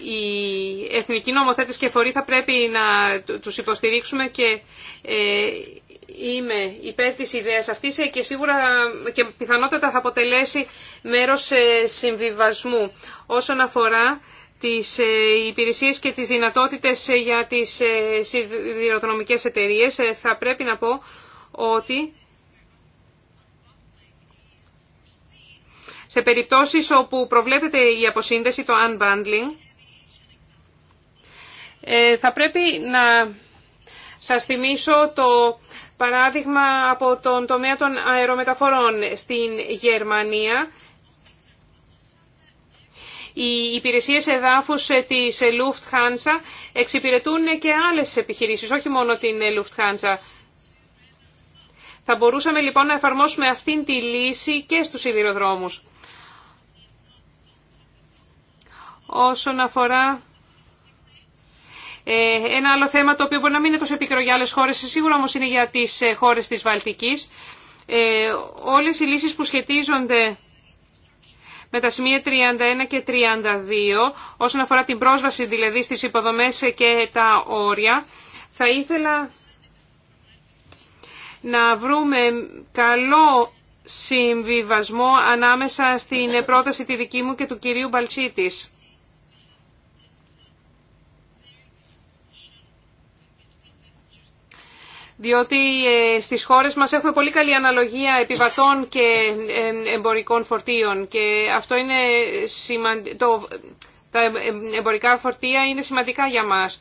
Οι εθνική Νομοθέτη και φορεί θα πρέπει να τους υποστηρίξουμε και ε, είμαι υπέρ της ιδέας αυτής ε, και σίγουρα και πιθανότατα θα αποτελέσει μέρος συμβιβασμού όσον αφορά τις ε, υπηρεσίες και τις δυνατότητες ε, για τις ε, σιδηροδρομικές εταιρείες, θα πρέπει να πω ότι σε περιπτώσεις όπου προβλέπεται η αποσύνδεση, το unbundling, θα πρέπει να σας θυμίσω το παράδειγμα από τον τομέα των αερομεταφορών στην Γερμανία. Οι υπηρεσίες εδάφους της Lufthansa εξυπηρετούν και άλλες επιχειρήσεις, όχι μόνο την Lufthansa. Θα μπορούσαμε λοιπόν να εφαρμόσουμε αυτήν τη λύση και στους σιδηροδρόμους. Όσον αφορά ε, ένα άλλο θέμα το οποίο μπορεί να μην είναι τόσο επίκαιρο για άλλες χώρες, σίγουρα όμως είναι για τις ε, χώρες της Βαλτικής, ε, όλες οι λύσεις που σχετίζονται με τα σημεία 31 και 32 όσον αφορά την πρόσβαση δηλαδή στις υποδομές και τα όρια. Θα ήθελα να βρούμε καλό συμβιβασμό ανάμεσα στην πρόταση τη δική μου και του κυρίου Μπαλτσίτης. διότι ε, στις χώρες μας έχουμε πολύ καλή αναλογία επιβατών και ε, εμπορικών φορτίων και αυτό είναι Τα εμπορικά φορτία είναι σημαντικά για μας.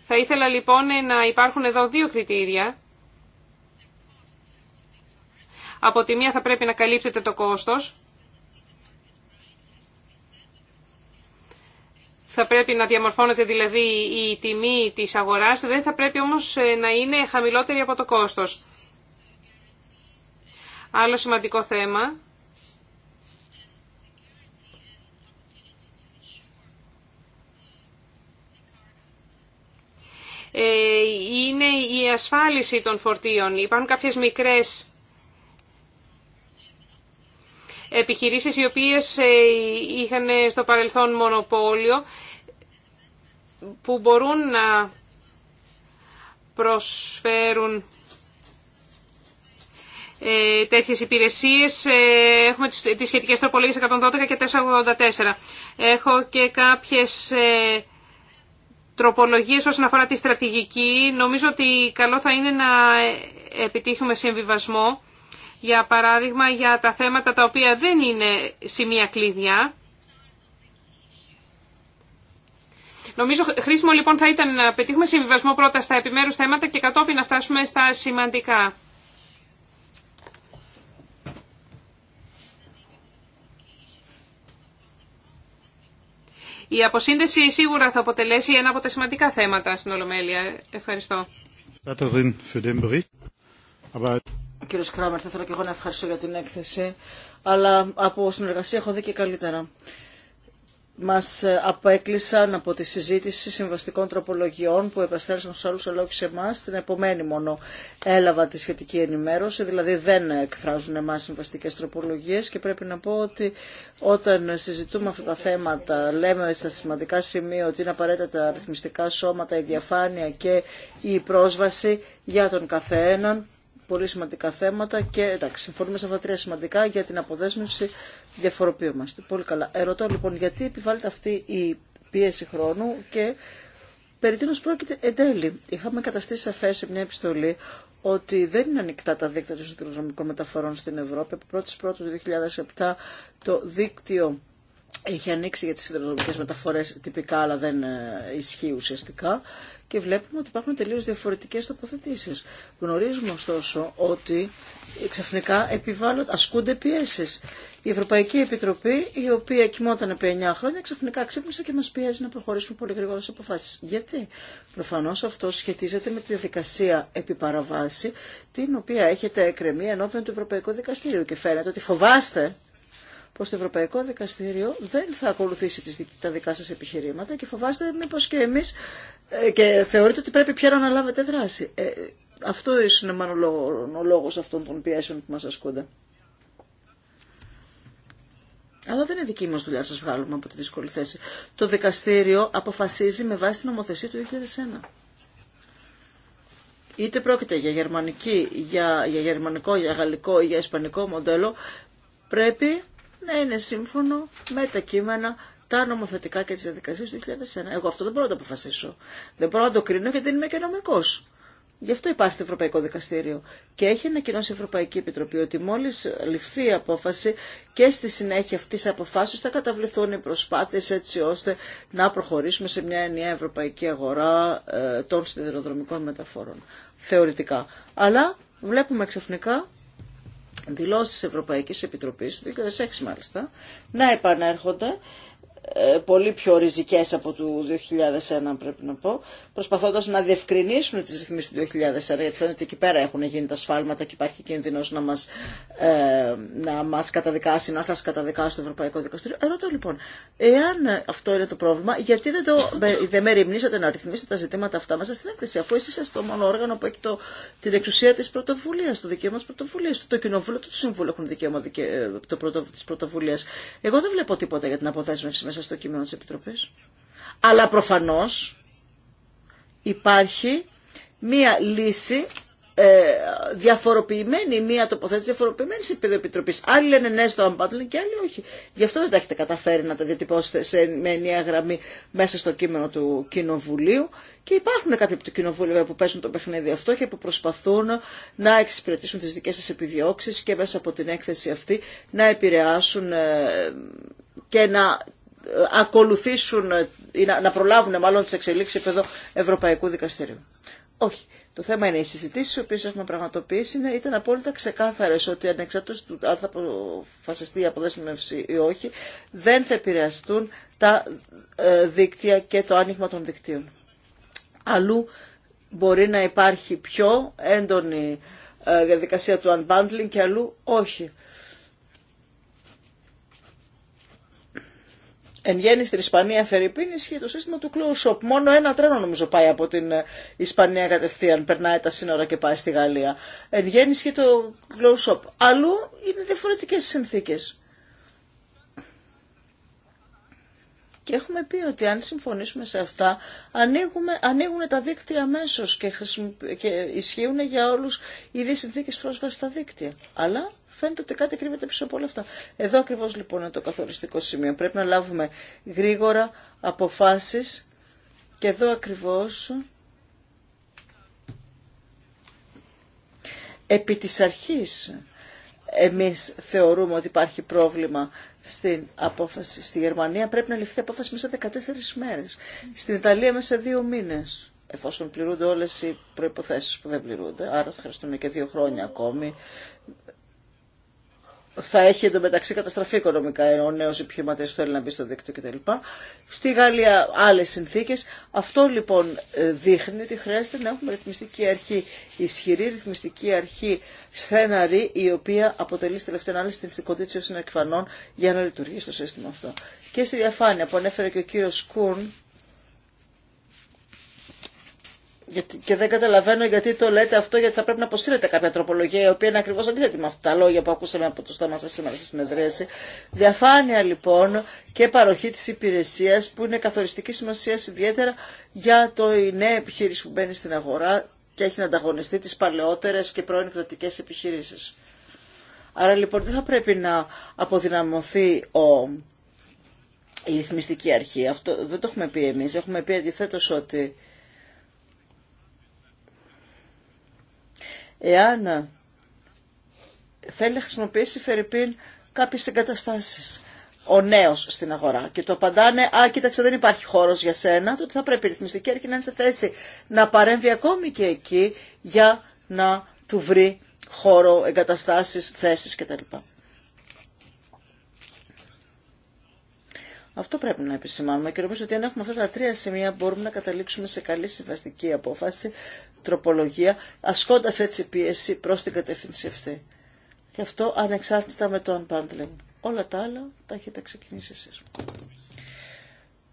Θα ήθελα λοιπόν ε, να υπάρχουν εδώ δύο κριτήρια. Από τη μία θα πρέπει να καλύπτεται το κόστος Θα πρέπει να διαμορφώνεται δηλαδή η τιμή της αγοράς, δεν θα πρέπει όμως ε, να είναι χαμηλότερη από το κόστος. Άλλο σημαντικό θέμα ε, είναι η ασφάλιση των φορτίων. Υπάρχουν κάποιες μικρές επιχειρήσεις οι οποίες ε, είχαν στο παρελθόν μονοπόλιο που μπορούν να προσφέρουν ε, υπηρεσίες. υπηρεσίε. έχουμε τις σχετικές τροπολογίες 112 και 484. Έχω και κάποιες ε, όσον αφορά τη στρατηγική. Νομίζω ότι καλό θα είναι να ε, επιτύχουμε συμβιβασμό για παράδειγμα για τα θέματα τα οποία δεν είναι σημεία κλειδιά. Νομίζω χρήσιμο λοιπόν θα ήταν να πετύχουμε συμβιβασμό πρώτα στα επιμέρους θέματα και κατόπιν να φτάσουμε στα σημαντικά. Η αποσύνδεση σίγουρα θα αποτελέσει ένα από τα σημαντικά θέματα στην Ολομέλεια. Ευχαριστώ. Κύριο Κράμερ, θα ήθελα και εγώ να ευχαριστώ για την έκθεση, αλλά από συνεργασία έχω δει και καλύτερα. Μας ε, απέκλεισαν από τη συζήτηση συμβαστικών τροπολογιών που επαστέρισαν στου άλλου αλλά όχι σε εμά. Την επομένη μόνο έλαβα τη σχετική ενημέρωση, δηλαδή δεν εκφράζουν εμά συμβαστικέ τροπολογίε και πρέπει να πω ότι όταν συζητούμε αυτά τα θέματα, λέμε στα σημαντικά σημεία ότι είναι απαραίτητα τα αριθμιστικά σώματα, η διαφάνεια και η πρόσβαση για τον καθέναν πολύ σημαντικά θέματα και εντάξει, συμφωνούμε σε αυτά τρία σημαντικά για την αποδέσμευση διαφοροποιούμαστε. Πολύ καλά. Ερωτώ λοιπόν γιατί επιβάλλεται αυτή η πίεση χρόνου και περί τίνος πρόκειται εν τέλει. Είχαμε καταστήσει σαφέ σε μια επιστολή ότι δεν είναι ανοιχτά τα δίκτυα των σιδηροδρομικών μεταφορών στην Ευρώπη. Από 1η του 2007 το δίκτυο έχει ανοίξει για τις συνδρομικές μεταφορές τυπικά αλλά δεν ε, ισχύει ουσιαστικά και βλέπουμε ότι υπάρχουν τελείως διαφορετικές τοποθετήσεις. Γνωρίζουμε ωστόσο ότι ξαφνικά επιβάλλον, ασκούνται πιέσεις. Η Ευρωπαϊκή Επιτροπή, η οποία κοιμόταν επί 9 χρόνια, ξαφνικά ξύπνησε και μας πιέζει να προχωρήσουμε πολύ γρήγορα σε αποφάσεις. Γιατί? Προφανώς αυτό σχετίζεται με τη διαδικασία επί την οποία έχετε εκκρεμεί ενώπιον του Ευρωπαϊκού Δικαστήριου και φαίνεται ότι φοβάστε πως το Ευρωπαϊκό Δικαστήριο δεν θα ακολουθήσει τις, τα δικά σας επιχειρήματα και φοβάστε μήπως και εμείς ε, και θεωρείτε ότι πρέπει πια να αναλάβετε δράση. Ε, αυτό είναι μάλλον ο λόγος αυτών των πιέσεων που μας ασκούνται. Αλλά δεν είναι δική μας δουλειά, σας βγάλουμε από τη δύσκολη θέση. Το δικαστήριο αποφασίζει με βάση την νομοθεσία του 2001. Είτε πρόκειται για, για, για γερμανικό, για γαλλικό ή για ισπανικό μοντέλο, πρέπει να είναι σύμφωνο με τα κείμενα τα νομοθετικά και τις διαδικασίες του 2001. Εγώ αυτό δεν μπορώ να το αποφασίσω. Δεν μπορώ να το κρίνω γιατί δεν είμαι και νομικός. Γι' αυτό υπάρχει το Ευρωπαϊκό Δικαστήριο. Και έχει ανακοινώσει η Ευρωπαϊκή Επιτροπή ότι μόλι ληφθεί η απόφαση και στη συνέχεια αυτή τη αποφάση θα καταβληθούν οι προσπάθειε έτσι ώστε να προχωρήσουμε σε μια ενιαία ευρωπαϊκή αγορά ε, των σιδηροδρομικών μεταφορών. Θεωρητικά. Αλλά βλέπουμε ξαφνικά δηλώσεις Ευρωπαϊκής Επιτροπής του 2006 μάλιστα να επανέρχονται ε, πολύ πιο ριζικές από του 2001 πρέπει να πω προσπαθώντας να διευκρινίσουν τις ρυθμίσεις του 2004, γιατί φαίνεται ότι εκεί πέρα έχουν γίνει τα σφάλματα και υπάρχει κίνδυνος να μας, ε, καταδικάσει, να σας καταδικάσει το Ευρωπαϊκό Δικαστήριο. Ερώτω λοιπόν, εάν αυτό είναι το πρόβλημα, γιατί δεν, το, δεν με ρημνήσατε να ρυθμίσετε τα ζητήματα αυτά μέσα στην έκθεση, αφού εσείς είστε το μόνο όργανο που έχει το, την εξουσία της πρωτοβουλίας, το δικαίωμα της πρωτοβουλίας, το κοινοβούλιο, του Συμβούλου έχουν δικαίωμα το πρωτο... της Εγώ δεν βλέπω τίποτα για την αποδέσμευση μέσα στο κείμενο της Επιτροπής. Αλλά προφανώς υπάρχει μία λύση ε, διαφοροποιημένη, μία τοποθέτηση διαφοροποιημένη σε επίπεδο επιτροπή. Άλλοι λένε ναι στο unbundling και άλλοι όχι. Γι' αυτό δεν τα έχετε καταφέρει να τα διατυπώσετε σε, με ενιαία γραμμή μέσα στο κείμενο του Κοινοβουλίου. Και υπάρχουν κάποιοι από το Κοινοβούλιο που παίζουν το παιχνίδι αυτό και που προσπαθούν να εξυπηρετήσουν τι δικέ σα επιδιώξει και μέσα από την έκθεση αυτή να επηρεάσουν ε, και να ακολουθήσουν ε, ή να, προλάβουν μάλλον τις εξελίξεις επίπεδο Ευρωπαϊκού Δικαστηρίου. Όχι. Το θέμα είναι οι συζητήσει οι οποίε έχουμε πραγματοποιήσει είναι, ήταν απόλυτα ξεκάθαρε ότι ανεξάρτητο του αν θα αποφασιστεί η αποδέσμευση ή όχι, δεν θα επηρεαστούν τα ε, δίκτυα και το άνοιγμα των δικτύων. Αλλού μπορεί να υπάρχει πιο έντονη ε, διαδικασία του unbundling και αλλού όχι. Εν γέννη στην Ισπανία Φερρυπίν ισχύει το σύστημα του close shop. Μόνο ένα τρένο νομίζω πάει από την ε, Ισπανία κατευθείαν, περνάει τα σύνορα και πάει στη Γαλλία. Εν γέννη ισχύει το close shop. Αλλού είναι διαφορετικέ συνθήκε. Και έχουμε πει ότι αν συμφωνήσουμε σε αυτά, ανοίγουμε, ανοίγουν τα δίκτυα αμέσω και, και ισχύουν για όλου οι ίδιε συνθήκε πρόσβαση στα δίκτυα. Αλλά φαίνεται ότι κάτι κρύβεται πίσω από όλα αυτά. Εδώ ακριβώ λοιπόν είναι το καθοριστικό σημείο. Πρέπει να λάβουμε γρήγορα αποφάσει και εδώ ακριβώ. Επί της αρχής εμείς θεωρούμε ότι υπάρχει πρόβλημα στην απόφαση στη Γερμανία, πρέπει να ληφθεί απόφαση μέσα 14 μέρες. Στην Ιταλία μέσα δύο μήνες, εφόσον πληρούνται όλες οι προϋποθέσεις που δεν πληρούνται, άρα θα χρειαστούν και δύο χρόνια ακόμη θα έχει εντωμεταξύ καταστραφεί οικονομικά ο νέο επιχειρηματία που θέλει να μπει στο δίκτυο κτλ. Στη Γαλλία άλλε συνθήκε. Αυτό λοιπόν ε, δείχνει ότι χρειάζεται να έχουμε ρυθμιστική αρχή, ισχυρή ρυθμιστική αρχή στέναρη, η οποία αποτελεί στη τελευταία ανάλυση την θετικότητα των εκφανών για να λειτουργήσει το σύστημα αυτό. Και στη διαφάνεια που ανέφερε και ο κύριο Κούν, και δεν καταλαβαίνω γιατί το λέτε αυτό, γιατί θα πρέπει να αποσύρετε κάποια τροπολογία η οποία είναι ακριβώ αντίθετη με αυτά τα λόγια που ακούσαμε από το στόμα σα σήμερα στη συνεδρίαση. Διαφάνεια λοιπόν και παροχή τη υπηρεσία που είναι καθοριστική σημασία ιδιαίτερα για το η νέα επιχείρηση που μπαίνει στην αγορά και έχει να ανταγωνιστεί τι παλαιότερε και πρώην κρατικέ επιχειρήσει. Άρα λοιπόν δεν θα πρέπει να αποδυναμωθεί ο η ρυθμιστική αρχή. Αυτό δεν το έχουμε πει εμείς. Έχουμε πει αντιθέτω ότι εάν ε, θέλει να χρησιμοποιήσει Φερρυπίν κάποιες εγκαταστάσεις ο νέος στην αγορά. Και το απαντάνε, Α, κοίταξε, δεν υπάρχει χώρος για σένα. Τότε θα πρέπει η ρυθμιστική αρχή να είναι σε θέση να παρέμβει ακόμη και εκεί για να του βρει χώρο, εγκαταστάσεις, θέσεις κτλ. Αυτό πρέπει να επισημάνουμε και νομίζω ότι αν έχουμε αυτά τα τρία σημεία μπορούμε να καταλήξουμε σε καλή συμβαστική απόφαση, τροπολογία, ασκώντας έτσι πίεση προς την κατεύθυνση αυτή. Και αυτό ανεξάρτητα με το unbundling. Όλα τα άλλα τα έχετε ξεκινήσει εσείς.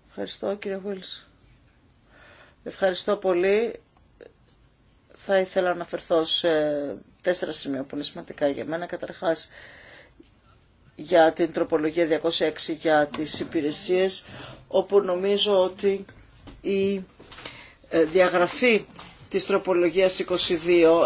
Ευχαριστώ κύριε Βίλς. Ευχαριστώ πολύ. Θα ήθελα να αναφερθώ σε τέσσερα σημεία που είναι σημαντικά για μένα. Καταρχάς, για την τροπολογία 206 για τις υπηρεσίες, όπου νομίζω ότι η ε, διαγραφή της τροπολογίας 22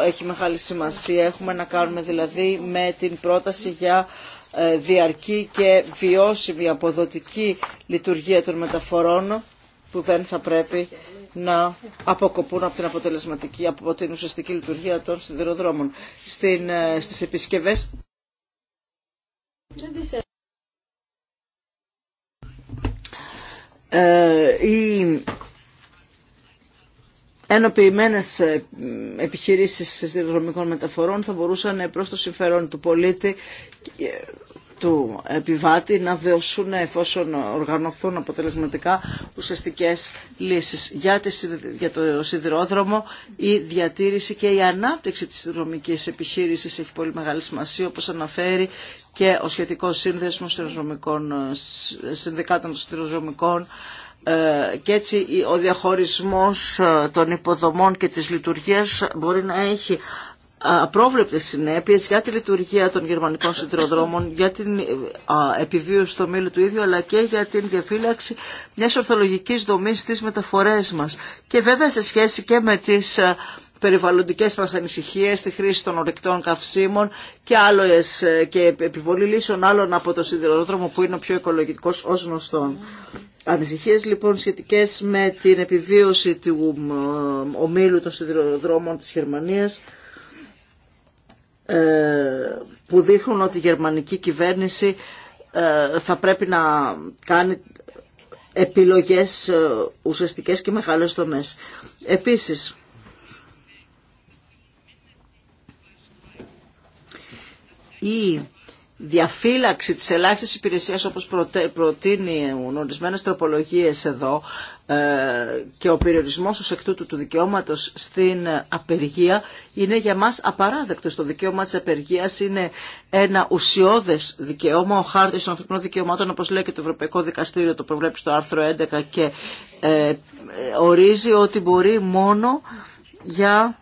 έχει μεγάλη σημασία. Έχουμε να κάνουμε δηλαδή με την πρόταση για ε, διαρκή και βιώσιμη αποδοτική λειτουργία των μεταφορών που δεν θα πρέπει να αποκοπούν από την αποτελεσματική, από την ουσιαστική λειτουργία των σιδηροδρόμων. Στην, ε, στις επισκευές ε, οι ενοποιημένες ε, επιχειρήσεις συνδρομικών μεταφορών θα μπορούσαν προς το συμφέρον του πολίτη του επιβάτη να βεωσούν εφόσον οργανωθούν αποτελεσματικά ουσιαστικές λύσεις για, το σιδηρόδρομο η διατήρηση και η ανάπτυξη της σιδηροδρομικής επιχείρησης έχει πολύ μεγάλη σημασία όπως αναφέρει και ο σχετικός σύνδεσμος των συνδικάτων των σιδηροδρομικών ε, και έτσι ο διαχωρισμός ε, των υποδομών και της λειτουργίας μπορεί να έχει απρόβλεπτε συνέπειε για τη λειτουργία των γερμανικών σιδηροδρόμων, για την ε, επιβίωση του ομίλου του ίδιου, αλλά και για την διαφύλαξη μια ορθολογική δομή στι μεταφορέ μα. Και βέβαια σε σχέση και με τι ε, περιβαλλοντικέ μα ανησυχίε, τη χρήση των ορεικτών καυσίμων και, άλλες, ε, και επιβολή λύσεων άλλων από το σιδηροδρόμο που είναι ο πιο οικολογικό, ω γνωστόν. Ανησυχίε λοιπόν σχετικέ με την επιβίωση του ομίλου των σιδηροδρόμων τη Γερμανία. Ε, που δείχνουν ότι η γερμανική κυβέρνηση ε, θα πρέπει να κάνει επιλογές ε, ουσιαστικές και μεγάλες τομές. Επίσης, η διαφύλαξη της ελάχιστης υπηρεσίας όπως προτείνουν ορισμένες τροπολογίες εδώ ε, και ο περιορισμός ως εκ τούτου του δικαιώματος στην απεργία είναι για μας απαράδεκτος. Το δικαίωμα της απεργίας είναι ένα ουσιώδες δικαίωμα. Ο χάρτης των ανθρωπινών δικαιωμάτων, όπως λέει και το Ευρωπαϊκό Δικαστήριο, το προβλέπει στο άρθρο 11 και ε, ορίζει ότι μπορεί μόνο για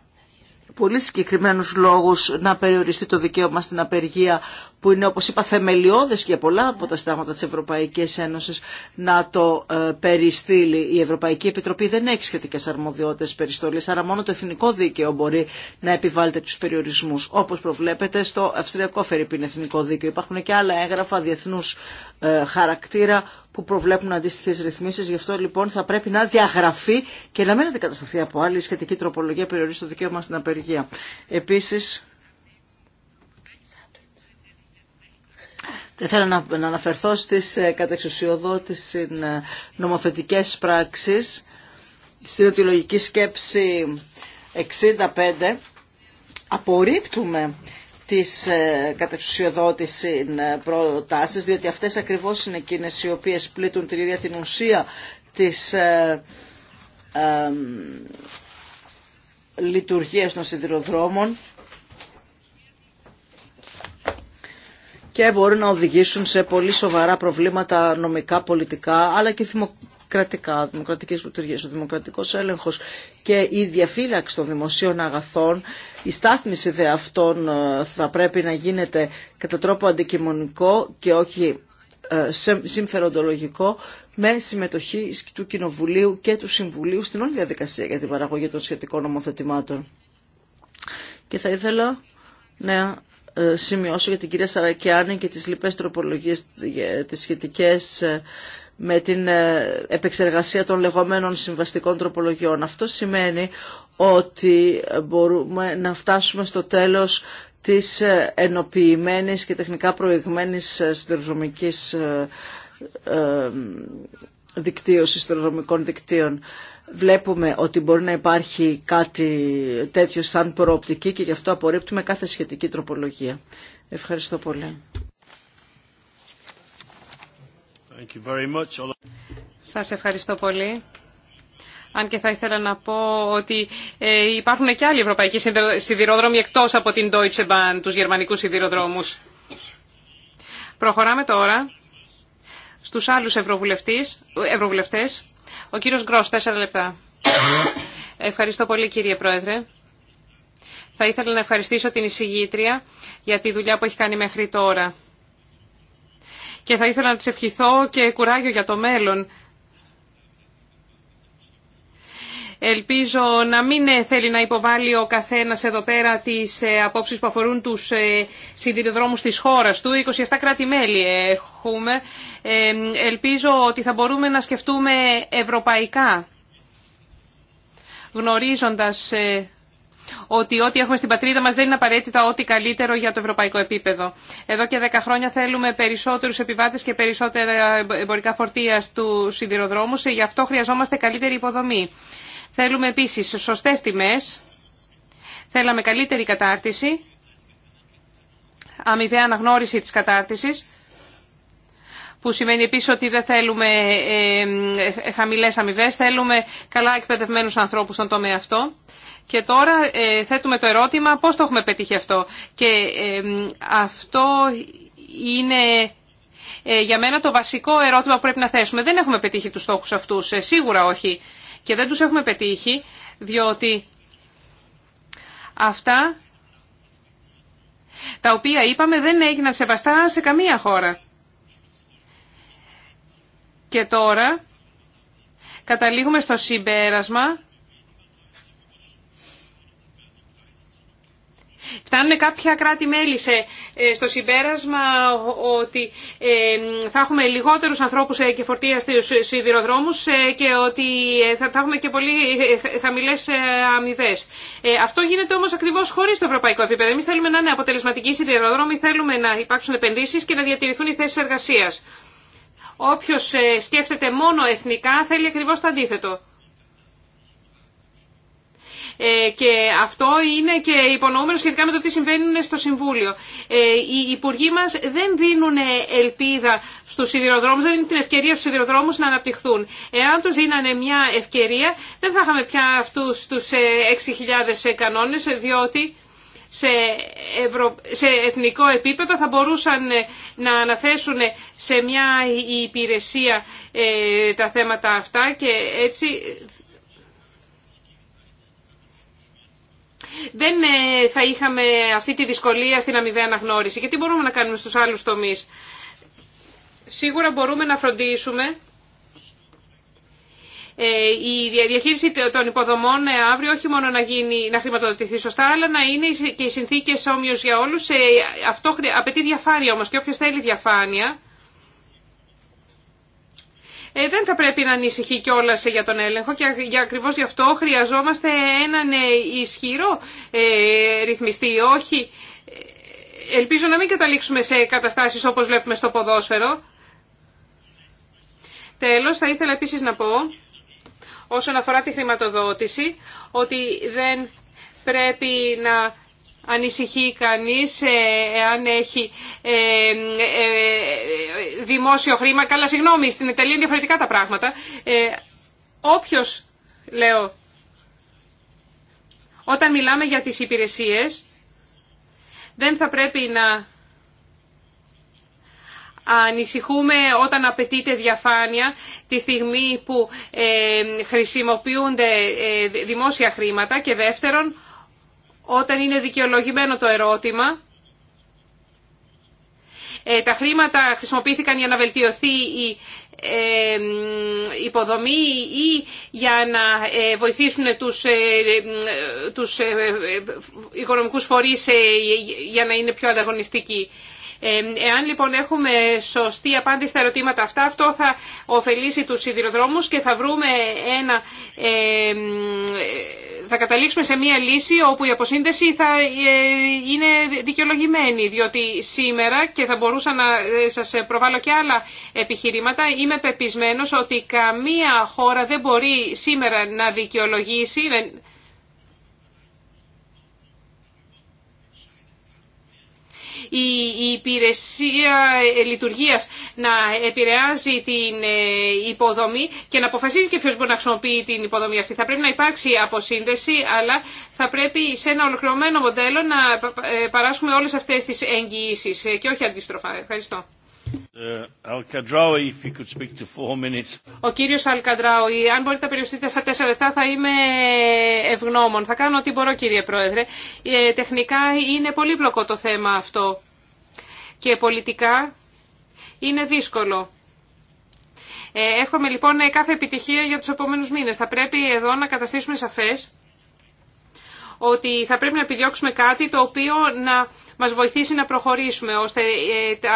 πολύ συγκεκριμένους λόγους να περιοριστεί το δικαίωμα στην απεργία που είναι όπως είπα θεμελιώδες για πολλά από τα στάγματα της Ευρωπαϊκής Ένωσης να το ε, περιστείλει. Η Ευρωπαϊκή Επιτροπή δεν έχει σχετικές αρμοδιότητες περιστολής, άρα μόνο το εθνικό δίκαιο μπορεί να επιβάλλει τέτοιους περιορισμούς. Όπως προβλέπετε στο Αυστριακό Φερρυπίν Εθνικό Δίκαιο υπάρχουν και άλλα έγγραφα διεθνούς ε, χαρακτήρα που προβλέπουν αντίστοιχε ρυθμίσει. Γι' αυτό λοιπόν θα πρέπει να διαγραφεί και να μην αντικατασταθεί από άλλη σχετική τροπολογία περιορίσει το δικαίωμα στην απεργία. Επίση, Θέλω να, να αναφερθώ στις ε, ε νομοθετικές πράξεις, στην οτιολογική σκέψη 65, απορρίπτουμε τις ε, ε, προτάσεις, διότι αυτές ακριβώς είναι εκείνες οι οποίες πλήττουν την ίδια την ουσία της ε, ε λειτουργίας των σιδηροδρόμων και μπορεί να οδηγήσουν σε πολύ σοβαρά προβλήματα νομικά, πολιτικά, αλλά και δημοκρατικά, δημοκρατικές λειτουργίες, ο δημοκρατικός έλεγχος και η διαφύλαξη των δημοσίων αγαθών, η στάθμιση δε αυτών ε, θα πρέπει να γίνεται κατά τρόπο αντικειμονικό και όχι ε, συμφεροντολογικό με συμμετοχή του Κοινοβουλίου και του Συμβουλίου στην όλη διαδικασία για την παραγωγή των σχετικών νομοθετημάτων. Και θα ήθελα να ε, σημειώσω για την κυρία Σαρακιάνη και τις λοιπές τροπολογίες τις σχετικές ε, με την ε, επεξεργασία των λεγόμενων συμβαστικών τροπολογιών. Αυτό σημαίνει ότι μπορούμε να φτάσουμε στο τέλος της ενοποιημένης και τεχνικά προηγμένης συνδρομικής δικτύωσης, συνδρομικών δικτύων βλέπουμε ότι μπορεί να υπάρχει κάτι τέτοιο σαν προοπτική και γι' αυτό απορρίπτουμε κάθε σχετική τροπολογία. Ευχαριστώ πολύ. Thank you very much. Σας ευχαριστώ πολύ. Αν και θα ήθελα να πω ότι ε, υπάρχουν και άλλοι ευρωπαϊκοί σιδηροδρόμοι εκτός από την Deutsche Bahn, τους γερμανικούς σιδηροδρόμους. Προχωράμε τώρα στους άλλους ευρωβουλευτές ο κύριος Γκρός, τέσσερα λεπτά. Ευχαριστώ πολύ κύριε Πρόεδρε. Θα ήθελα να ευχαριστήσω την εισηγήτρια για τη δουλειά που έχει κάνει μέχρι τώρα. Και θα ήθελα να της ευχηθώ και κουράγιο για το μέλλον. Ελπίζω να μην ε, θέλει να υποβάλει ο καθένα εδώ πέρα τις ε, απόψει που αφορούν ε, του σιδηροδρόμου τη χώρα του. 27 κράτη-μέλη έχουμε. Ελπίζω ότι θα μπορούμε να σκεφτούμε ευρωπαϊκά, γνωρίζοντα ότι ό,τι έχουμε στην πατρίδα μας δεν είναι απαραίτητα ό,τι καλύτερο για το ευρωπαϊκό επίπεδο. Εδώ και 10 χρόνια θέλουμε περισσότερους επιβάτες και περισσότερα εμπορικά φορτία στους σιδηροδρόμους, γι' αυτό χρειαζόμαστε καλύτερη υποδομή. Θέλουμε επίσης σωστές τιμές, θέλαμε καλύτερη κατάρτιση, αμοιβαία αναγνώριση της κατάρτισης, που σημαίνει επίσης ότι δεν θέλουμε ε, ε χαμηλές αμοιβέ, θέλουμε καλά εκπαιδευμένους ανθρώπους στον τομέα αυτό. Και τώρα ε, θέτουμε το ερώτημα πώς το έχουμε πετύχει αυτό. Και ε, αυτό είναι ε, για μένα το βασικό ερώτημα που πρέπει να θέσουμε. Δεν έχουμε πετύχει τους στόχους αυτούς, ε, σίγουρα όχι. Και δεν τους έχουμε πετύχει, διότι αυτά τα οποία είπαμε δεν έγιναν σεβαστά σε καμία χώρα. Και τώρα καταλήγουμε στο συμπέρασμα Φτάνουν κάποια κράτη-μέλη ε, στο συμπέρασμα ότι ε, θα έχουμε λιγότερους ανθρώπους ε, και φορτία στους σιδηροδρόμους και ότι θα έχουμε και πολύ χαμηλές αμοιβέ. Αυτό γίνεται όμως ακριβώς χωρίς το ευρωπαϊκό επίπεδο. Εμείς θέλουμε να είναι αποτελεσματικοί σιδηροδρόμοι, θέλουμε να υπάρξουν επενδύσεις και να διατηρηθούν οι θέσεις εργασίας. Όποιος σκέφτεται μόνο εθνικά θέλει ακριβώς το αντίθετο. Ε, και αυτό είναι και υπονοούμενο σχετικά με το τι συμβαίνει στο Συμβούλιο. Ε, οι υπουργοί μα δεν δίνουν ελπίδα στου σιδηροδρόμους, δεν δίνουν την ευκαιρία στου σιδηροδρόμους να αναπτυχθούν. Εάν του δίνανε μια ευκαιρία δεν θα είχαμε πια αυτούς τους 6.000 ε, κανόνε, διότι σε, ευρω... σε εθνικό επίπεδο θα μπορούσαν να αναθέσουν σε μια υπηρεσία τα θέματα αυτά και έτσι δεν ε, θα είχαμε αυτή τη δυσκολία στην αμοιβαία αναγνώριση. Και τι μπορούμε να κάνουμε στους άλλους τομείς. Σίγουρα μπορούμε να φροντίσουμε ε, η διαχείριση των υποδομών ε, αύριο όχι μόνο να, γίνει, να χρηματοδοτηθεί σωστά, αλλά να είναι και οι συνθήκες όμοιε για όλου. Αυτό απαιτεί διαφάνεια όμως και όποιο θέλει διαφάνεια ε, δεν θα πρέπει να ανησυχεί κιόλα για τον έλεγχο και για, ακριβώς γι' αυτό χρειαζόμαστε έναν ε, ισχυρό ε, ρυθμιστή, όχι... Ελπίζω να μην καταλήξουμε σε καταστάσεις όπως βλέπουμε στο ποδόσφαιρο. Τέλος, θα ήθελα επίσης να πω, όσον αφορά τη χρηματοδότηση, ότι δεν πρέπει να ανησυχεί κανείς ε, εάν έχει ε, ε, δημόσιο χρήμα. Καλά, συγγνώμη, στην Ιταλία είναι διαφορετικά τα πράγματα. Ε, όποιος, λέω, όταν μιλάμε για τις υπηρεσίες, δεν θα πρέπει να ανησυχούμε όταν απαιτείται διαφάνεια τη στιγμή που ε, χρησιμοποιούνται δημόσια χρήματα και δεύτερον, όταν είναι δικαιολογημένο το ερώτημα. Ε, τα χρήματα χρησιμοποιήθηκαν για να βελτιωθεί η ε, υποδομή ή για να ε, βοηθήσουν τους, τους οικονομικούς φορείς για να είναι πιο ανταγωνιστικοί. Εάν λοιπόν έχουμε σωστή απάντηση στα ερωτήματα αυτά, αυτό θα ωφελήσει τους σιδηροδρόμους και θα βρούμε ένα θα καταλήξουμε σε μία λύση όπου η αποσύνδεση θα ε, είναι δικαιολογημένη, διότι σήμερα, και θα μπορούσα να ε, σας προβάλλω και άλλα επιχειρήματα, είμαι πεπισμένος ότι καμία χώρα δεν μπορεί σήμερα να δικαιολογήσει, η υπηρεσία ε, λειτουργίας να επηρεάζει την ε, υποδομή και να αποφασίζει και ποιος μπορεί να χρησιμοποιεί την υποδομή αυτή. Θα πρέπει να υπάρξει αποσύνδεση, αλλά θα πρέπει σε ένα ολοκληρωμένο μοντέλο να ε, παράσχουμε όλες αυτές τις εγγυήσεις και όχι αντίστροφα. Ευχαριστώ. Uh, Ο κύριος Αλκαντράου, αν μπορείτε να περιοριστείτε στα τέσσερα λεπτά θα είμαι ευγνώμων. Θα κάνω ό,τι μπορώ κύριε Πρόεδρε. Ε, τεχνικά είναι πολύ πολύπλοκο το θέμα αυτό και πολιτικά είναι δύσκολο. Ε, εύχομαι λοιπόν κάθε επιτυχία για τους επόμενους μήνες. Θα πρέπει εδώ να καταστήσουμε σαφές ότι θα πρέπει να επιδιώξουμε κάτι το οποίο να μας βοηθήσει να προχωρήσουμε, ώστε ε,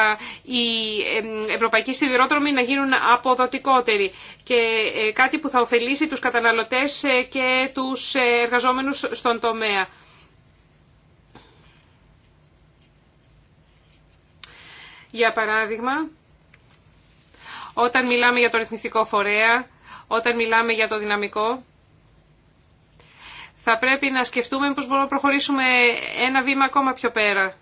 οι ευρωπαϊκοί σιδηρότρομοι να γίνουν αποδοτικότεροι και ε, κάτι που θα ωφελήσει τους καταναλωτές ε, και τους εργαζόμενους στον τομέα. Για παράδειγμα, όταν μιλάμε για το ρυθμιστικό φορέα, όταν μιλάμε για το δυναμικό, θα πρέπει να σκεφτούμε πώς μπορούμε να προχωρήσουμε ένα βήμα ακόμα πιο πέρα.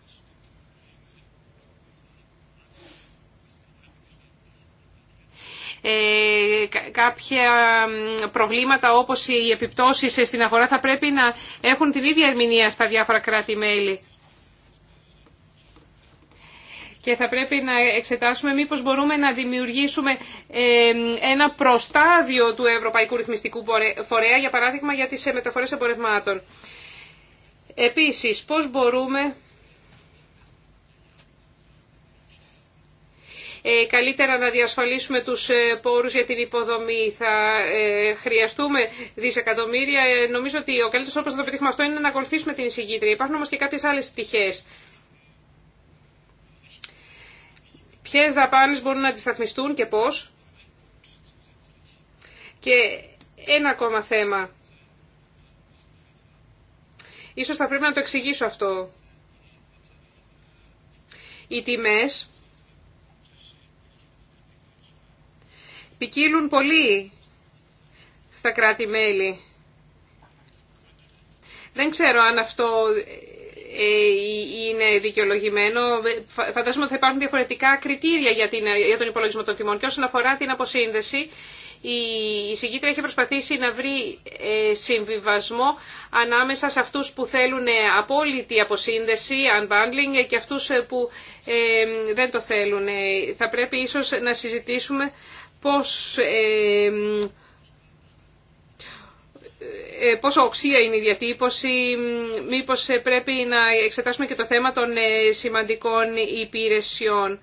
Ε, κάποια προβλήματα όπως οι επιπτώσεις στην αγορά θα πρέπει να έχουν την ίδια ερμηνεία στα διάφορα κράτη-μέλη και θα πρέπει να εξετάσουμε μήπως μπορούμε να δημιουργήσουμε ένα προστάδιο του Ευρωπαϊκού Ρυθμιστικού Φορέα, για παράδειγμα για τις ε, μεταφορές εμπορευμάτων. Επίσης, πώς μπορούμε ε, καλύτερα να διασφαλίσουμε τους ε, πόρους για την υποδομή. Θα χρειαστούμε δισεκατομμύρια. Νομίζω ότι ο καλύτερος τρόπος να το πετύχουμε αυτό είναι να ακολουθήσουμε την εισηγήτρια. Υπάρχουν όμως και κάποιες άλλες πτυχές. ποιες δαπάνε μπορούν να αντισταθμιστούν και πώς. Και ένα ακόμα θέμα. Ίσως θα πρέπει να το εξηγήσω αυτό. Οι τιμές ποικίλουν πολύ στα κράτη-μέλη. Δεν ξέρω αν αυτό ε, είναι δικαιολογημένο. Φαντάζομαι ότι θα υπάρχουν διαφορετικά κριτήρια για, την, για τον υπολογισμό των τιμών. Και όσον αφορά την αποσύνδεση, η συγκήτρια έχει προσπαθήσει να βρει ε, συμβιβασμό ανάμεσα σε αυτούς που θέλουν ε, απόλυτη αποσύνδεση, unbundling, και αυτούς που δεν το θέλουν. Θα πρέπει ίσως να συζητήσουμε πώς... Ε, πόσο οξία είναι η διατύπωση, μήπως ε, πρέπει να εξετάσουμε και το θέμα των ε, σημαντικών υπηρεσιών.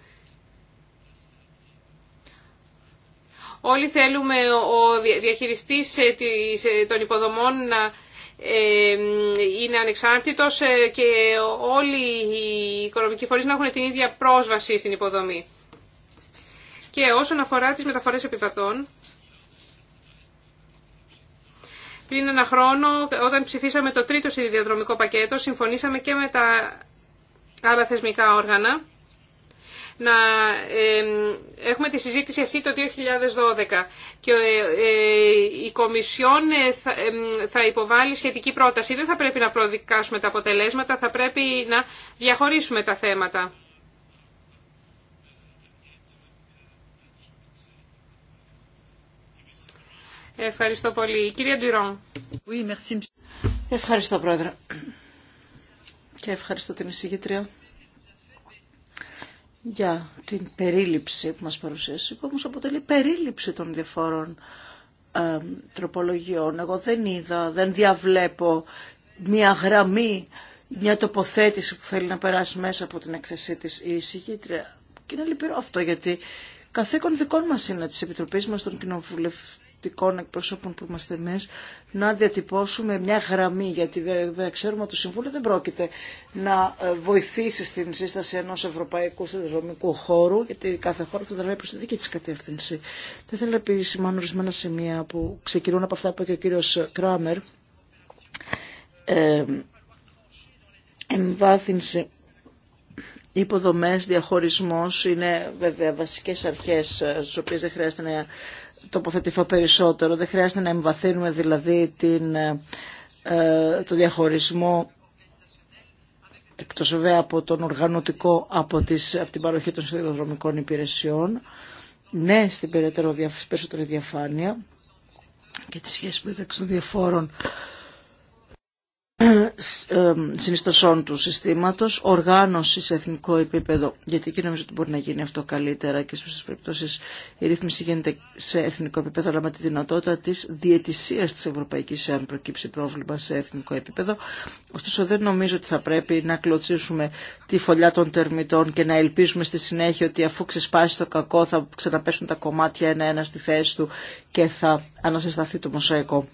Όλοι θέλουμε ο διαχειριστής των υποδομών να είναι ανεξάρτητος και όλοι οι οικονομικοί φορείς να έχουν την ίδια πρόσβαση στην υποδομή. Και όσον αφορά τις μεταφορές επιβατών, πριν ένα χρόνο, όταν ψηφίσαμε το τρίτο σιδηροδρομικό πακέτο, συμφωνήσαμε και με τα άλλα θεσμικά όργανα να έχουμε τη συζήτηση αυτή το 2012 και ε, ε, η Κομισιόν ε, θα υποβάλει σχετική πρόταση. Δεν θα πρέπει να προδικάσουμε τα αποτελέσματα, θα πρέπει να διαχωρίσουμε τα θέματα. Ευχαριστώ πολύ. Κυρία Ντουιρόν. Ευχαριστώ, Πρόεδρε. Και ευχαριστώ την εισηγήτρια για την περίληψη που μας παρουσίασε, που όμως αποτελεί περίληψη των διαφόρων τροπολογιών. Εγώ δεν είδα, δεν διαβλέπω μια γραμμή, μια τοποθέτηση που θέλει να περάσει μέσα από την έκθεσή της η εισηγήτρια. Και είναι λυπηρό αυτό, γιατί καθήκον δικών μας είναι της Επιτροπής μας των Κοινοβουλευτών πολιτικών εκπροσώπων που είμαστε εμεί, να διατυπώσουμε μια γραμμή γιατί βέβαια ξέρουμε ότι το Συμβούλιο δεν πρόκειται να ε, βοηθήσει στην σύσταση ενό ευρωπαϊκού συνδρομικού χώρου γιατί κάθε χώρο θα δραβεί προ τη δική τη κατεύθυνση. Θα ήθελα να επισημάνω ορισμένα σημεία που ξεκινούν από αυτά που είπε και ο κύριο Κράμερ εμβάθυνση υποδομές, διαχωρισμός είναι βέβαια βασικές αρχές ε, στις οποίες δεν χρειάζεται να τοποθετηθώ περισσότερο. Δεν χρειάζεται να εμβαθύνουμε δηλαδή την, ε, ε, το διαχωρισμό εκτός βέβαια από τον οργανωτικό, από, τις, από την παροχή των σιδηροδρομικών υπηρεσιών. Ναι, στην περισσότερη διαφάνεια και τη σχέση μεταξύ των διαφόρων συνιστοσών του συστήματος, οργάνωση σε εθνικό επίπεδο, γιατί εκεί νομίζω ότι μπορεί να γίνει αυτό καλύτερα και στις περιπτώσεις η ρύθμιση γίνεται σε εθνικό επίπεδο, αλλά με τη δυνατότητα της διαιτησίας της Ευρωπαϊκής, αν προκύψει πρόβλημα σε εθνικό επίπεδο. Ωστόσο δεν νομίζω ότι θα πρέπει να κλωτσίσουμε τη φωλιά των τερμητών και να ελπίζουμε στη συνέχεια ότι αφού ξεσπάσει το κακό θα ξαναπέσουν τα κομμάτια ένα-ένα στη θέση του και θα ανασυσταθεί το μοσαϊκό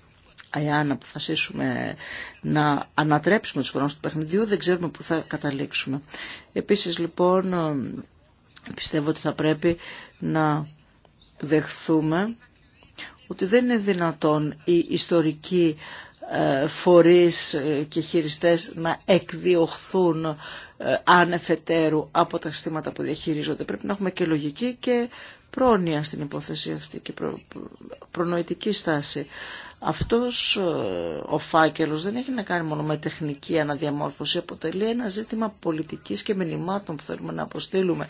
εάν αποφασίσουμε να ανατρέψουμε τους χρόνους του παιχνιδιού, δεν ξέρουμε πού θα καταλήξουμε. Επίσης λοιπόν πιστεύω ότι θα πρέπει να δεχθούμε ότι δεν είναι δυνατόν οι ιστορικοί ε, φορείς ε, και χειριστές να εκδιωχθούν ανεφετέρου ε, από τα συστήματα που διαχειρίζονται. Πρέπει να έχουμε και λογική και πρόνοια στην υπόθεση αυτή και προνοητική στάση. Αυτός ε, ο φάκελος δεν έχει να κάνει μόνο με τεχνική αναδιαμόρφωση, αποτελεί ένα ζήτημα πολιτικής και μηνυμάτων που θέλουμε να αποστείλουμε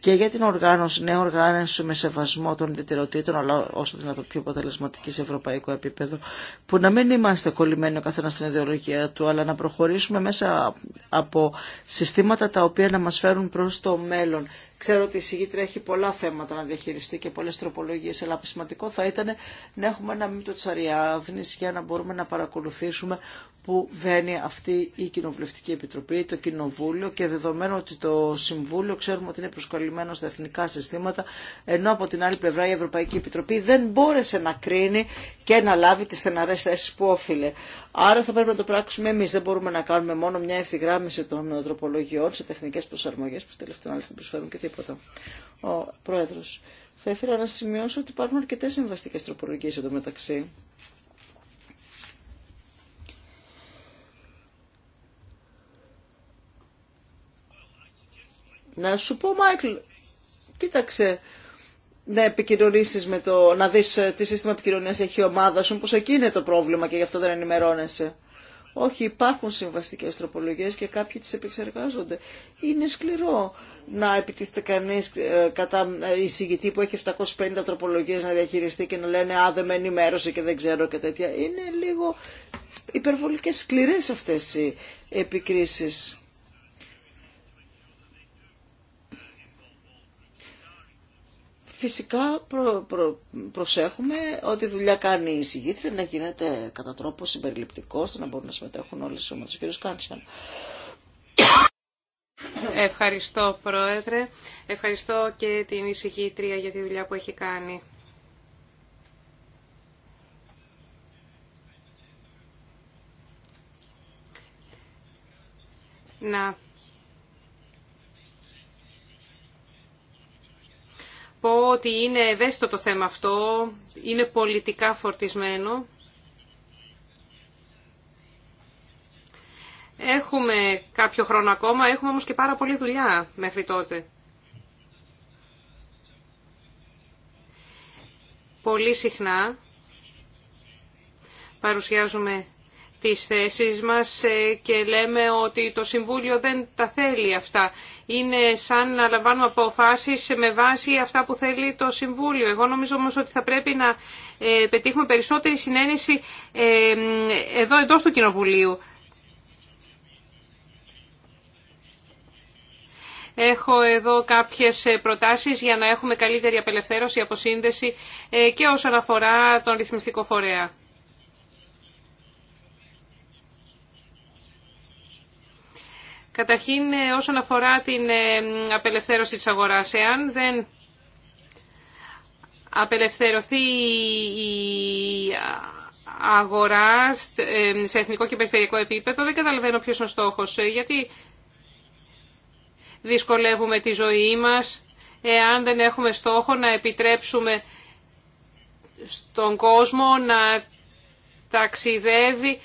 και για την οργάνωση, νέα οργάνωση με σεβασμό των ιδιαιτεροτήτων, αλλά όσο δυνατόν πιο αποτελεσματική σε ευρωπαϊκό επίπεδο, που να μην είμαστε κολλημένοι ο καθένα στην ιδεολογία του, αλλά να προχωρήσουμε μέσα από συστήματα τα οποία να μα φέρουν προ το μέλλον Ξέρω ότι η συγγήτρια έχει πολλά θέματα να διαχειριστεί και πολλές τροπολογίες, αλλά σημαντικό θα ήταν να έχουμε ένα μήτο της για να μπορούμε να παρακολουθήσουμε που βαίνει αυτή η Κοινοβουλευτική Επιτροπή, το Κοινοβούλιο και δεδομένου ότι το Συμβούλιο ξέρουμε ότι είναι προσκαλυμμένο στα εθνικά συστήματα, ενώ από την άλλη πλευρά η Ευρωπαϊκή Επιτροπή δεν μπόρεσε να κρίνει και να λάβει τις στεναρές θέσεις που όφιλε. Άρα θα πρέπει να το πράξουμε εμεί. Δεν μπορούμε να κάνουμε μόνο μια ευθυγράμμιση των τροπολογιών σε τεχνικέ προσαρμογέ που στη τελευταία δεν προσφέρουν και τίποτα. Ο Πρόεδρο. Θα ήθελα να σημειώσω ότι υπάρχουν αρκετέ συμβαστικέ τροπολογίε εδώ μεταξύ. Να σου πω, Μάικλ, κοίταξε, να επικοινωνήσει με το, να δεις ε, τι σύστημα επικοινωνία έχει η ομάδα σου, πως εκεί είναι το πρόβλημα και γι' αυτό δεν ενημερώνεσαι. Όχι, υπάρχουν συμβαστικέ τροπολογίες και κάποιοι τις επεξεργάζονται. Είναι σκληρό να επιτίθεται κανεί ε, κατά ε, εισηγητή που έχει 750 τροπολογίες να διαχειριστεί και να λένε «Α, δεν με ενημέρωσε και δεν ξέρω» και τέτοια. Είναι λίγο υπερβολικέ σκληρέ αυτέ οι επικρίσει. Φυσικά προ, προσέχουμε ότι δουλειά κάνει η συγγήτρια να γίνεται κατά τρόπο συμπεριληπτικό ώστε να μπορούν να συμμετέχουν όλε οι ομάδε. Κύριο Κάντσιαν. Ευχαριστώ Πρόεδρε. Ευχαριστώ και την εισηγήτρια για τη δουλειά που έχει κάνει. Να πω ότι είναι ευαίσθητο το θέμα αυτό, είναι πολιτικά φορτισμένο. Έχουμε κάποιο χρόνο ακόμα, έχουμε όμως και πάρα πολλή δουλειά μέχρι τότε. Πολύ συχνά παρουσιάζουμε τις θέσεις μας ε, και λέμε ότι το Συμβούλιο δεν τα θέλει αυτά. Είναι σαν να λαμβάνουμε αποφάσεις με βάση αυτά που θέλει το Συμβούλιο. Εγώ νομίζω όμως ότι θα πρέπει να ε, πετύχουμε περισσότερη συνένεση ε, εδώ εντός του Κοινοβουλίου. Έχω εδώ κάποιες προτάσεις για να έχουμε καλύτερη απελευθέρωση, αποσύνδεση και όσον αφορά τον ρυθμιστικό φορέα. Καταρχήν, ε, όσον αφορά την ε, απελευθέρωση της αγοράς, εάν δεν απελευθερωθεί η αγορά ε, σε εθνικό και περιφερειακό επίπεδο, δεν καταλαβαίνω ποιος είναι ο στόχος, γιατί δυσκολεύουμε τη ζωή μας εάν δεν έχουμε στόχο να επιτρέψουμε στον κόσμο να ταξιδεύει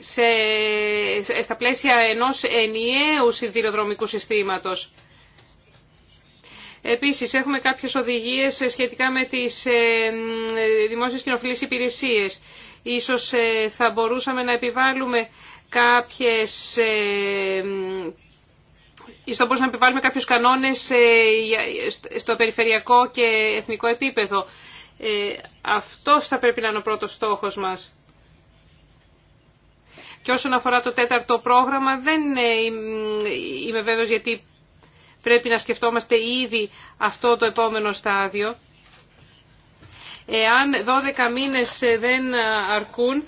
σε, στα πλαίσια ενός ενιαίου σιδηροδρομικού συστήματος. Επίσης, έχουμε κάποιες οδηγίες σχετικά με τις ε, δημόσιες κοινοφιλείς υπηρεσίες. Ε, ε, ίσως θα μπορούσαμε να επιβάλλουμε κάποιες... Ίσως μπορούσαμε να επιβάλλουμε κάποιους κανόνες στο περιφερειακό και εθνικό επίπεδο. Αυτός θα πρέπει να είναι ο πρώτος στόχος μας. Και όσον αφορά το τέταρτο πρόγραμμα δεν ε, είμαι βέβαιος γιατί πρέπει να σκεφτόμαστε ήδη αυτό το επόμενο στάδιο. Εάν 12 μήνες ε, δεν ε, αρκούν,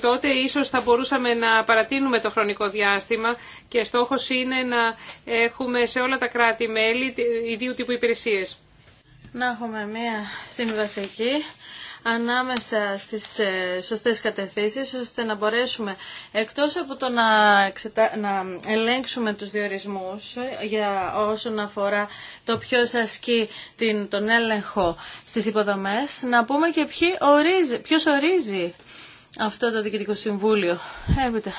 τότε ίσως θα μπορούσαμε να παρατείνουμε το χρονικό διάστημα και στόχος είναι να έχουμε σε όλα τα κράτη-μέλη ιδίου τύπου υπηρεσίες. Να έχουμε μία συμβαστική ανάμεσα στις ε, σωστές κατευθύνσεις ώστε να μπορέσουμε εκτός από το να, να ελέγξουμε τους διορισμούς ε, για όσον αφορά το ποιο ασκεί την... τον έλεγχο στις υποδομές να πούμε και ποιος ορίζει, ποιος ορίζει αυτό το Διοικητικό Συμβούλιο. Έπειτα.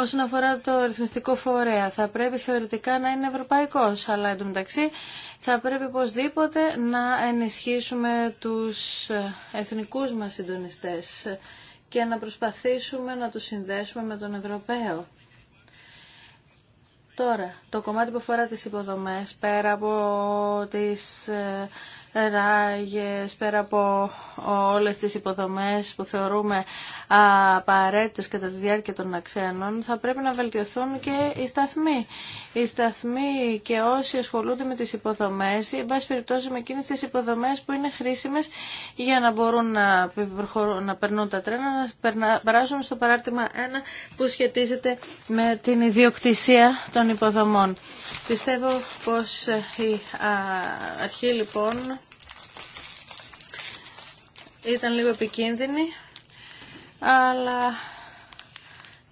Όσον αφορά το ρυθμιστικό φορέα, θα πρέπει θεωρητικά να είναι ευρωπαϊκός, αλλά μεταξύ θα πρέπει οπωσδήποτε να ενισχύσουμε τους ε, εθνικούς μας συντονιστές και να προσπαθήσουμε να τους συνδέσουμε με τον Ευρωπαίο. Τώρα, το κομμάτι που αφορά τις υποδομές, πέρα από τις ε, ράγες, πέρα από όλες τις υποδομές που θεωρούμε απαραίτητε κατά τη διάρκεια των αξένων, θα πρέπει να βελτιωθούν και οι σταθμοί. Οι σταθμοί και όσοι ασχολούνται με τις υποδομές, εν πάση περιπτώσει με εκείνες τις υποδομές που είναι χρήσιμες για να μπορούν να, να περνούν τα τρένα, να περάσουν στο παράρτημα 1 που σχετίζεται με την ιδιοκτησία των υποδομών. Πιστεύω πως η αρχή λοιπόν ήταν λίγο επικίνδυνη, αλλά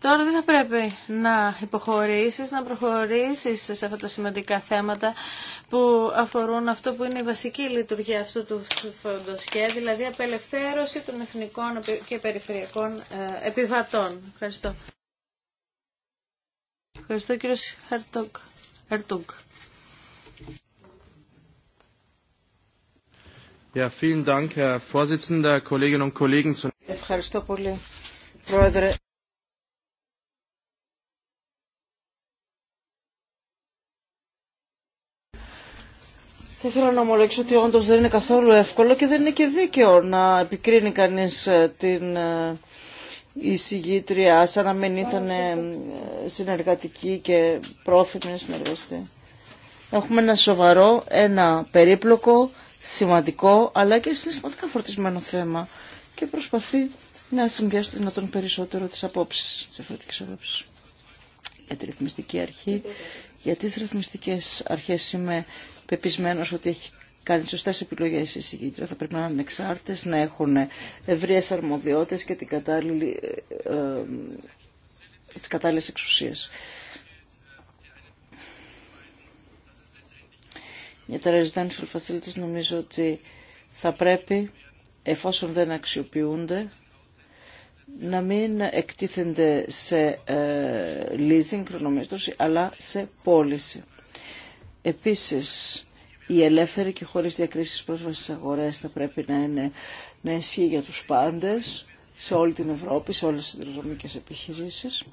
Τώρα δεν θα πρέπει να υποχωρήσεις, να προχωρήσεις σε αυτά τα σημαντικά θέματα που αφορούν αυτό που είναι η βασική λειτουργία αυτού του φοντοσχέδιου, δηλαδή απελευθέρωση των εθνικών και περιφερειακών ε, επιβατών. Ευχαριστώ. Ευχαριστώ κύριος Ερτούγκ. Ευχαριστώ πολύ, Πρόεδρε. Θα ήθελα να ομολογήσω ότι όντω δεν είναι καθόλου εύκολο και δεν είναι και δίκαιο να επικρίνει κανεί ε, την εισηγήτρια σαν να μην ήταν ε, συνεργατική και πρόθυμη να συνεργαστεί. Έχουμε ένα σοβαρό, ένα περίπλοκο σημαντικό, αλλά και συναισθηματικά φορτισμένο θέμα και προσπαθεί να συνδυάσει το δυνατόν περισσότερο τις απόψεις, τις διαφορετικές απόψεις για τη ρυθμιστική αρχή. Για τις ρυθμιστικές αρχές είμαι πεπισμένος ότι έχει κάνει σωστέ επιλογέ η συγκήτρια. Θα πρέπει να είναι ανεξάρτητε, να έχουν ευρείε αρμοδιότητε και την κατάλληλη. Ε, ε τις κατάλληλες εξουσίες. για τα residential facilities νομίζω ότι θα πρέπει, εφόσον δεν αξιοποιούνται, να μην εκτίθενται σε ε, leasing, προνομίστωση, αλλά σε πώληση. Επίσης, η ελεύθερη και χωρίς διακρίσεις πρόσβαση στις αγορές θα πρέπει να, είναι, να ισχύει για τους πάντες, σε όλη την Ευρώπη, σε όλες τις συνδρομικές επιχειρήσεις.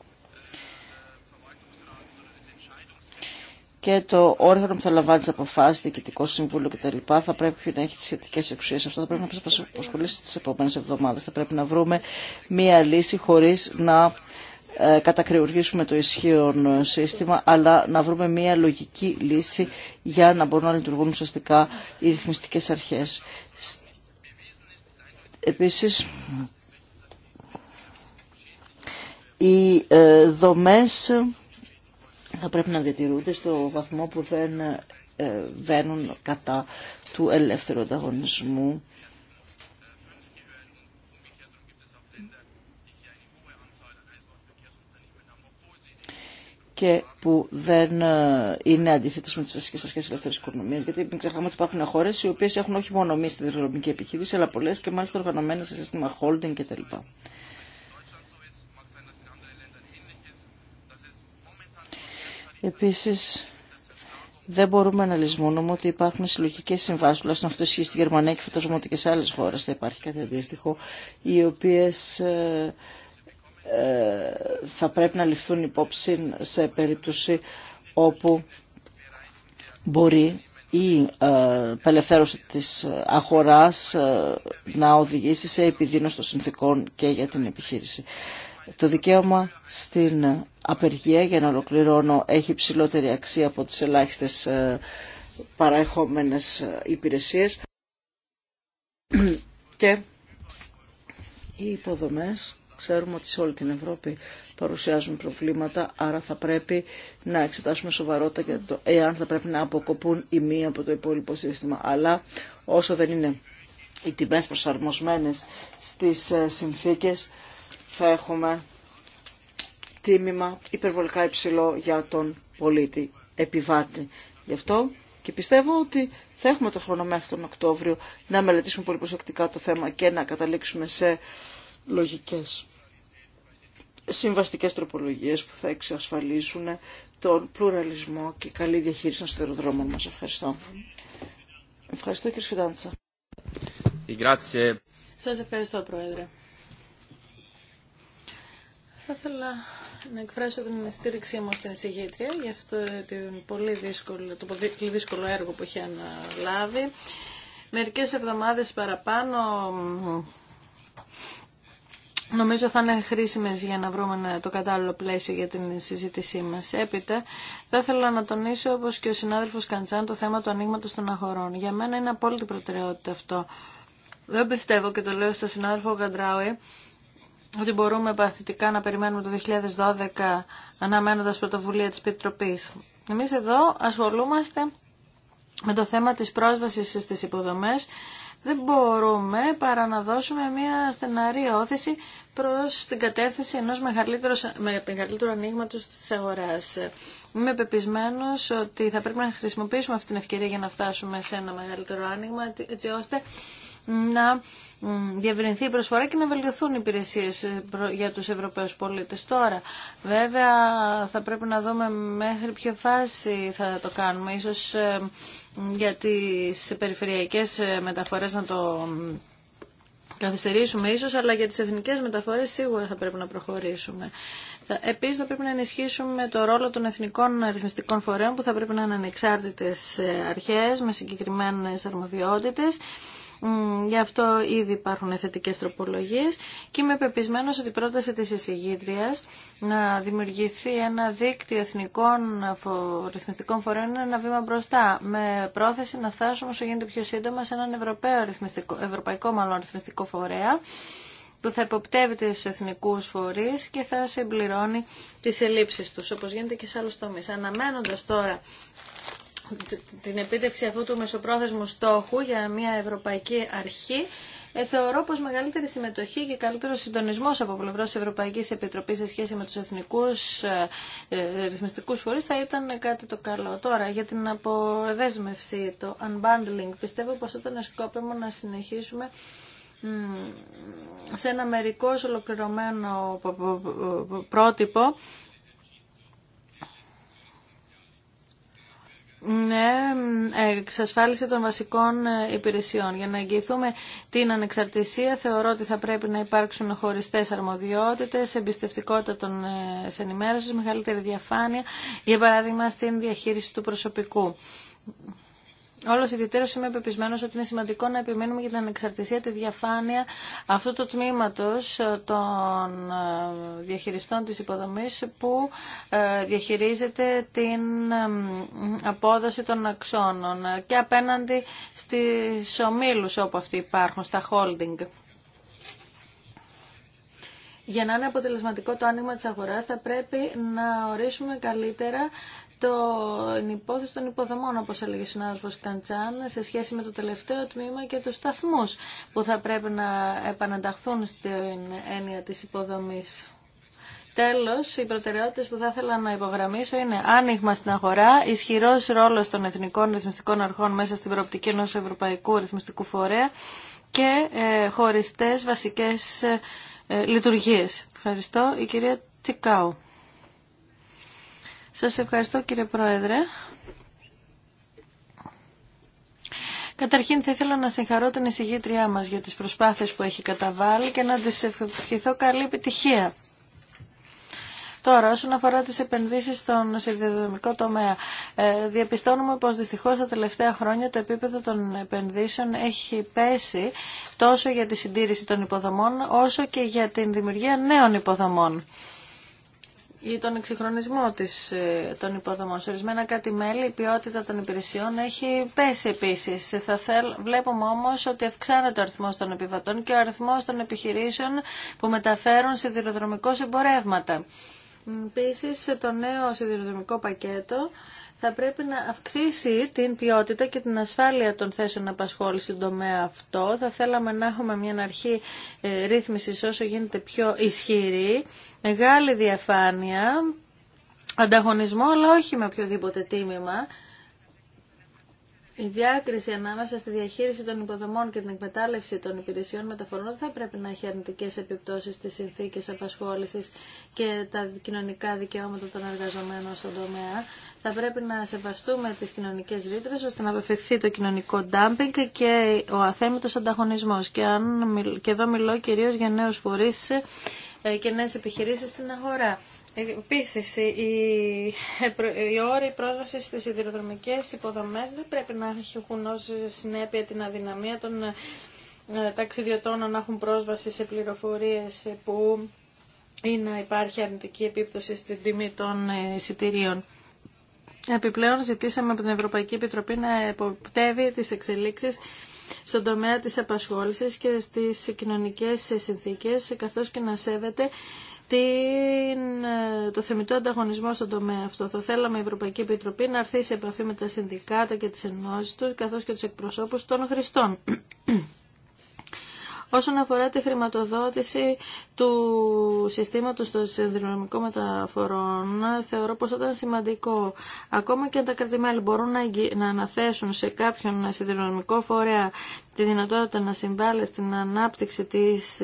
και το όργανο που θα λαμβάνει τι αποφάσει, διοικητικό συμβούλιο κτλ. θα πρέπει να έχει τι σχετικέ εξουσίε. Αυτό θα πρέπει να μα απασχολήσει τι επόμενε εβδομάδε. Θα πρέπει να βρούμε μία λύση χωρί να ε, κατακριουργήσουμε το ισχύον σύστημα, αλλά να βρούμε μία λογική λύση για να μπορούν να λειτουργούν ουσιαστικά οι ρυθμιστικέ αρχέ. Επίση, οι ε, δομές θα πρέπει να διατηρούνται στο βαθμό που δεν ε, βαίνουν κατά του ελεύθερου ανταγωνισμού. και που δεν ε, είναι αντίθετε με τι βασικέ αρχέ τη ελεύθερη οικονομία. Γιατί μην ξεχνάμε ότι υπάρχουν χώρε οι οποίε έχουν όχι μόνο μη στην επιχείρηση, αλλά πολλέ και μάλιστα οργανωμένε σε σύστημα holding κτλ. Επίσης, δεν μπορούμε να λησμονούμε ότι υπάρχουν συλλογικέ συμβάσει, τουλάχιστον αυτό ισχύει στη Γερμανία και φανταζόμαι ότι και σε άλλε χώρε θα υπάρχει κάτι αντίστοιχο, οι οποίε ε, ε, θα πρέπει να ληφθούν υπόψη σε περίπτωση όπου μπορεί η ε, απελευθέρωση της αγοράς να οδηγήσει σε επιδείνωση των συνθήκων και για την επιχείρηση. Το δικαίωμα στην απεργία, για να ολοκληρώνω, έχει ψηλότερη αξία από τις ελάχιστες ε, παραεχόμενες ε, υπηρεσίες και οι υποδομές ξέρουμε ότι σε όλη την Ευρώπη παρουσιάζουν προβλήματα, άρα θα πρέπει να εξετάσουμε σοβαρότητα και το εάν θα πρέπει να αποκοπούν οι μία από το υπόλοιπο σύστημα. Αλλά όσο δεν είναι οι τιμές προσαρμοσμένες στις ε, συνθήκες, θα έχουμε τίμημα υπερβολικά υψηλό για τον πολίτη, επιβάτη. Γι' αυτό και πιστεύω ότι θα έχουμε το χρόνο μέχρι τον Οκτώβριο να μελετήσουμε πολύ προσεκτικά το θέμα και να καταλήξουμε σε λογικές συμβαστικές τροπολογίες που θα εξασφαλίσουν τον πλουραλισμό και καλή διαχείριση των στερεοδρόμων μας. Ευχαριστώ. Ευχαριστώ κύριε Σφιντάντσα. Σας ευχαριστώ Πρόεδρε. Θα ήθελα να εκφράσω την στήριξή μου στην εισηγήτρια για αυτό πολύ δύσκολο, το πολύ δύσκολο έργο που έχει αναλάβει. Μερικές εβδομάδες παραπάνω Νομίζω θα είναι χρήσιμες για να βρούμε το κατάλληλο πλαίσιο για την συζήτησή μας. Έπειτα, θα ήθελα να τονίσω, όπως και ο συνάδελφος Καντζάν, το θέμα του ανοίγματο των αγορών. Για μένα είναι απόλυτη προτεραιότητα αυτό. Δεν πιστεύω, και το λέω στον συνάδελφο Καντράουι, ότι μπορούμε παθητικά να περιμένουμε το 2012 αναμένοντας πρωτοβουλία της Επιτροπής. Εμείς εδώ ασχολούμαστε με το θέμα της πρόσβασης στις υποδομές. Δεν μπορούμε παρά να δώσουμε μια στεναρή όθηση προς την κατεύθυνση ενός μεγαλύτερου ανοίγματο της αγοράς. Είμαι πεπισμένος ότι θα πρέπει να χρησιμοποιήσουμε αυτή την ευκαιρία για να φτάσουμε σε ένα μεγαλύτερο άνοιγμα, έτσι ώστε να διευρυνθεί η προσφορά και να βελτιωθούν οι υπηρεσίες ε, για τους Ευρωπαίους πολίτε. Τώρα, βέβαια, θα πρέπει να δούμε μέχρι ποια φάση θα το κάνουμε. Ίσως ε, για τι περιφερειακέ ε, μεταφορές να το καθυστερήσουμε ίσως, αλλά για τις εθνικές μεταφορές σίγουρα θα πρέπει να προχωρήσουμε. Επίσης θα πρέπει να ενισχύσουμε το ρόλο των εθνικών αριθμιστικών φορέων που θα πρέπει να είναι ανεξάρτητε αρχέ με συγκεκριμένε αρμοδιότητε. Γι' αυτό ήδη υπάρχουν θετικέ τροπολογίε και είμαι πεπισμένο ότι η πρόταση τη εισηγήτρια να δημιουργηθεί ένα δίκτυο εθνικών ρυθμιστικών φορέων είναι ένα βήμα μπροστά, με πρόθεση να φτάσουμε όσο γίνεται πιο σύντομα σε έναν ρυθμιστικό, ευρωπαϊκό μάλλον ρυθμιστικό φορέα που θα υποπτεύεται τους εθνικούς φορείς και θα συμπληρώνει τις ελλείψεις τους, όπως γίνεται και σε άλλους τομείς. Αναμένοντας τώρα την επίτευξη αυτού του μεσοπρόθεσμου στόχου για μια ευρωπαϊκή αρχή, ε, θεωρώ πως μεγαλύτερη συμμετοχή και καλύτερο συντονισμός από πλευρά τη Ευρωπαϊκής Επιτροπής σε σχέση με τους εθνικούς ε, ε, ρυθμιστικούς φορείς θα ήταν κάτι το καλό. Τώρα, για την αποδέσμευση, το unbundling, πιστεύω πως ήταν σκόπιμο να συνεχίσουμε σε ένα μερικό ολοκληρωμένο πρότυπο ναι, εξασφάλιση των βασικών ε, υπηρεσιών. Για να εγγυηθούμε την ανεξαρτησία, θεωρώ ότι θα πρέπει να υπάρξουν χωριστέ αρμοδιότητε, εμπιστευτικότητα των ε, ενημέρωση, μεγαλύτερη διαφάνεια, για παράδειγμα στην διαχείριση του προσωπικού. Όλο ιδιαίτερο είμαι πεπισμένο ότι είναι σημαντικό να επιμένουμε για την ανεξαρτησία, τη διαφάνεια αυτού του τμήματο ε, των ε, διαχειριστών τη υποδομή που ε, διαχειρίζεται την απόδοση των αξώνων και απέναντι στι ομίλου όπου αυτοί υπάρχουν, στα holding. Για να είναι αποτελεσματικό το άνοιγμα της αγοράς θα πρέπει να ορίσουμε καλύτερα την υπόθεση των υποδομών, όπως έλεγε ο συνάδελφος Καντσάν, σε σχέση με το τελευταίο τμήμα και τους σταθμούς που θα πρέπει να επαναταχθούν στην έννοια της υποδομής. Τέλος, οι προτεραιότητες που θα ήθελα να υπογραμμίσω είναι άνοιγμα στην αγορά, ισχυρός ρόλος των εθνικών ρυθμιστικών αρχών μέσα στην προοπτική ενός ευρωπαϊκού ρυθμιστικού φορέα και ε, χωριστές βασικές ε, ε, λειτουργίες. Ευχαριστώ. Η κυρία Τσικάου. Σας ευχαριστώ κύριε Πρόεδρε. Καταρχήν θα ήθελα να συγχαρώ την εισηγήτριά μας για τις προσπάθειες που έχει καταβάλει και να της ευχηθώ καλή επιτυχία. Τώρα, όσον αφορά τις επενδύσεις στον συνδυοδομικό τομέα, ε, διαπιστώνουμε πως δυστυχώς τα τελευταία χρόνια το επίπεδο των επενδύσεων έχει πέσει τόσο για τη συντήρηση των υποδομών όσο και για την δημιουργία νέων υποδομών ή τον εξυγχρονισμό της, ε, των υποδομών. Σε ορισμένα κάτι μέλη η ποιότητα των υπηρεσιών έχει πέσει επίσης. Θα θέλ, βλέπουμε όμως ότι αυξάνεται ο αριθμό των επιβατών και ο αριθμό των επιχειρήσεων που μεταφέρουν σιδηροδρομικώς εμπορεύματα. Επίση, το νέο σιδηροδρομικό πακέτο θα πρέπει να αυξήσει την ποιότητα και την ασφάλεια των θέσεων απασχόλησης στον τομέα αυτό. Θα θέλαμε να έχουμε μια αρχή ε, ρύθμισης όσο γίνεται πιο ισχυρή, μεγάλη διαφάνεια, ανταγωνισμό, αλλά όχι με οποιοδήποτε τίμημα. Η διάκριση ανάμεσα στη διαχείριση των υποδομών και την εκμετάλλευση των υπηρεσιών μεταφορών θα πρέπει να έχει αρνητικέ επιπτώσει στι συνθήκε απασχόληση και τα κοινωνικά δικαιώματα των εργαζομένων στον τομέα. Θα πρέπει να σεβαστούμε τις κοινωνικές ρήτρες ώστε να αποφευχθεί το κοινωνικό ντάμπινγκ και ο αθέμητος ανταγωνισμός. Και, αν, και εδώ μιλώ κυρίως για νέους φορείς ε, και νέες επιχειρήσεις στην αγορά. Επίση, οι, οι όροι πρόσβαση στι ιδεοδρομικέ υποδομέ δεν πρέπει να έχουν ω συνέπεια την αδυναμία των ε, ταξιδιωτών να έχουν πρόσβαση σε πληροφορίε που ή να υπάρχει αρνητική επίπτωση στην τιμή των ε, εισιτηρίων. Επιπλέον ζητήσαμε από την Ευρωπαϊκή Επιτροπή να εποπτεύει τις εξελίξεις στον τομέα της απασχόλησης και στις κοινωνικές συνθήκες, καθώς και να σέβεται την, το θεμητό ανταγωνισμό στον τομέα αυτό. Θα θέλαμε η Ευρωπαϊκή Επιτροπή να έρθει σε επαφή με τα συνδικάτα και τις ενώσεις τους, καθώς και τους εκπροσώπους των χρηστών. Όσον αφορά τη χρηματοδότηση του συστήματος των συνδρομικών μεταφορών, θεωρώ πως ήταν σημαντικό. Ακόμα και αν τα κρατημέλη μπορούν να αναθέσουν σε κάποιον συνδρομικό φορέα τη δυνατότητα να συμβάλλει στην ανάπτυξη της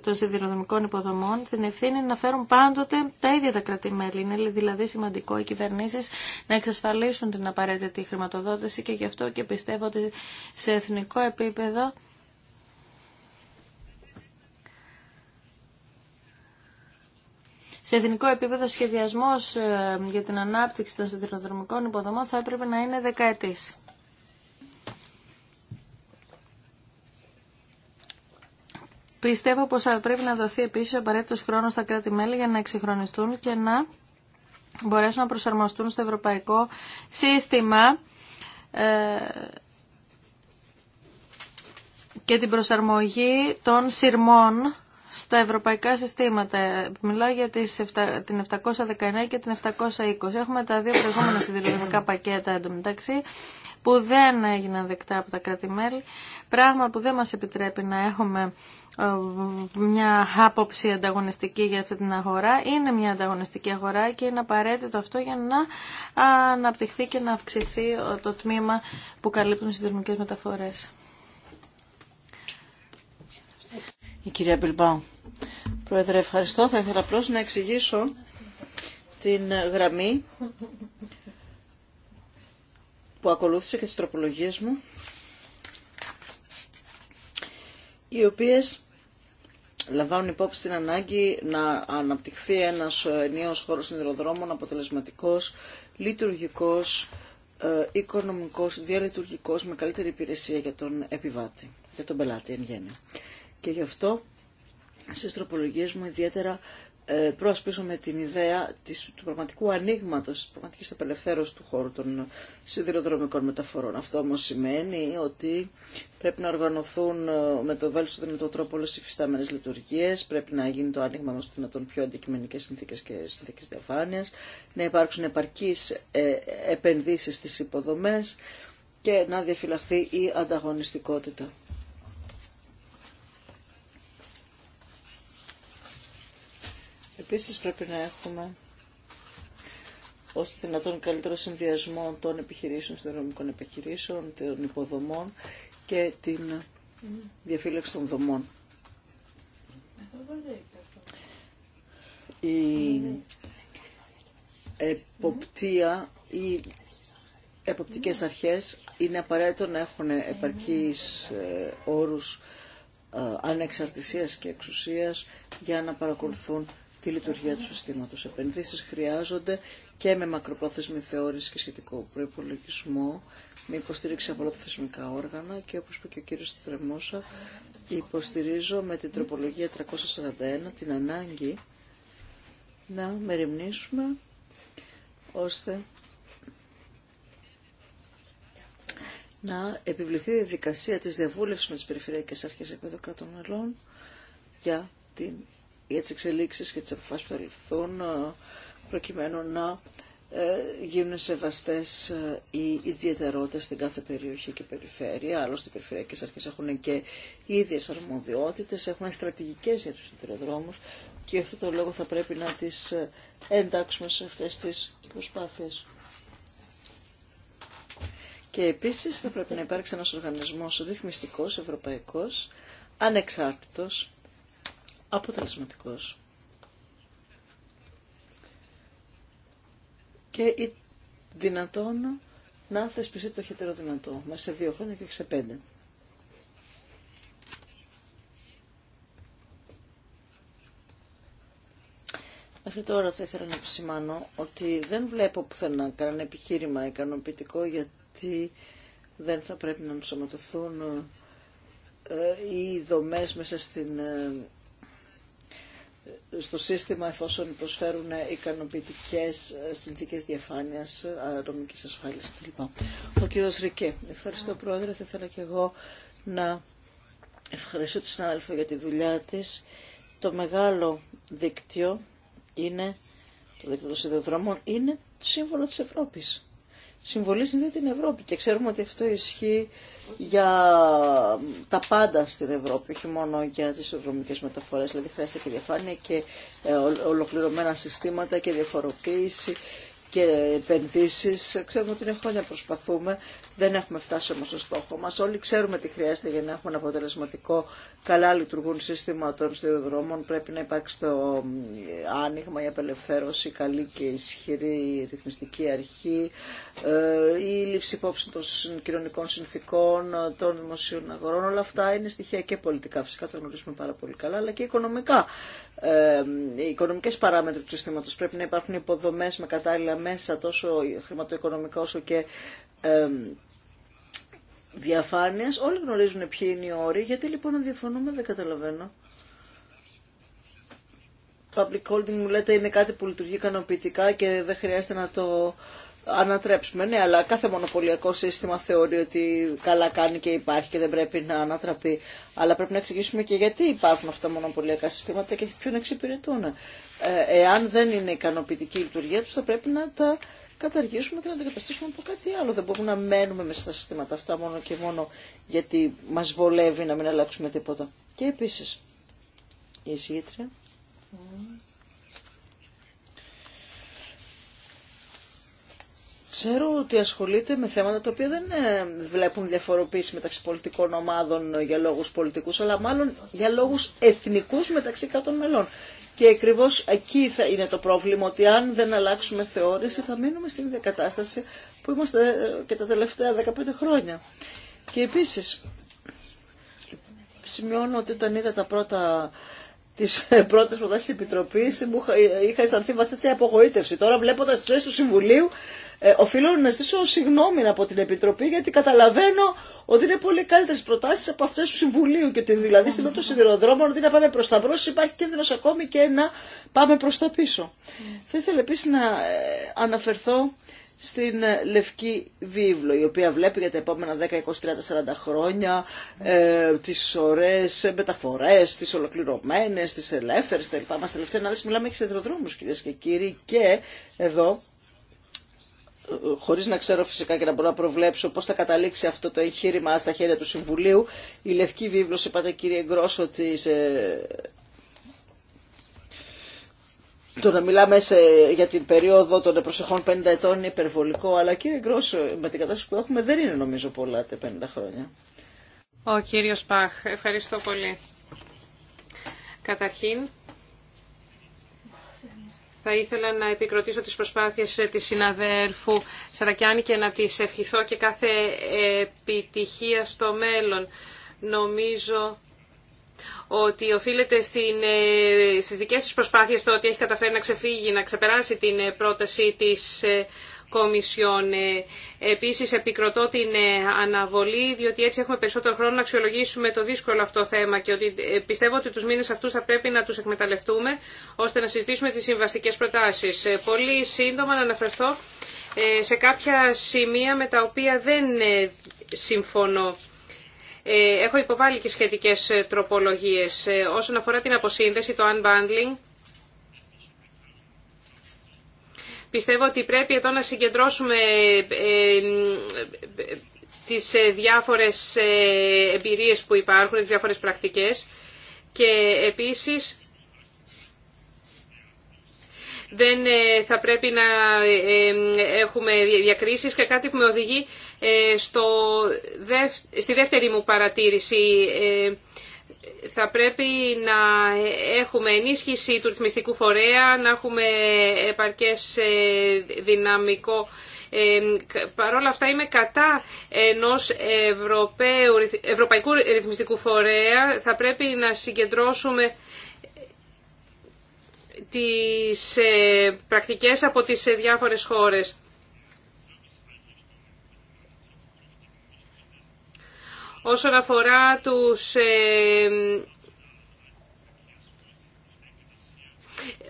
των σιδηροδρομικών υποδομών, την ευθύνη να φέρουν πάντοτε τα ίδια τα κρατημέλη. Είναι δηλαδή σημαντικό οι κυβερνήσει να εξασφαλίσουν την απαραίτητη χρηματοδότηση και γι' αυτό και πιστεύω ότι σε εθνικό επίπεδο Σε εθνικό επίπεδο, σχεδιασμό ε, για την ανάπτυξη των σιδηροδρομικών υποδομών θα έπρεπε να είναι δεκαετή. Πιστεύω πως θα πρέπει να δοθεί επίσης απαραίτητος χρόνο στα κράτη-μέλη για να εξυγχρονιστούν και να μπορέσουν να προσαρμοστούν στο ευρωπαϊκό σύστημα ε, και την προσαρμογή των σειρμών στα ευρωπαϊκά συστήματα. Μιλάω για τις, την 719 και την 720. Έχουμε τα δύο προηγούμενα συντηρητικά πακέτα εντωμεταξύ που δεν έγιναν δεκτά από τα κράτη-μέλη, πράγμα που δεν μας επιτρέπει να έχουμε ε, μια άποψη ανταγωνιστική για αυτή την αγορά. Είναι μια ανταγωνιστική αγορά και είναι απαραίτητο αυτό για να αναπτυχθεί και να αυξηθεί το τμήμα που καλύπτουν οι μεταφορές. Η κυρία Μπιλμπάου. Πρόεδρε, ευχαριστώ. Θα ήθελα απλώ να εξηγήσω την γραμμή που ακολούθησε και τις τροπολογίες μου, οι οποίες λαμβάνουν υπόψη την ανάγκη να αναπτυχθεί ένας νέος χώρος συνδροδρόμων αποτελεσματικός, λειτουργικός, ε, οικονομικός, διαλειτουργικός, με καλύτερη υπηρεσία για τον επιβάτη, για τον πελάτη εν και γι' αυτό στις τροπολογίες μου ιδιαίτερα ε, με την ιδέα της, του πραγματικού ανοίγματο, της πραγματικής απελευθέρωσης του χώρου των σιδηροδρομικών μεταφορών. Αυτό όμως σημαίνει ότι πρέπει να οργανωθούν ε, με το βέλτιστο δυνατό τρόπο όλες οι φυστάμενες λειτουργίες, πρέπει να γίνει το άνοιγμα μας δυνατόν πιο αντικειμενικές συνθήκες και συνθήκες διαφάνειας, να υπάρξουν επαρκείς ε, επενδύσεις στις υποδομές και να διαφυλαχθεί η ανταγωνιστικότητα. Επίσης πρέπει να έχουμε ώστε δυνατόν καλύτερο συνδυασμό των επιχειρήσεων, επιχειρήσεων, των υποδομών και την διαφύλαξη των δομών. Η εποπτεία ή εποπτικές αρχές είναι απαραίτητο να έχουν επαρκείς ε, όρους ε, ανεξαρτησίας και εξουσίας για να παρακολουθούν τη λειτουργία του συστήματος. Επενδύσεις χρειάζονται και με μακροπρόθεσμη θεώρηση και σχετικό προϋπολογισμό, με υποστήριξη από όλα τα θεσμικά όργανα και όπως είπε και ο κύριος Τρεμόσα, υποστηρίζω με την τροπολογία 341 την ανάγκη να μεριμνήσουμε ώστε να επιβληθεί η δικασία της διαβούλευσης με τις περιφερειακές αρχές επίδοκρατων κρατών μελών για την για τις εξελίξεις και τις αποφάσεις που θα ληφθούν ε, προκειμένου να ε, γίνουν σεβαστές ε, οι ιδιαιτερότητες στην κάθε περιοχή και περιφέρεια. Άλλωστε οι περιφερειακές αρχές έχουν και ίδιες αρμοδιότητες, έχουν στρατηγικές για τους ιδιαιτεροδρόμους και αυτό το λόγο θα πρέπει να τις εντάξουμε σε αυτές τις προσπάθειες. Και επίσης θα πρέπει να υπάρξει ένας οργανισμός ρυθμιστικός, ευρωπαϊκός, ανεξάρτητος, αποτελεσματικός. Και δυνατόν να θεσπιστεί το χετερό δυνατό, μέσα σε δύο χρόνια και σε πέντε. Μέχρι τώρα θα ήθελα να επισημάνω ότι δεν βλέπω πουθενά κανένα επιχείρημα ικανοποιητικό γιατί δεν θα πρέπει να ενσωματωθούν ε, οι δομές μέσα στην ε, στο σύστημα εφόσον προσφέρουν ικανοποιητικέ ε, συνθήκες διαφάνειας, ε, αερομικής ασφάλεια. κλπ. Λοιπόν, ο κύριος Ρικέ, ευχαριστώ Πρόεδρε, θα ήθελα και εγώ να ευχαριστώ τη συνάδελφο για τη δουλειά τη. Το μεγάλο δίκτυο είναι, το δίκτυο των σιδηροδρόμων είναι το σύμβολο της Ευρώπης. Συμβολίζει την Ευρώπη και ξέρουμε ότι αυτό ισχύει για τα πάντα στην Ευρώπη, όχι μόνο για τις ευρωπαϊκές μεταφορές, δηλαδή χρειάζεται και διαφάνεια και ε, ολοκληρωμένα συστήματα και διαφοροποίηση και επενδύσει. Ξέρουμε ότι είναι χρόνια προσπαθούμε, δεν έχουμε φτάσει όμω στο στόχο μα. Όλοι ξέρουμε τι χρειάζεται για να έχουμε ένα αποτελεσματικό, καλά λειτουργούν σύστημα των σιδηροδρόμων. Πρέπει να υπάρξει το άνοιγμα, η απελευθέρωση, η καλή και ισχυρή ρυθμιστική αρχή, ε, η λήψη υπόψη των κοινωνικών συνθήκων, ε, των δημοσίων αγορών. Όλα αυτά είναι στοιχεία και πολιτικά φυσικά, το γνωρίζουμε πάρα πολύ καλά, αλλά και οικονομικά οι οικονομικέ παράμετροι του συστήματος. Πρέπει να υπάρχουν υποδομές με κατάλληλα μέσα τόσο χρηματοοικονομικά όσο και διαφάνειας. Όλοι γνωρίζουν ποιοι είναι οι όροι. Γιατί λοιπόν να διαφωνούμε δεν καταλαβαίνω. Public holding μου λέτε είναι κάτι που λειτουργεί ικανοποιητικά και δεν χρειάζεται να το ανατρέψουμε. Ναι, αλλά κάθε μονοπωλιακό σύστημα θεωρεί ότι καλά κάνει και υπάρχει και δεν πρέπει να ανατραπεί. Αλλά πρέπει να εξηγήσουμε και γιατί υπάρχουν αυτά τα μονοπωλιακά συστήματα και ποιον εξυπηρετούν. Ε, εάν δεν είναι ικανοποιητική η λειτουργία του, θα πρέπει να τα καταργήσουμε και να τα καταστήσουμε από κάτι άλλο. Δεν μπορούμε να μένουμε μέσα στα συστήματα αυτά μόνο και μόνο γιατί μα βολεύει να μην αλλάξουμε τίποτα. Και επίση, η εισηγήτρια Ξέρω ότι ασχολείται με θέματα τα οποία δεν ε, βλέπουν διαφοροποίηση μεταξύ πολιτικών ομάδων για λόγους πολιτικούς, αλλά μάλλον για λόγους εθνικούς μεταξύ κάτων μελών. Και ακριβώ εκεί θα είναι το πρόβλημα, ότι αν δεν αλλάξουμε θεώρηση θα μείνουμε στην ίδια κατάσταση που είμαστε ε, και τα τελευταία 15 χρόνια. Και επίσης, σημειώνω ότι όταν είδα τα πρώτα τι ε, πρώτε προτάσει τη Επιτροπής μου είχα αισθανθεί βαθύτερη απογοήτευση. Τώρα βλέποντα τι θέσει του Συμβουλίου ε, οφείλω να ζητήσω συγγνώμη από την Επιτροπή γιατί καταλαβαίνω ότι είναι πολύ καλύτερε προτάσει από αυτέ του Συμβουλίου και ότι δηλαδή στην πρώτη σιδηροδρόμων ότι να πάμε προ τα μπρο υπάρχει κίνδυνο ακόμη και να πάμε προ τα πίσω. Θα ήθελα επίση να ε, αναφερθώ στην ε, Λευκή Βίβλο, η οποία βλέπει για τα επόμενα 10, 20, 30, 40 χρόνια ε, τις ωραίες μεταφορές, τις ολοκληρωμένες, τις ελεύθερες κτλ. Μας τελευταία να μιλάμε για σιδηροδρόμους κυρίες και κύριοι και εδώ ε, χωρίς να ξέρω φυσικά και να μπορώ να προβλέψω πώς θα καταλήξει αυτό το εγχείρημα στα χέρια του Συμβουλίου, η Λευκή Βίβλο, είπατε κύριε Γκρός, ότι ε, το να μιλάμε σε, για την περίοδο των προσεχών 50 ετών είναι υπερβολικό, αλλά κύριε Γκρόσο, με την κατάσταση που έχουμε δεν είναι νομίζω πολλά τα 50 χρόνια. Ο κύριος Παχ, ευχαριστώ πολύ. Καταρχήν, θα ήθελα να επικροτήσω τις προσπάθειες ε, της συναδέρφου Σαρακιάνη και να της ευχηθώ και κάθε επιτυχία στο μέλλον. Νομίζω ότι οφείλεται στην, ε, στις δικές τους προσπάθειες το ότι έχει καταφέρει να ξεφύγει, να ξεπεράσει την ε, πρόταση της ε, Κομισιόν. Επίσης επικροτώ την αναβολή, διότι έτσι έχουμε περισσότερο χρόνο να αξιολογήσουμε το δύσκολο αυτό θέμα και ότι πιστεύω ότι τους μήνες αυτούς θα πρέπει να τους εκμεταλλευτούμε ώστε να συζητήσουμε τις συμβαστικές προτάσεις. Πολύ σύντομα να αναφερθώ σε κάποια σημεία με τα οποία δεν συμφωνώ. Ε, έχω υποβάλει και σχετικές ε, τροπολογίες. Ε, όσον αφορά την αποσύνδεση, το unbundling, πιστεύω ότι πρέπει εδώ να συγκεντρώσουμε τις διάφορες εμπειρίες που υπάρχουν, τις διάφορες πρακτικές και επίσης δεν θα πρέπει να έχουμε διακρίσεις και κάτι που με οδηγεί ε, στο, στη δεύτερη μου παρατήρηση ε, θα πρέπει να έχουμε ενίσχυση του ρυθμιστικού φορέα, να έχουμε επαρκές ε, δυναμικό. Ε, Παρ' όλα αυτά είμαι κατά ενός ευρωπαϊκού ρυθμιστικού φορέα. Θα πρέπει να συγκεντρώσουμε τις πρακτικές από τις διάφορες χώρες. όσον αφορά τους... Ε,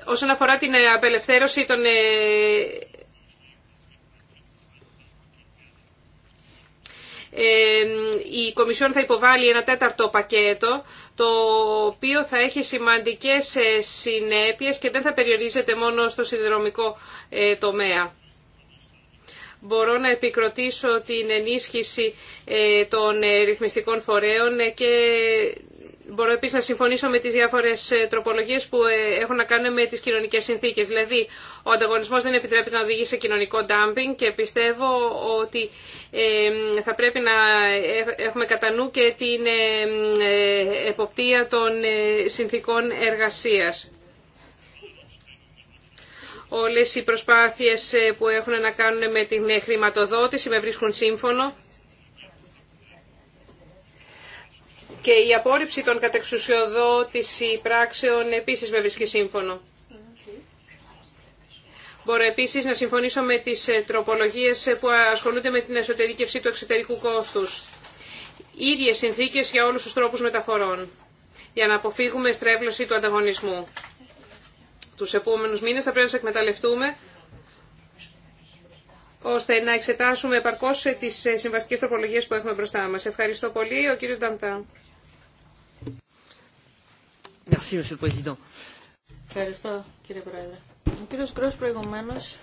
όσον αφορά την ε, απελευθέρωση των ε, η Κομισιόν θα υποβάλει ένα τέταρτο πακέτο το οποίο θα έχει σημαντικές συνέπειες και δεν θα περιορίζεται μόνο στο σιδηρομικό τομέα μπορώ να επικροτήσω την ενίσχυση ε, των ε, ρυθμιστικών φορέων ε, και μπορώ επίσης να συμφωνήσω με τις διάφορες τροπολογίες που έχουν να κάνουν με τις κοινωνικές συνθήκες. Δηλαδή, ο ανταγωνισμός δεν επιτρέπει να οδηγεί σε κοινωνικό ντάμπινγκ και πιστεύω ότι θα πρέπει να έχουμε κατά νου και την εποπτεία των συνθήκων εργασίας. Όλες οι προσπάθειες ε, που έχουν να κάνουν με την ε, χρηματοδότηση με βρίσκουν σύμφωνο. Και η απόρριψη των κατεξουσιοδότηση πράξεων επίσης με βρίσκει σύμφωνο. Μπορώ επίσης να συμφωνήσω με τις ε, τροπολογίες που ασχολούνται με την εσωτερική του εξωτερικού κόστους. Ίδιες συνθήκες για όλους τους τρόπους μεταφορών, για να αποφύγουμε στρέβλωση του ανταγωνισμού τους επόμενους μήνες θα πρέπει να τους εκμεταλλευτούμε ώστε να εξετάσουμε επαρκώς τις ε, συμβαστικές τροπολογίες που έχουμε μπροστά μας. Ευχαριστώ πολύ. Ο κύριος Νταμτά. Ευχαριστώ κύριε Πρόεδρε. Ο κύριος Γκρός προηγουμένως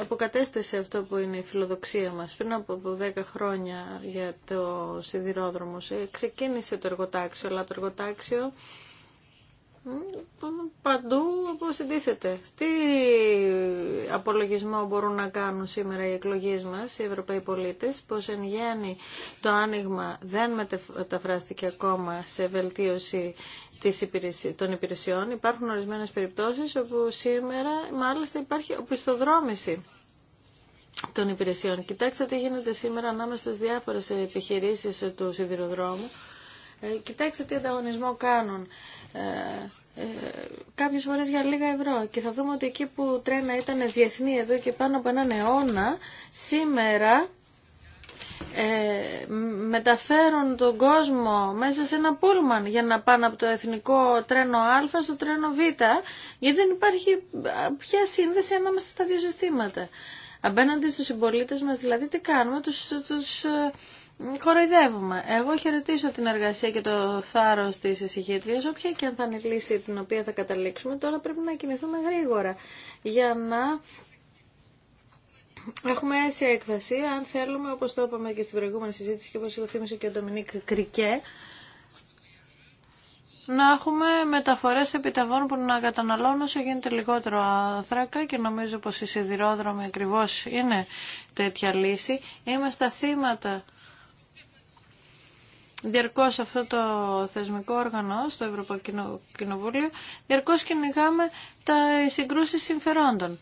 αποκατέστησε αυτό που είναι η φιλοδοξία μας πριν από 10 χρόνια για το σιδηρόδρομο. Ξεκίνησε το εργοτάξιο, αλλά το εργοτάξιο παντού όπως συντίθεται. Τι απολογισμό μπορούν να κάνουν σήμερα οι εκλογές μας, οι Ευρωπαίοι πολίτες, πως εν γέννη το άνοιγμα δεν μεταφράστηκε ακόμα σε βελτίωση των υπηρεσιών. Υπάρχουν ορισμένες περιπτώσεις όπου σήμερα μάλιστα υπάρχει οπισθοδρόμηση των υπηρεσιών. Κοιτάξτε τι γίνεται σήμερα ανάμεσα στι διάφορε επιχειρήσει του σιδηροδρόμου ε, κοιτάξτε τι ανταγωνισμό κάνουν. Ε, ε, κάποιες φορές για λίγα ευρώ και θα δούμε ότι εκεί που τρένα ήταν διεθνή εδώ και πάνω από έναν αιώνα σήμερα ε, μεταφέρουν τον κόσμο μέσα σε ένα πούλμαν για να πάνε από το εθνικό τρένο Α στο τρένο Β γιατί δεν υπάρχει πια σύνδεση ανάμεσα στα δύο συστήματα. Απέναντι στους συμπολίτε μας δηλαδή τι κάνουμε, τους, ε, Κοροϊδεύουμε. Εγώ χαιρετίζω την εργασία και το θάρρο τη εισηγήτρια. Όποια και αν θα είναι η λύση την οποία θα καταλήξουμε, τώρα πρέπει να κινηθούμε γρήγορα για να Έχουμε αίσια έκβαση, αν θέλουμε, όπω το είπαμε και στην προηγούμενη συζήτηση και όπω το θύμισε και ο Ντομινίκ Κρικέ, να έχουμε μεταφορές επιταβών που να καταναλώνουν όσο γίνεται λιγότερο άνθρακα και νομίζω πως η Σιδηρόδρομη ακριβώς είναι τέτοια λύση. Είμαστε θύματα διαρκώ αυτό το θεσμικό όργανο στο Ευρωπαϊκό Κοινοβούλιο, διαρκώ κυνηγάμε τα συγκρούσει συμφερόντων.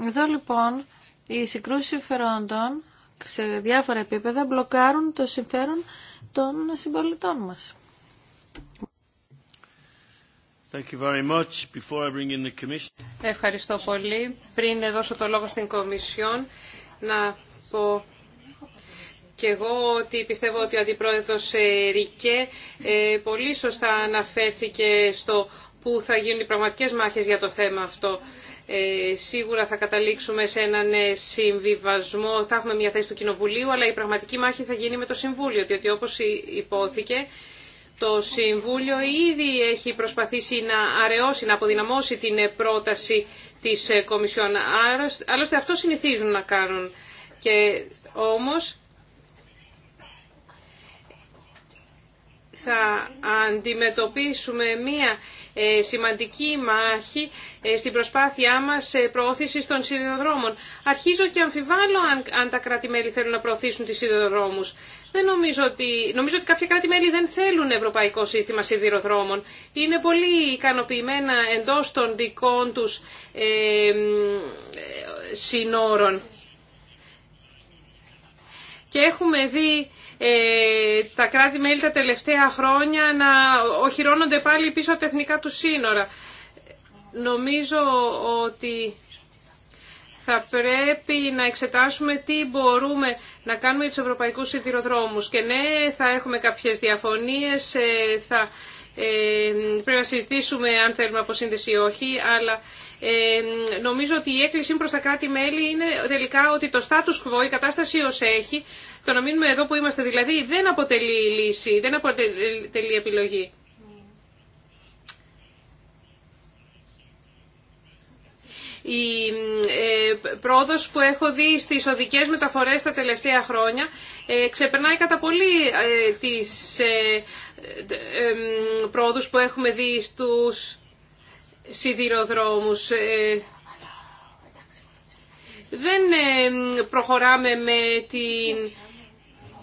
Εδώ λοιπόν οι συγκρούσει συμφερόντων σε διάφορα επίπεδα μπλοκάρουν το συμφέρον των συμπολιτών μας. Thank you very much. Before I bring in the Ευχαριστώ πολύ. Πριν δώσω το λόγο στην Κομισιόν, να πω και εγώ ότι πιστεύω ότι ο Αντιπρόεδρος ε, Ρικέ ε, πολύ σωστά αναφέρθηκε στο που θα γίνουν οι πραγματικές μάχες για το θέμα αυτό. Ε, σίγουρα θα καταλήξουμε σε έναν ε, συμβιβασμό, θα έχουμε μια θέση του Κοινοβουλίου, αλλά η πραγματική μάχη θα γίνει με το Συμβούλιο, διότι όπως υπόθηκε, το Συμβούλιο ήδη έχει προσπαθήσει να αραιώσει, να αποδυναμώσει την πρόταση της Κομισιόν. Άλλωστε αυτό συνηθίζουν να κάνουν. Και όμως θα αντιμετωπίσουμε μία ε, σημαντική μάχη ε, στην προσπάθειά μας ε, προώθηση των σιδηροδρόμων. Αρχίζω και αμφιβάλλω αν, αν τα κράτη-μέλη θέλουν να προωθήσουν τις σιδηροδρόμους. Δεν νομίζω, ότι, νομίζω ότι κάποια κράτη-μέλη δεν θέλουν ευρωπαϊκό σύστημα σιδηροδρόμων. Είναι πολύ ικανοποιημένα εντός των δικών τους ε, συνόρων. Και έχουμε δει ε, τα κράτη-μέλη τα τελευταία χρόνια να οχυρώνονται πάλι πίσω από τα εθνικά του σύνορα. Νομίζω ότι θα πρέπει να εξετάσουμε τι μπορούμε να κάνουμε για τους ευρωπαϊκούς σιδηροδρόμους. Και ναι, θα έχουμε κάποιες διαφωνίες, ε, θα ε, πρέπει να συζητήσουμε αν θέλουμε αποσύνδεση ή όχι, αλλά ε, νομίζω ότι η οχι αλλα νομιζω οτι η εκκληση προς τα κράτη-μέλη είναι τελικά ότι το status quo, η κατάσταση ως έχει, το να μείνουμε εδώ που είμαστε δηλαδή δεν αποτελεί λύση, δεν αποτελεί επιλογή. η ε, πρόοδος που έχω δει στις οδικές μεταφορές τα τελευταία χρόνια ε, ξεπερνάει κατά πολύ ε, τις ε, ε πρόοδους που έχουμε δει στους σιδηροδρόμους. Ε, δεν ε, προχωράμε με την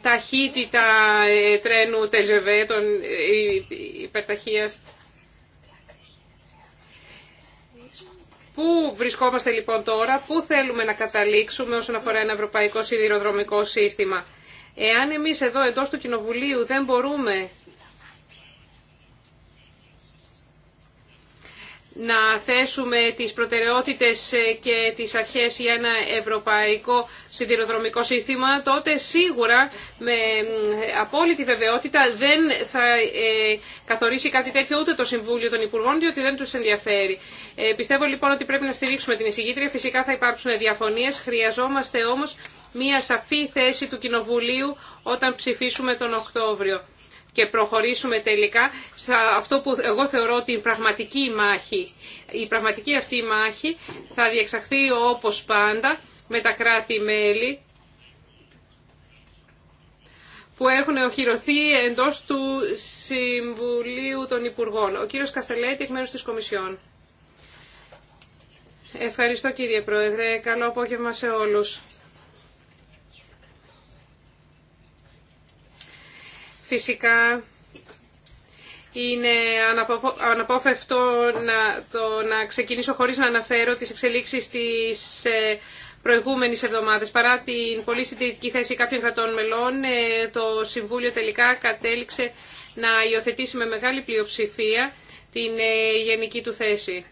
ταχύτητα ε, τρένου ΤΕΖΕΒΕ, των ε, υπερταχείας. Πού βρισκόμαστε λοιπόν τώρα, πού θέλουμε να καταλήξουμε όσον αφορά ένα ευρωπαϊκό σιδηροδρομικό σύστημα. Εάν εμείς εδώ εντός του Κοινοβουλίου δεν μπορούμε να θέσουμε τις προτεραιότητες ε, και τις αρχές για ένα ευρωπαϊκό σιδηροδρομικό σύστημα, τότε σίγουρα με απόλυτη βεβαιότητα δεν θα ε, καθορίσει κάτι τέτοιο ούτε το Συμβούλιο των Υπουργών, διότι δεν τους ενδιαφέρει. Ε, πιστεύω λοιπόν ότι πρέπει να στηρίξουμε την εισηγήτρια. Φυσικά θα υπάρξουν διαφωνίες, χρειαζόμαστε όμως μία σαφή θέση του Κοινοβουλίου όταν ψηφίσουμε τον Οκτώβριο και προχωρήσουμε τελικά σε αυτό που εγώ θεωρώ την πραγματική μάχη. Η πραγματική αυτή μάχη θα διεξαχθεί όπως πάντα με τα κράτη-μέλη που έχουν οχυρωθεί εντός του Συμβουλίου των Υπουργών. Ο κύριος Καστελέτη, εκ μέρους της Κομισιόν. Ευχαριστώ κύριε Πρόεδρε. Καλό απόγευμα σε όλους. Φυσικά είναι αναπόφευτο να, το, να ξεκινήσω χωρίς να αναφέρω τις εξελίξεις της ε, προηγούμενης εβδομάδας. Παρά την πολύ συντηρητική θέση κάποιων κρατών μελών, ε, το Συμβούλιο τελικά κατέληξε να υιοθετήσει με μεγάλη πλειοψηφία την ε, γενική του θέση.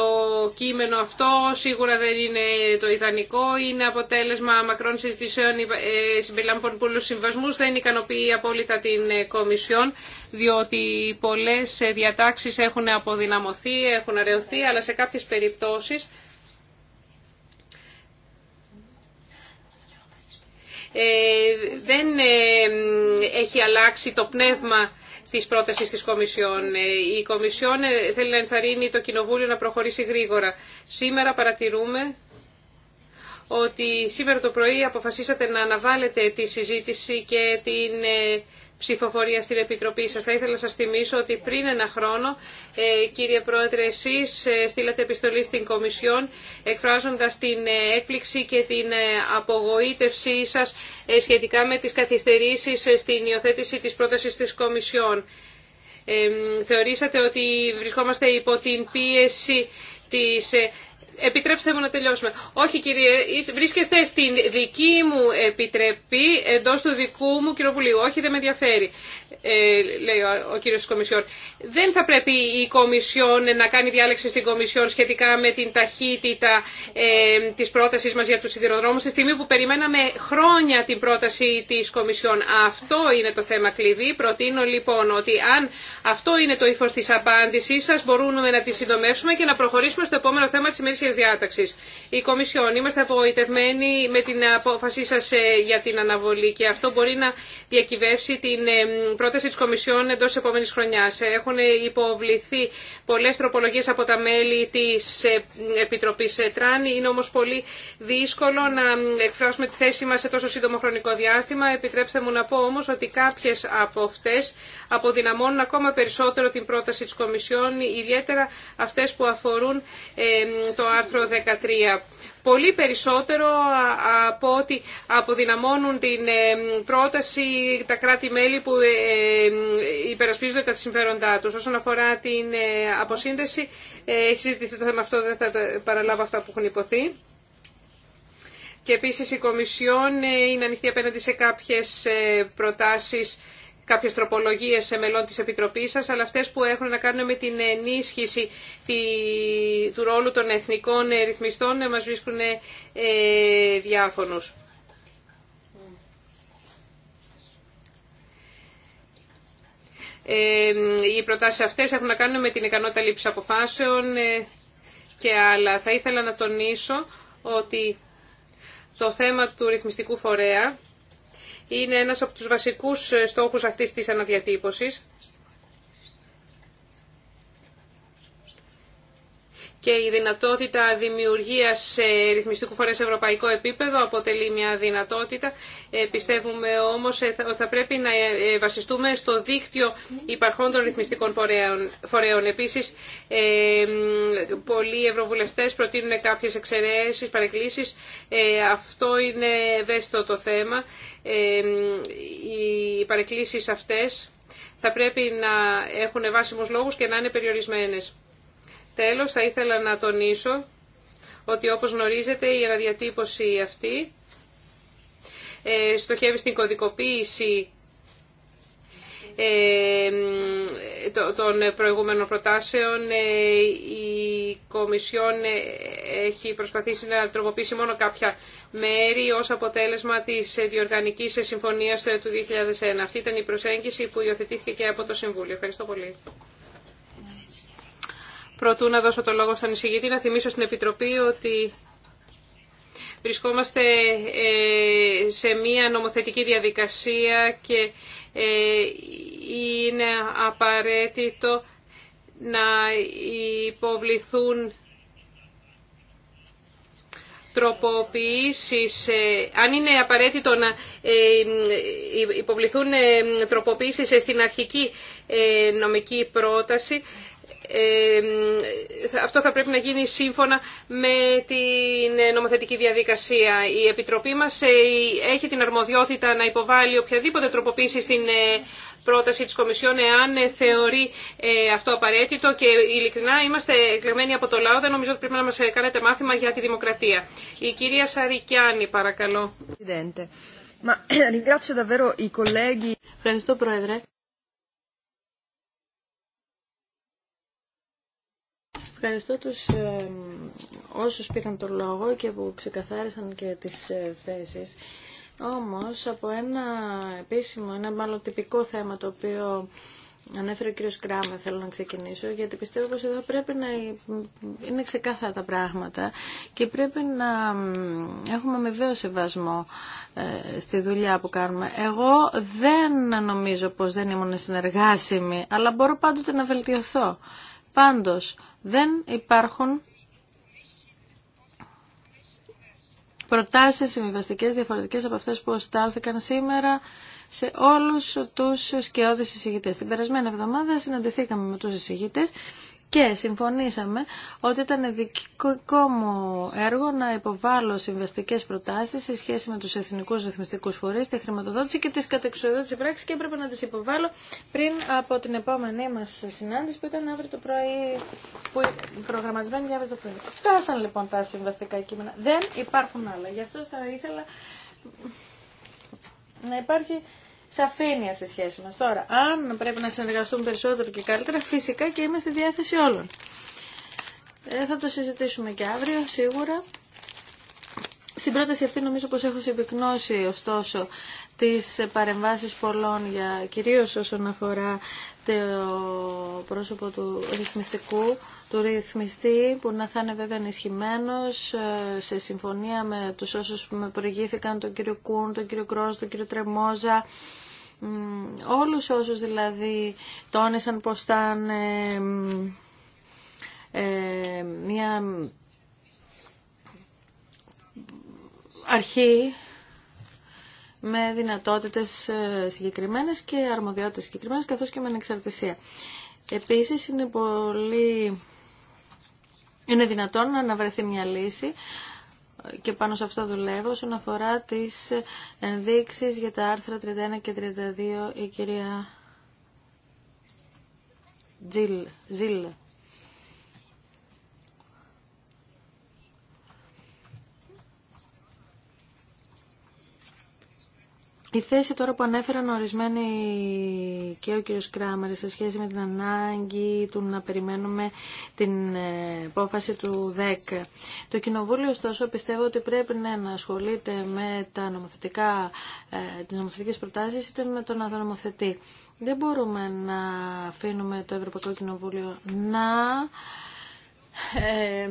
Το κείμενο αυτό σίγουρα δεν είναι το ιδανικό, είναι αποτέλεσμα μακρών συζητήσεων ε, συμπεριλαμβάνουν πολλούς συμβασμούς, δεν ικανοποιεί απόλυτα την ε, Κομισιόν, διότι πολλές ε, διατάξεις έχουν αποδυναμωθεί, έχουν αραιωθεί, αλλά σε κάποιες περιπτώσεις δεν έχει αλλάξει το πνεύμα Τη πρόταση τη Κομισιόν. Ε, η Κομισιόν ε, θέλει να ενθαρρύνει το Κοινοβούλιο να προχωρήσει γρήγορα. Σήμερα παρατηρούμε ότι σήμερα το πρωί αποφασίσατε να αναβάλλετε τη συζήτηση και την ε, ψηφοφορία στην Επιτροπή σας. Θα ήθελα να σας θυμίσω ότι πριν ένα χρόνο, ε, κύριε Πρόεδρε, εσείς ε, στείλατε επιστολή στην Κομισιόν εκφράζοντας την ε, έκπληξη και την απογοήτευσή σας σχετικά με τις καθυστερήσεις στην υιοθέτηση της πρότασης της Κομισιόν. Θεωρήσατε ότι βρισκόμαστε υπό την πίεση της Επιτρέψτε μου να τελειώσουμε. Όχι κύριε, βρίσκεστε στην δική μου επιτρεπή εντός του δικού μου κοινοβουλίου. Όχι, δεν με ενδιαφέρει. Ε, λέει ο, ο κύριος Κομισιόν. Δεν θα πρέπει η Κομισιόν να κάνει διάλεξη στην Κομισιόν σχετικά με την ταχύτητα ε, της πρότασης μας για τους σιδηροδρόμους στη στιγμή που περιμέναμε χρόνια την πρόταση της Κομισιόν. Αυτό είναι το θέμα κλειδί. Προτείνω λοιπόν ότι αν αυτό είναι το ύφο της απάντησής σας μπορούμε να τη συντομεύσουμε και να προχωρήσουμε στο επόμενο θέμα της ημερήσιας διάταξης. Η Κομισιόν, είμαστε απογοητευμένοι με την απόφασή σας ε, για την αναβολή και αυτό μπορεί να διακυβεύσει την ε, πρόταση της Κομισιόν εντός επόμενης χρονιάς. Έχουν υποβληθεί πολλές τροπολογίες από τα μέλη της ε, Επιτροπής Τράν. Είναι όμως πολύ δύσκολο να εκφράσουμε τη θέση μας σε τόσο σύντομο χρονικό διάστημα. Επιτρέψτε μου να πω όμως ότι κάποιες από αυτές αποδυναμώνουν ακόμα περισσότερο την πρόταση τη Κομισιόν, ιδιαίτερα αυτές που αφορούν ε, το άρθρο 13 πολύ περισσότερο από ότι αποδυναμώνουν την ε, πρόταση τα κράτη-μέλη που ε, ε, υπερασπίζονται τα συμφέροντά τους. Όσον αφορά την αποσύνδεση, έχει συζητηθεί το θέμα αυτό, δεν θα παραλάβω αυτά που έχουν υποθεί. Και επίσης η Κομισιόν είναι ανοιχτή απέναντι σε κάποιες προτάσεις κάποιες τροπολογίες σε μελών της Επιτροπής σας, αλλά αυτές που έχουν να κάνουν με την ενίσχυση του ρόλου των εθνικών ρυθμιστών μας βρίσκουν ε, διάφωνους. Οι προτάσεις αυτές έχουν να κάνουν με την ικανότητα λήψη αποφάσεων ε, και άλλα. Θα ήθελα να τονίσω ότι το θέμα του ρυθμιστικού φορέα είναι ένας από τους βασικούς ε, στόχους αυτής της αναδιατύπωσης. Και η δυνατότητα δημιουργίας ε, ρυθμιστικού φορέα σε ευρωπαϊκό επίπεδο αποτελεί μια δυνατότητα. Ε, πιστεύουμε όμως ότι θα πρέπει να βασιστούμε στο δίκτυο υπαρχών των ρυθμιστικών φορέων. Επίσης, πολλοί ευρωβουλευτές προτείνουν κάποιες εξαιρέσεις, παρεκκλήσεις. Αυτό είναι ευαίσθητο το θέμα οι παρεκκλήσεις αυτές θα πρέπει να έχουν βάσιμους λόγους και να είναι περιορισμένες. Τέλος, θα ήθελα να τονίσω ότι όπως γνωρίζετε η αναδιατύπωση αυτή ε, στοχεύει στην κωδικοποίηση ε, των προηγούμενων προτάσεων. Ε, η Κομισιόν ε, έχει προσπαθήσει να τροποποιήσει μόνο κάποια μέρη ως αποτέλεσμα της διοργανικής συμφωνίας του 2001. Αυτή ήταν η προσέγγιση που υιοθετήθηκε και από το Συμβούλιο. Ευχαριστώ πολύ. Προτού να δώσω το λόγο στον εισηγητή, να θυμίσω στην Επιτροπή ότι βρισκόμαστε σε μία νομοθετική διαδικασία και ε, είναι απαραίτητο να υποβληθούν τροποποιήσεις, ε, αν είναι απαραίτητο να ε, υποβληθούν τροποποιήσεις στην αρχική νομική πρόταση, ε, αυτό θα πρέπει να γίνει σύμφωνα με την ε, νομοθετική διαδικασία. Η Επιτροπή μας ε, έχει την αρμοδιότητα να υποβάλει οποιαδήποτε τροποποίηση στην πρόταση της Κομισιόν εάν θεωρεί αυτό απαραίτητο και ειλικρινά είμαστε εκλεγμένοι από το λαό. Δεν νομίζω ότι πρέπει να μας κάνετε μάθημα για τη δημοκρατία. Η κυρία Σαρικιάνη παρακαλώ. Ευχαριστώ Πρόεδρε. Ευχαριστώ τους ε, όσους πήραν το λόγο και που ξεκαθάρισαν και τις ε, θέσεις. Όμως από ένα επίσημο, ένα μάλλον τυπικό θέμα το οποίο ανέφερε ο κύριος Κράμε, θέλω να ξεκινήσω, γιατί πιστεύω πως εδώ πρέπει να είναι ξεκάθαρα τα πράγματα και πρέπει να έχουμε με βέβαιο σεβασμό ε, στη δουλειά που κάνουμε. Εγώ δεν νομίζω πως δεν ήμουν συνεργάσιμη, αλλά μπορώ πάντοτε να βελτιωθώ. Πάντως, δεν υπάρχουν προτάσεις συμβιβαστικές διαφορετικές από αυτές που στάλθηκαν σήμερα σε όλους τους σκιώδεις εισηγητές. Την περασμένη εβδομάδα συναντηθήκαμε με τους εισηγητές και συμφωνήσαμε ότι ήταν δικό μου έργο να υποβάλω συμβαστικέ προτάσει σε σχέση με του εθνικού ρυθμιστικού φορεί, τη χρηματοδότηση και τι κατεξοδότηση πράξη και έπρεπε να τι υποβάλω πριν από την επόμενή μα συνάντηση που ήταν αύριο το πρωί, που προγραμματισμένη για αύριο το πρωί. Φτάσαν λοιπόν τα συμβαστικά κείμενα. Δεν υπάρχουν άλλα. Γι' αυτό θα ήθελα να υπάρχει σαφήνεια στη σχέση μας. Τώρα, αν πρέπει να συνεργαστούμε περισσότερο και καλύτερα, φυσικά και είμαι στη διάθεση όλων. Ε, θα το συζητήσουμε και αύριο, σίγουρα. Στην πρόταση αυτή νομίζω πως έχω συμπυκνώσει ωστόσο τις παρεμβάσεις πολλών, για, κυρίως όσον αφορά το πρόσωπο του ρυθμιστικού του ρυθμιστή που να θα είναι βέβαια ενισχυμένο ε, σε συμφωνία με τους όσους που με προηγήθηκαν, τον κύριο Κούν, τον κύριο Κρός, τον κύριο Τρεμόζα, όλους όσους δηλαδή τόνισαν πως ήταν ε, μια αρχή με δυνατότητες ε, συγκεκριμένες και αρμοδιότητες συγκεκριμένες καθώς και με ανεξαρτησία. Επίσης είναι πολύ είναι δυνατόν να βρεθεί μια λύση και πάνω σε αυτό δουλεύω όσον αφορά τις ενδείξεις για τα άρθρα 31 και 32 η κυρία Ζιλ. Η θέση τώρα που ανέφεραν ορισμένοι και ο κύριος Κράμερ σε σχέση με την ανάγκη του να περιμένουμε την ε, απόφαση του ΔΕΚ. Το Κοινοβούλιο, ωστόσο, πιστεύω ότι πρέπει να ασχολείται με τα νομοθετικά, ε, τις νομοθετικές προτάσεις είτε με τον αδονομοθετή. Δεν μπορούμε να αφήνουμε το Ευρωπαϊκό Κοινοβούλιο να... Ε,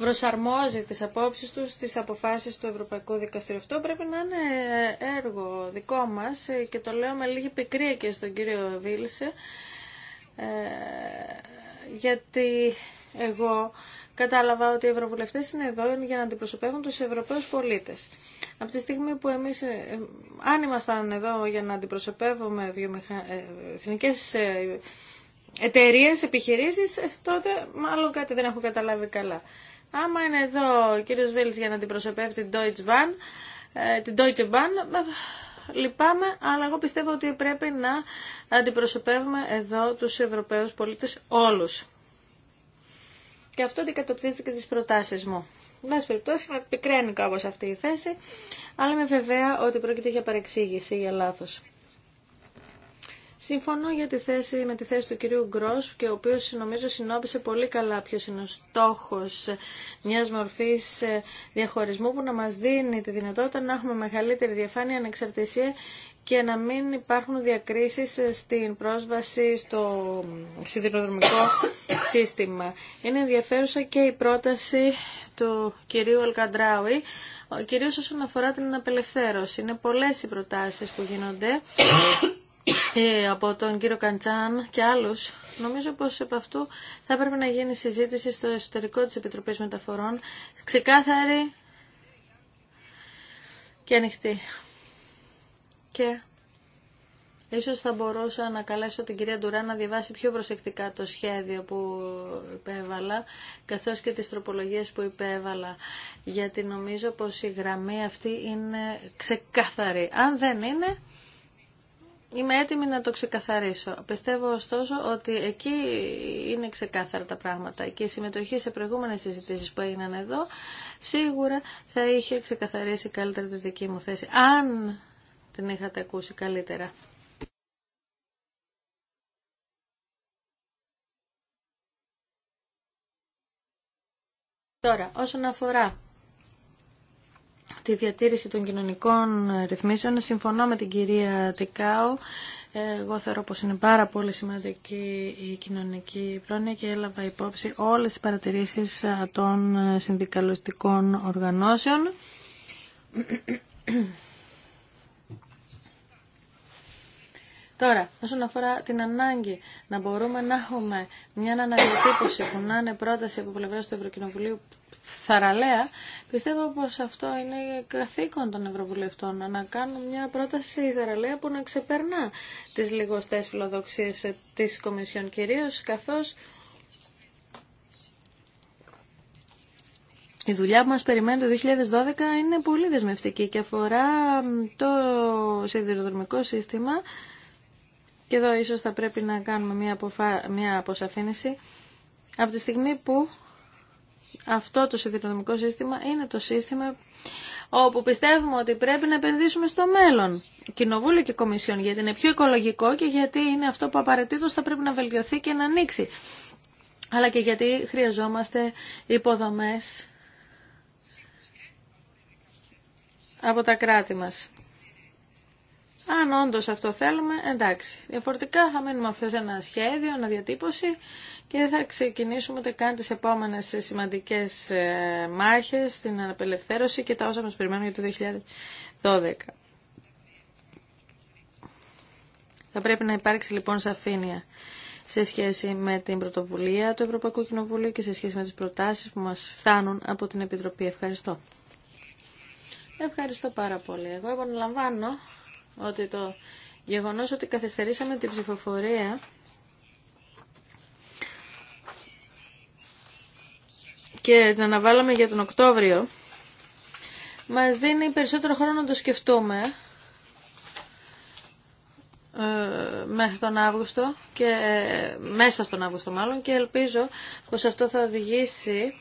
προσαρμόζει τις απόψεις του στις αποφάσεις του Ευρωπαϊκού Δικαστηρίου. Αυτό πρέπει να είναι έργο δικό μας και το λέω με λίγη πικρία και στον κύριο Βίλσε ε, γιατί εγώ κατάλαβα ότι οι ευρωβουλευτές είναι εδώ για να αντιπροσωπεύουν τους Ευρωπαίους πολίτες. Από τη στιγμή που εμείς, ε, αν ήμασταν εδώ για να αντιπροσωπεύουμε βιομηχα... Ε, εθνικές εταιρείε, επιχειρήσεις, τότε μάλλον κάτι δεν έχω καταλάβει καλά. Άμα είναι εδώ ο κύριο Βέλης για να αντιπροσωπεύει την Deutsche Bahn, ε, την Deutsche Bahn, ε, λυπάμαι, αλλά εγώ πιστεύω ότι πρέπει να αντιπροσωπεύουμε εδώ τους Ευρωπαίους πολίτες όλους. Και αυτό αντικατοπτρίζεται και τις προτάσεις μου. Εν περιπτώσει, με πικραίνει κάπως αυτή η θέση, αλλά είμαι βεβαία ότι πρόκειται για παρεξήγηση, για λάθος. Συμφωνώ για τη θέση, με τη θέση του κυρίου Γκρός και ο οποίος νομίζω συνόπισε πολύ καλά ποιος είναι ο στόχος μιας μορφής ε, διαχωρισμού που να μας δίνει τη δυνατότητα να έχουμε μεγαλύτερη διαφάνεια, ανεξαρτησία και να μην υπάρχουν διακρίσεις ε, στην πρόσβαση στο σιδηροδρομικό σύστημα. Είναι ενδιαφέρουσα και η πρόταση του κυρίου Αλκαντράουη, κυρίως όσον αφορά την απελευθέρωση. Είναι πολλές οι προτάσεις που γίνονται ε, από τον κύριο Καντσάν και άλλους, νομίζω πως από αυτού θα πρέπει να γίνει συζήτηση στο εσωτερικό της Επιτροπής Μεταφορών, ξεκάθαρη και ανοιχτή. Και ίσως θα μπορούσα να καλέσω την κυρία Ντουρά να διαβάσει πιο προσεκτικά το σχέδιο που υπέβαλα, καθώς και τις τροπολογίες που υπέβαλα, γιατί νομίζω πως η γραμμή αυτή είναι ξεκάθαρη. Αν δεν είναι, Είμαι έτοιμη να το ξεκαθαρίσω. Πιστεύω ωστόσο ότι εκεί είναι ξεκάθαρα τα πράγματα και η συμμετοχή σε προηγούμενες συζητήσεις που έγιναν εδώ σίγουρα θα είχε ξεκαθαρίσει καλύτερα τη δική μου θέση, αν την είχατε ακούσει καλύτερα. Τώρα, όσον αφορά τη διατήρηση των κοινωνικών ρυθμίσεων. Συμφωνώ με την κυρία Τικάου. Εγώ θεωρώ πως είναι πάρα πολύ σημαντική η κοινωνική πρόνοια και έλαβα υπόψη όλες τις παρατηρήσεις των συνδικαλιστικών οργανώσεων. Τώρα, όσον αφορά την ανάγκη να μπορούμε να έχουμε μια αναδιατύπωση που να είναι πρόταση από πλευρά του Ευρωκοινοβουλίου θαραλέα, πιστεύω πως αυτό είναι καθήκον των Ευρωβουλευτών να κάνουν μια πρόταση θαραλέα που να ξεπερνά τις λιγοστές φιλοδοξίες της Κομισιόν κυρίως, καθώς Η δουλειά που μας περιμένει το 2012 είναι πολύ δεσμευτική και αφορά το σιδηροδρομικό σύστημα και εδώ ίσως θα πρέπει να κάνουμε μια, αποφα... μια αποσαφήνιση από τη στιγμή που αυτό το σιδηροδρομικό σύστημα είναι το σύστημα όπου πιστεύουμε ότι πρέπει να επενδύσουμε στο μέλλον. Κοινοβούλιο και Κομισιόν, γιατί είναι πιο οικολογικό και γιατί είναι αυτό που απαραίτητο θα πρέπει να βελτιωθεί και να ανοίξει. Αλλά και γιατί χρειαζόμαστε υποδομές από τα κράτη μας. Αν όντως αυτό θέλουμε, εντάξει. Διαφορετικά θα μείνουμε αφού ένα σχέδιο, ένα διατύπωση, και θα ξεκινήσουμε ούτε καν τις επόμενες σημαντικές ε, μάχες στην απελευθέρωση και τα όσα μας περιμένουν για το 2012. Θα πρέπει να υπάρξει λοιπόν σαφήνεια σε σχέση με την πρωτοβουλία του Ευρωπαϊκού Κοινοβουλίου και σε σχέση με τις προτάσεις που μας φτάνουν από την Επιτροπή. Ευχαριστώ. Ευχαριστώ πάρα πολύ. Εγώ επαναλαμβάνω ότι το γεγονός ότι καθυστερήσαμε την ψηφοφορία και την αναβάλαμε για τον Οκτώβριο, μας δίνει περισσότερο χρόνο να το σκεφτούμε ε, μέχρι τον Αύγουστο και ε, μέσα στον Αύγουστο μάλλον και ελπίζω πως αυτό θα οδηγήσει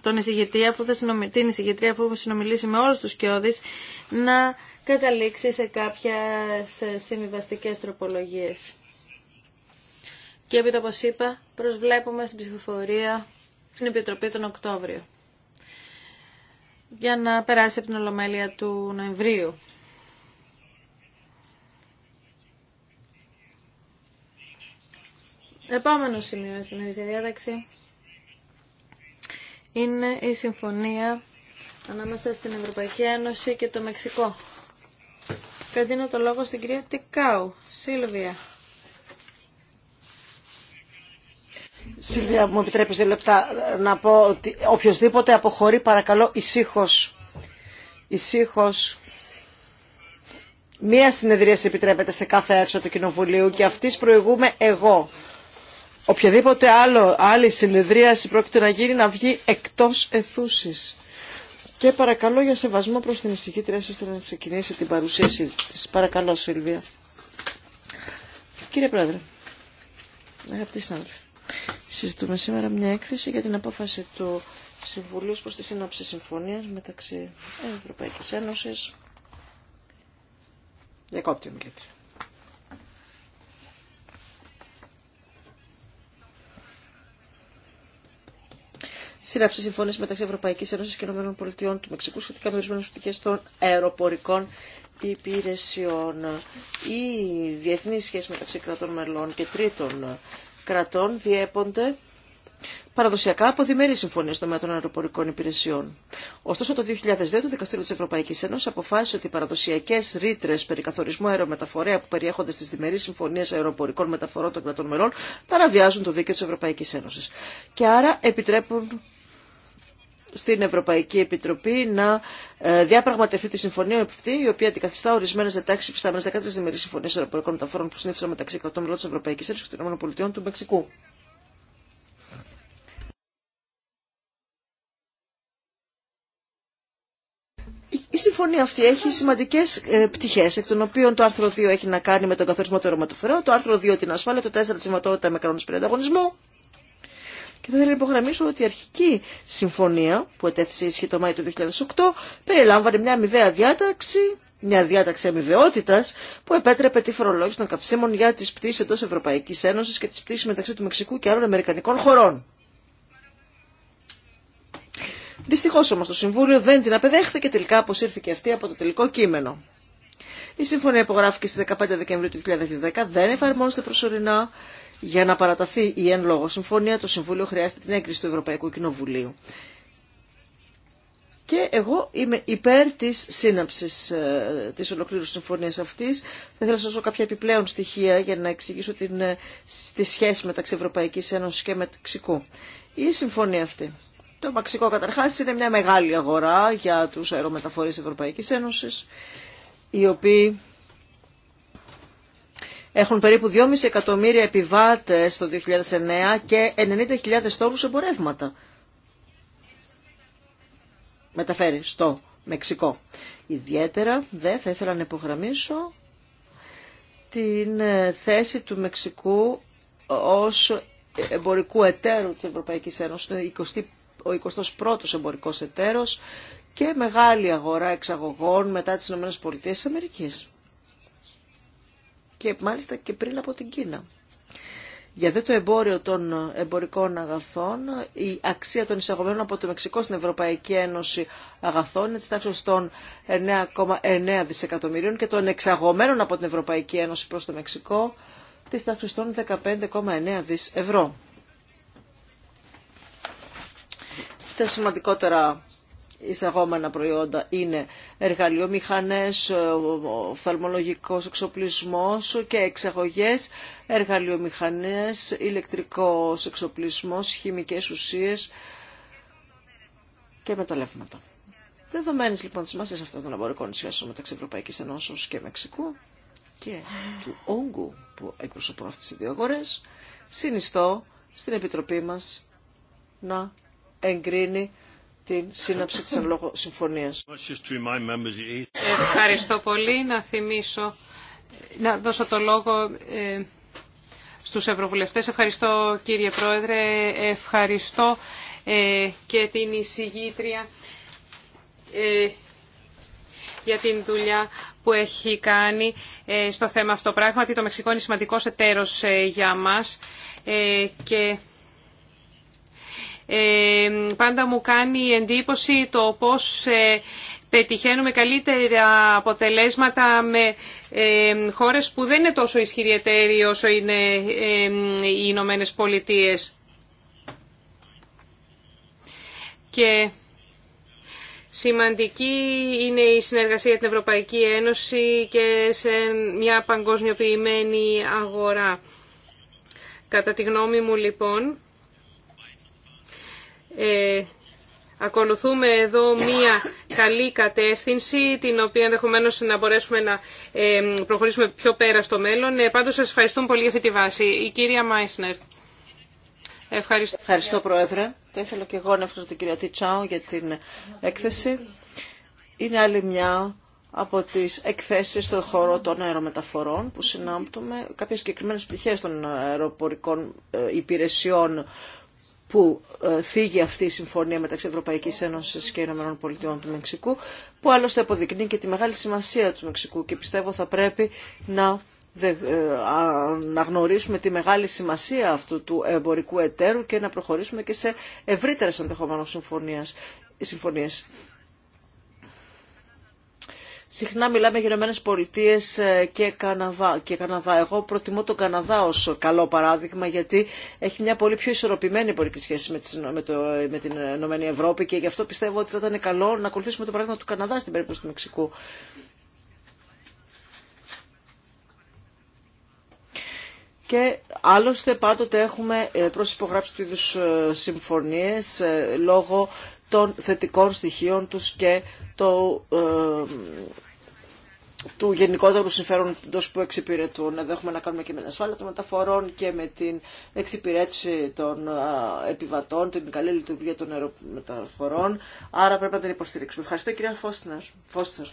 τον εισηγητή, αφού θα την εισηγητρία αφού συνομιλήσει με όλους τους κοιόδης να καταλήξει σε κάποιες ε, συμβιβαστικές τροπολογίες και έπειτα, όπως είπα, προσβλέπουμε στην ψηφοφορία την Επιτροπή τον Οκτώβριο για να περάσει από την Ολομέλεια του Νοεμβρίου. Επόμενο σημείο στην ελληνική διάταξη είναι η συμφωνία ανάμεσα στην Ευρωπαϊκή Ένωση και το Μεξικό. δίνω το λόγο στην κυρία Τικάου. Σίλβια. Σίλβια, μου επιτρέπεις δύο λεπτά ε, να πω ότι οποιοδήποτε αποχωρεί παρακαλώ ησύχω. Ησύχω. Μία συνεδρία επιτρέπεται σε κάθε αίθουσα του Κοινοβουλίου και αυτής προηγούμε εγώ. Οποιαδήποτε άλλο, άλλη συνεδρίαση πρόκειται να γίνει να βγει εκτός αιθούσης. Και παρακαλώ για σεβασμό προς την εισηγήτρια σας να ξεκινήσει την παρουσίαση της. Παρακαλώ Σίλβια. Κύριε Πρόεδρε, αγαπητοί συνάδελφοι. Συζητούμε σήμερα μια έκθεση για την απόφαση του Συμβουλίου προς τη σύναψη συμφωνίας μεταξύ Ευρωπαϊκής Ένωσης. Διακόπτει μιλήτρια. Σύναψη συμφωνία μεταξύ Ευρωπαϊκή Ένωση και ΗΠΑ του Μεξικού σχετικά με ορισμένε πτυχέ των αεροπορικών υπηρεσιών. ή διεθνεί σχέσει μεταξύ κρατών μελών και τρίτων κρατών διέπονται παραδοσιακά από διμερεί συμφωνίε στο μέτρων αεροπορικών υπηρεσιών. Ωστόσο, το 2002 το Δικαστήριο τη Ευρωπαϊκή Ένωση αποφάσισε ότι οι παραδοσιακέ ρήτρε περί καθορισμού αερομεταφορέα που περιέχονται στι διμερεί συμφωνίε αεροπορικών μεταφορών των κρατών μελών παραβιάζουν το δίκαιο τη Ευρωπαϊκή Ένωση. Και άρα επιτρέπουν στην Ευρωπαϊκή Επιτροπή να ε, διαπραγματευτεί τη συμφωνία αυτή, η οποία αντικαθιστά ορισμένε διατάξει φυστάμενε 13 διμερεί συμφωνίε αεροπορικών μεταφορών που συνήθισαν μεταξύ 100 μελών τη Ευρωπαϊκή Ένωση και των ΗΠΑ του Μεξικού. Η συμφωνία αυτή έχει σημαντικέ ε, πτυχέ, εκ των οποίων το άρθρο 2 έχει να κάνει με τον καθορισμό του αεροματοφορέου, το άρθρο 2 την ασφάλεια, το 4 τη συμβατότητα με κανόνε ανταγωνισμό. Και θα ήθελα να υπογραμμίσω ότι η αρχική συμφωνία που ετέθησε ισχύ το Μάιο του 2008 περιλάμβανε μια αμοιβαία διάταξη μια διάταξη αμοιβαιότητα που επέτρεπε τη φορολόγηση των καυσίμων για τι πτήσει εντό Ευρωπαϊκή Ένωση και τι πτήσει μεταξύ του Μεξικού και άλλων Αμερικανικών χωρών. Δυστυχώ όμω το Συμβούλιο δεν την απεδέχθηκε, τελικά αποσύρθηκε αυτή από το τελικό κείμενο. Η συμφωνία υπογράφηκε στι 15 Δεκεμβρίου του 2010, δεν εφαρμόζεται προσωρινά για να παραταθεί η εν λόγω συμφωνία, το Συμβούλιο χρειάζεται την έγκριση του Ευρωπαϊκού Κοινοβουλίου. Και εγώ είμαι υπέρ τη σύναψη ε, τη ολοκλήρου συμφωνία αυτή. Θα ήθελα να σα δώσω κάποια επιπλέον στοιχεία για να εξηγήσω την, ε, τη σχέση μεταξύ Ευρωπαϊκή Ένωση και Μεξικού. Η συμφωνία αυτή. Το Μεξικό καταρχά είναι μια μεγάλη αγορά για του αερομεταφορεί Ευρωπαϊκή Ένωση, οι οποίοι έχουν περίπου 2,5 εκατομμύρια επιβάτες το 2009 και 90.000 στόλους εμπορεύματα. Μεταφέρει στο Μεξικό. Ιδιαίτερα δεν θα ήθελα να υπογραμμίσω την ε, θέση του Μεξικού ως εμπορικού εταίρου της Ευρωπαϊκής Ένωσης, ο 21ος εμπορικός εταίρος και μεγάλη αγορά εξαγωγών μετά τις ΗΠΑ της Αμερικής και μάλιστα και πριν από την Κίνα. Για δε το εμπόριο των εμπορικών αγαθών, η αξία των εισαγωμένων από το Μεξικό στην Ευρωπαϊκή Ένωση αγαθών είναι της τάξης των 9,9 δισεκατομμυρίων και των εξαγωμένων από την Ευρωπαϊκή Ένωση προς το Μεξικό της τάξης των 15,9 δις ευρώ. Τα σημαντικότερα εισαγόμενα προϊόντα είναι εργαλειομηχανές, οφθαλμολογικός εξοπλισμός και εξαγωγές, εργαλειομηχανές, ηλεκτρικός εξοπλισμός, χημικές ουσίες και μεταλλεύματα. Δεδομένες λοιπόν τη σημασίας αυτών των εμπορικών σχέσεων μεταξύ Ευρωπαϊκή Ενώσεω και Μεξικού και του όγκου που εκπροσωπώ αυτέ οι δύο αγορέ, συνιστώ στην Επιτροπή μα να εγκρίνει την σύναψη της εν συμφωνίας. Ευχαριστώ πολύ. Να θυμίσω, να δώσω το λόγο ε, στους Ευρωβουλευτές. Ευχαριστώ κύριε Πρόεδρε, ευχαριστώ ε, και την εισηγήτρια ε, για την δουλειά που έχει κάνει ε, στο θέμα αυτό. Πράγματι το Μεξικό είναι σημαντικός εταίρος ε, για μας ε, και ε, πάντα μου κάνει εντύπωση το πώς ε, πετυχαίνουμε καλύτερα αποτελέσματα με ε, χώρες που δεν είναι τόσο ισχυρή όσο είναι οι Ηνωμένε Πολιτείες. Και σημαντική είναι η συνεργασία την Ευρωπαϊκή Ένωση και σε μια παγκοσμιοποιημένη αγορά. Κατά τη γνώμη μου λοιπόν, ε, ακολουθούμε εδώ μία καλή κατεύθυνση, την οποία ενδεχομένω να μπορέσουμε να ε, προχωρήσουμε πιο πέρα στο μέλλον. Ε, πάντως σας ευχαριστούμε πολύ για αυτή τη βάση. Η κυρία Μάισνερ. Ευχαριστώ. Πρόεδρε. Θα ήθελα και εγώ να ευχαριστώ την κυρία Τιτσάου για την έκθεση. Είναι άλλη μια από τις εκθέσεις στον χώρο των αερομεταφορών που συνάπτουμε, κάποιες συγκεκριμένες πτυχές των αεροπορικών ε, υπηρεσιών που ε, θίγει αυτή η συμφωνία μεταξύ Ευρωπαϊκή Ένωση και Ηνωμένων Πολιτειών του Μεξικού, που άλλωστε αποδεικνύει και τη μεγάλη σημασία του Μεξικού και πιστεύω θα πρέπει να ε, να γνωρίσουμε τη μεγάλη σημασία αυτού του εμπορικού εταίρου και να προχωρήσουμε και σε ευρύτερες ενδεχομένω συμφωνίες. Συχνά μιλάμε για Ηνωμένε Πολιτείε ε, και Καναδά. και Καναδά. Εγώ προτιμώ τον Καναδά ω καλό παράδειγμα, γιατί έχει μια πολύ πιο ισορροπημένη πολιτική σχέση με, με την Ηνωμένη Ευρώπη και γι' αυτό πιστεύω ότι θα ήταν καλό να ακολουθήσουμε το παράδειγμα του Καναδά στην περίπτωση του Μεξικού. Και άλλωστε πάντοτε έχουμε ε, προς υπογράψει του είδους ε, συμφωνίες λόγω των θετικών στοιχείων τους και το, ε, του γενικότερου συμφέροντος που εξυπηρετούν. Εδώ έχουμε να κάνουμε και με την ασφάλεια των μεταφορών και με την εξυπηρέτηση των ε, επιβατών, την καλή λειτουργία των αερομεταφορών. Άρα πρέπει να την υποστηρίξουμε. Ευχαριστώ κυρία Φώστερ.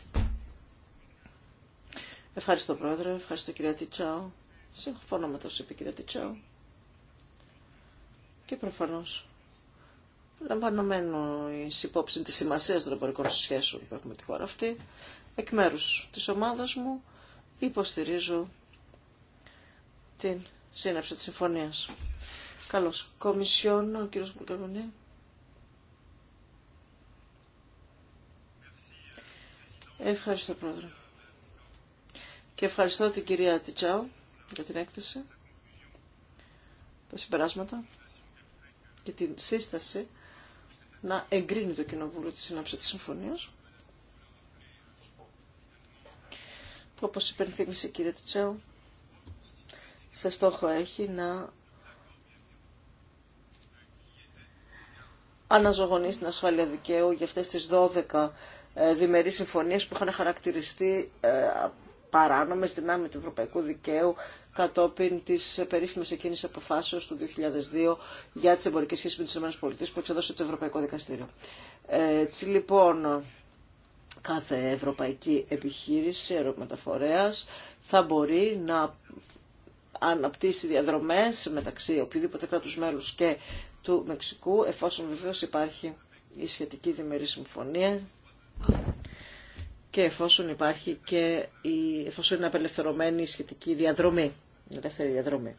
Ευχαριστώ πρόεδρε, ευχαριστώ κυρία Τιτσάου. Συμφωνώ με το είπε κυρία Τιτσάου. Και προφανώς λαμβανωμένο εις υπόψη τη σημασία των εμπορικών σχέσεων που έχουμε τη χώρα αυτή, εκ μέρου της ομάδας μου υποστηρίζω την σύναψη της συμφωνίας. Καλώς. Κομισιόν, ο κύριος Μπουλκαβονή. Ευχαριστώ, Πρόεδρε. Και ευχαριστώ την κυρία Τιτσάου για την έκθεση, τα συμπεράσματα και την σύσταση να εγκρίνει το Κοινοβούλιο τη συνάψη τη συμφωνίας. Που όπως υπενθύμισε η κυρία σε στόχο έχει να αναζωογονεί στην ασφάλεια δικαίου για αυτές τις 12 ε, διμερείς συμφωνίες που είχαν χαρακτηριστεί ε, παράνομες δυνάμει του ευρωπαϊκού δικαίου κατόπιν τη περίφημη εκείνη αποφάσεω του 2002 για τι εμπορικέ σχέσει με τι ΗΠΑ που εξέδωσε το Ευρωπαϊκό Δικαστήριο. Έτσι λοιπόν κάθε ευρωπαϊκή επιχείρηση αερομεταφορέα θα μπορεί να αναπτύσσει διαδρομέ μεταξύ οποιοδήποτε κράτου μέλου και του Μεξικού, εφόσον βεβαίω υπάρχει η σχετική διμερή συμφωνία και εφόσον υπάρχει και η, εφόσον είναι απελευθερωμένη η σχετική διαδρομή ελεύθερη διαδρομή.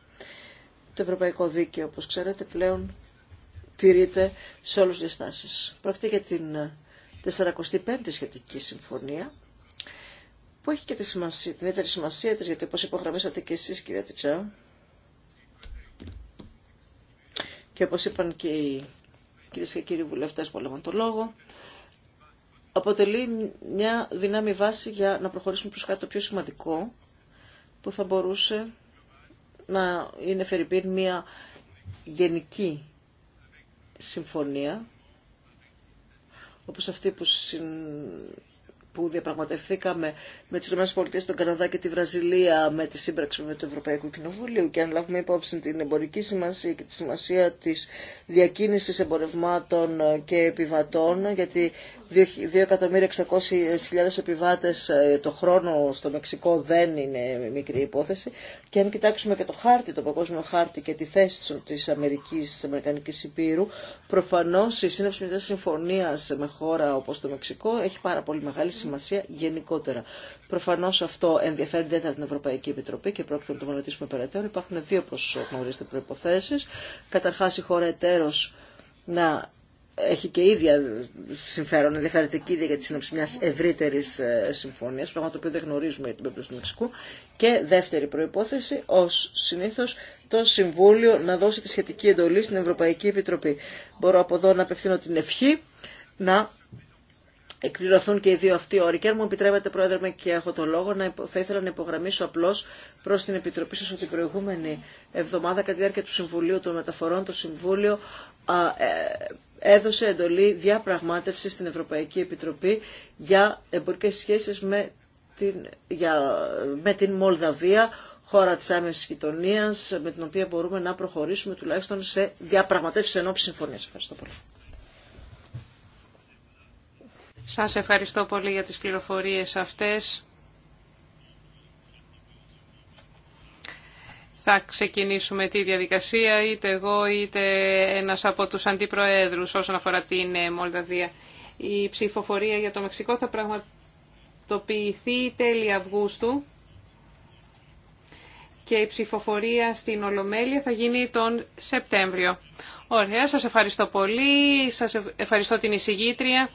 Το ευρωπαϊκό δίκαιο, όπως ξέρετε, πλέον τηρείται σε όλους τις στάσεις. Πρόκειται για την 45η σχετική συμφωνία, που έχει και την ιδιαίτερη σημασία της, γιατί όπως υπογραμμίσατε και εσείς κυρία Τιτσά, και όπως είπαν και οι κυρίες και κύριοι βουλευτές που έλεγαν το λόγο, αποτελεί μια δυνάμει βάση για να προχωρήσουμε προς κάτι το πιο σημαντικό, που θα μπορούσε να είναι φερειπίν μια γενική συμφωνία όπως αυτή που που διαπραγματευθήκαμε με τις ΗΠΑ, τον Καναδά και τη Βραζιλία με τη σύμπραξη με το Ευρωπαϊκό Κοινοβούλιο και αν λάβουμε υπόψη την εμπορική σημασία και τη σημασία της διακίνησης εμπορευμάτων και επιβατών, γιατί 2.600.000 επιβάτες ε, το χρόνο στο Μεξικό δεν είναι μικρή υπόθεση και αν κοιτάξουμε και το χάρτη, το παγκόσμιο χάρτη και τη θέση της Αμερική της Αμερικανικής Υπήρου, προφανώς η σύναψη μιας συμφωνίας με χώρα όπως το Μεξικό έχει πάρα πολύ μεγάλη σημασία σημασία γενικότερα. Προφανώ αυτό ενδιαφέρει ιδιαίτερα την Ευρωπαϊκή Επιτροπή και πρόκειται να το μελετήσουμε περαιτέρω. Υπάρχουν δύο, όπω γνωρίζετε, προποθέσει. Καταρχά, η χώρα εταίρο να έχει και ίδια συμφέρον, ενδιαφέρεται και ίδια για τη σύνοψη μια ευρύτερη ε, συμφωνία, πράγμα το οποίο δεν γνωρίζουμε για την περίπτωση του Μεξικού. Και δεύτερη προπόθεση, ω συνήθω, το Συμβούλιο να δώσει τη σχετική εντολή στην Ευρωπαϊκή Επιτροπή. Μπορώ από εδώ να απευθύνω την ευχή να εκπληρωθούν και οι δύο αυτοί όροι. Και αν μου επιτρέπετε, Πρόεδρε, με και έχω το λόγο, να, θα ήθελα να υπογραμμίσω απλώ προ την Επιτροπή σα ότι την προηγούμενη εβδομάδα, κατά τη διάρκεια του Συμβουλίου των Μεταφορών, το Συμβούλιο ε, έδωσε εντολή διαπραγμάτευση στην Ευρωπαϊκή Επιτροπή για εμπορικέ σχέσει με την, με την Μολδαβία, χώρα τη άμεση γειτονία, με την οποία μπορούμε να προχωρήσουμε τουλάχιστον σε διαπραγματεύσει ενώπιση συμφωνία. Ευχαριστώ πολύ. Σας ευχαριστώ πολύ για τις πληροφορίες αυτές. Θα ξεκινήσουμε τη διαδικασία είτε εγώ είτε ένας από τους αντιπροέδρους όσον αφορά την ε, Μολδαβία. Η ψηφοφορία για το Μεξικό θα πραγματοποιηθεί τέλη Αυγούστου και η ψηφοφορία στην Ολομέλεια θα γίνει τον Σεπτέμβριο. Ωραία, σας ευχαριστώ πολύ, σας ευχαριστώ την εισηγήτρια.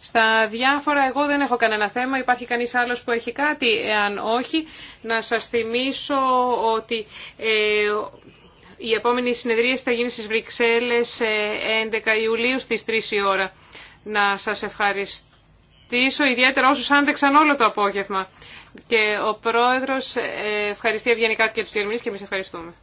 Στα διάφορα εγώ δεν έχω κανένα θέμα. Υπάρχει κανείς άλλος που έχει κάτι. Εάν όχι, να σας θυμίσω ότι... Ε, η επόμενη συνεδρία θα γίνει στις Βρυξέλλες 11 ε, Ιουλίου στις 3 η ώρα. Να σας ευχαριστήσω, ιδιαίτερα όσους άντεξαν όλο το απόγευμα. Και ο Πρόεδρος ε, ευχαριστεί ευγενικά και τους και εμείς ευχαριστούμε.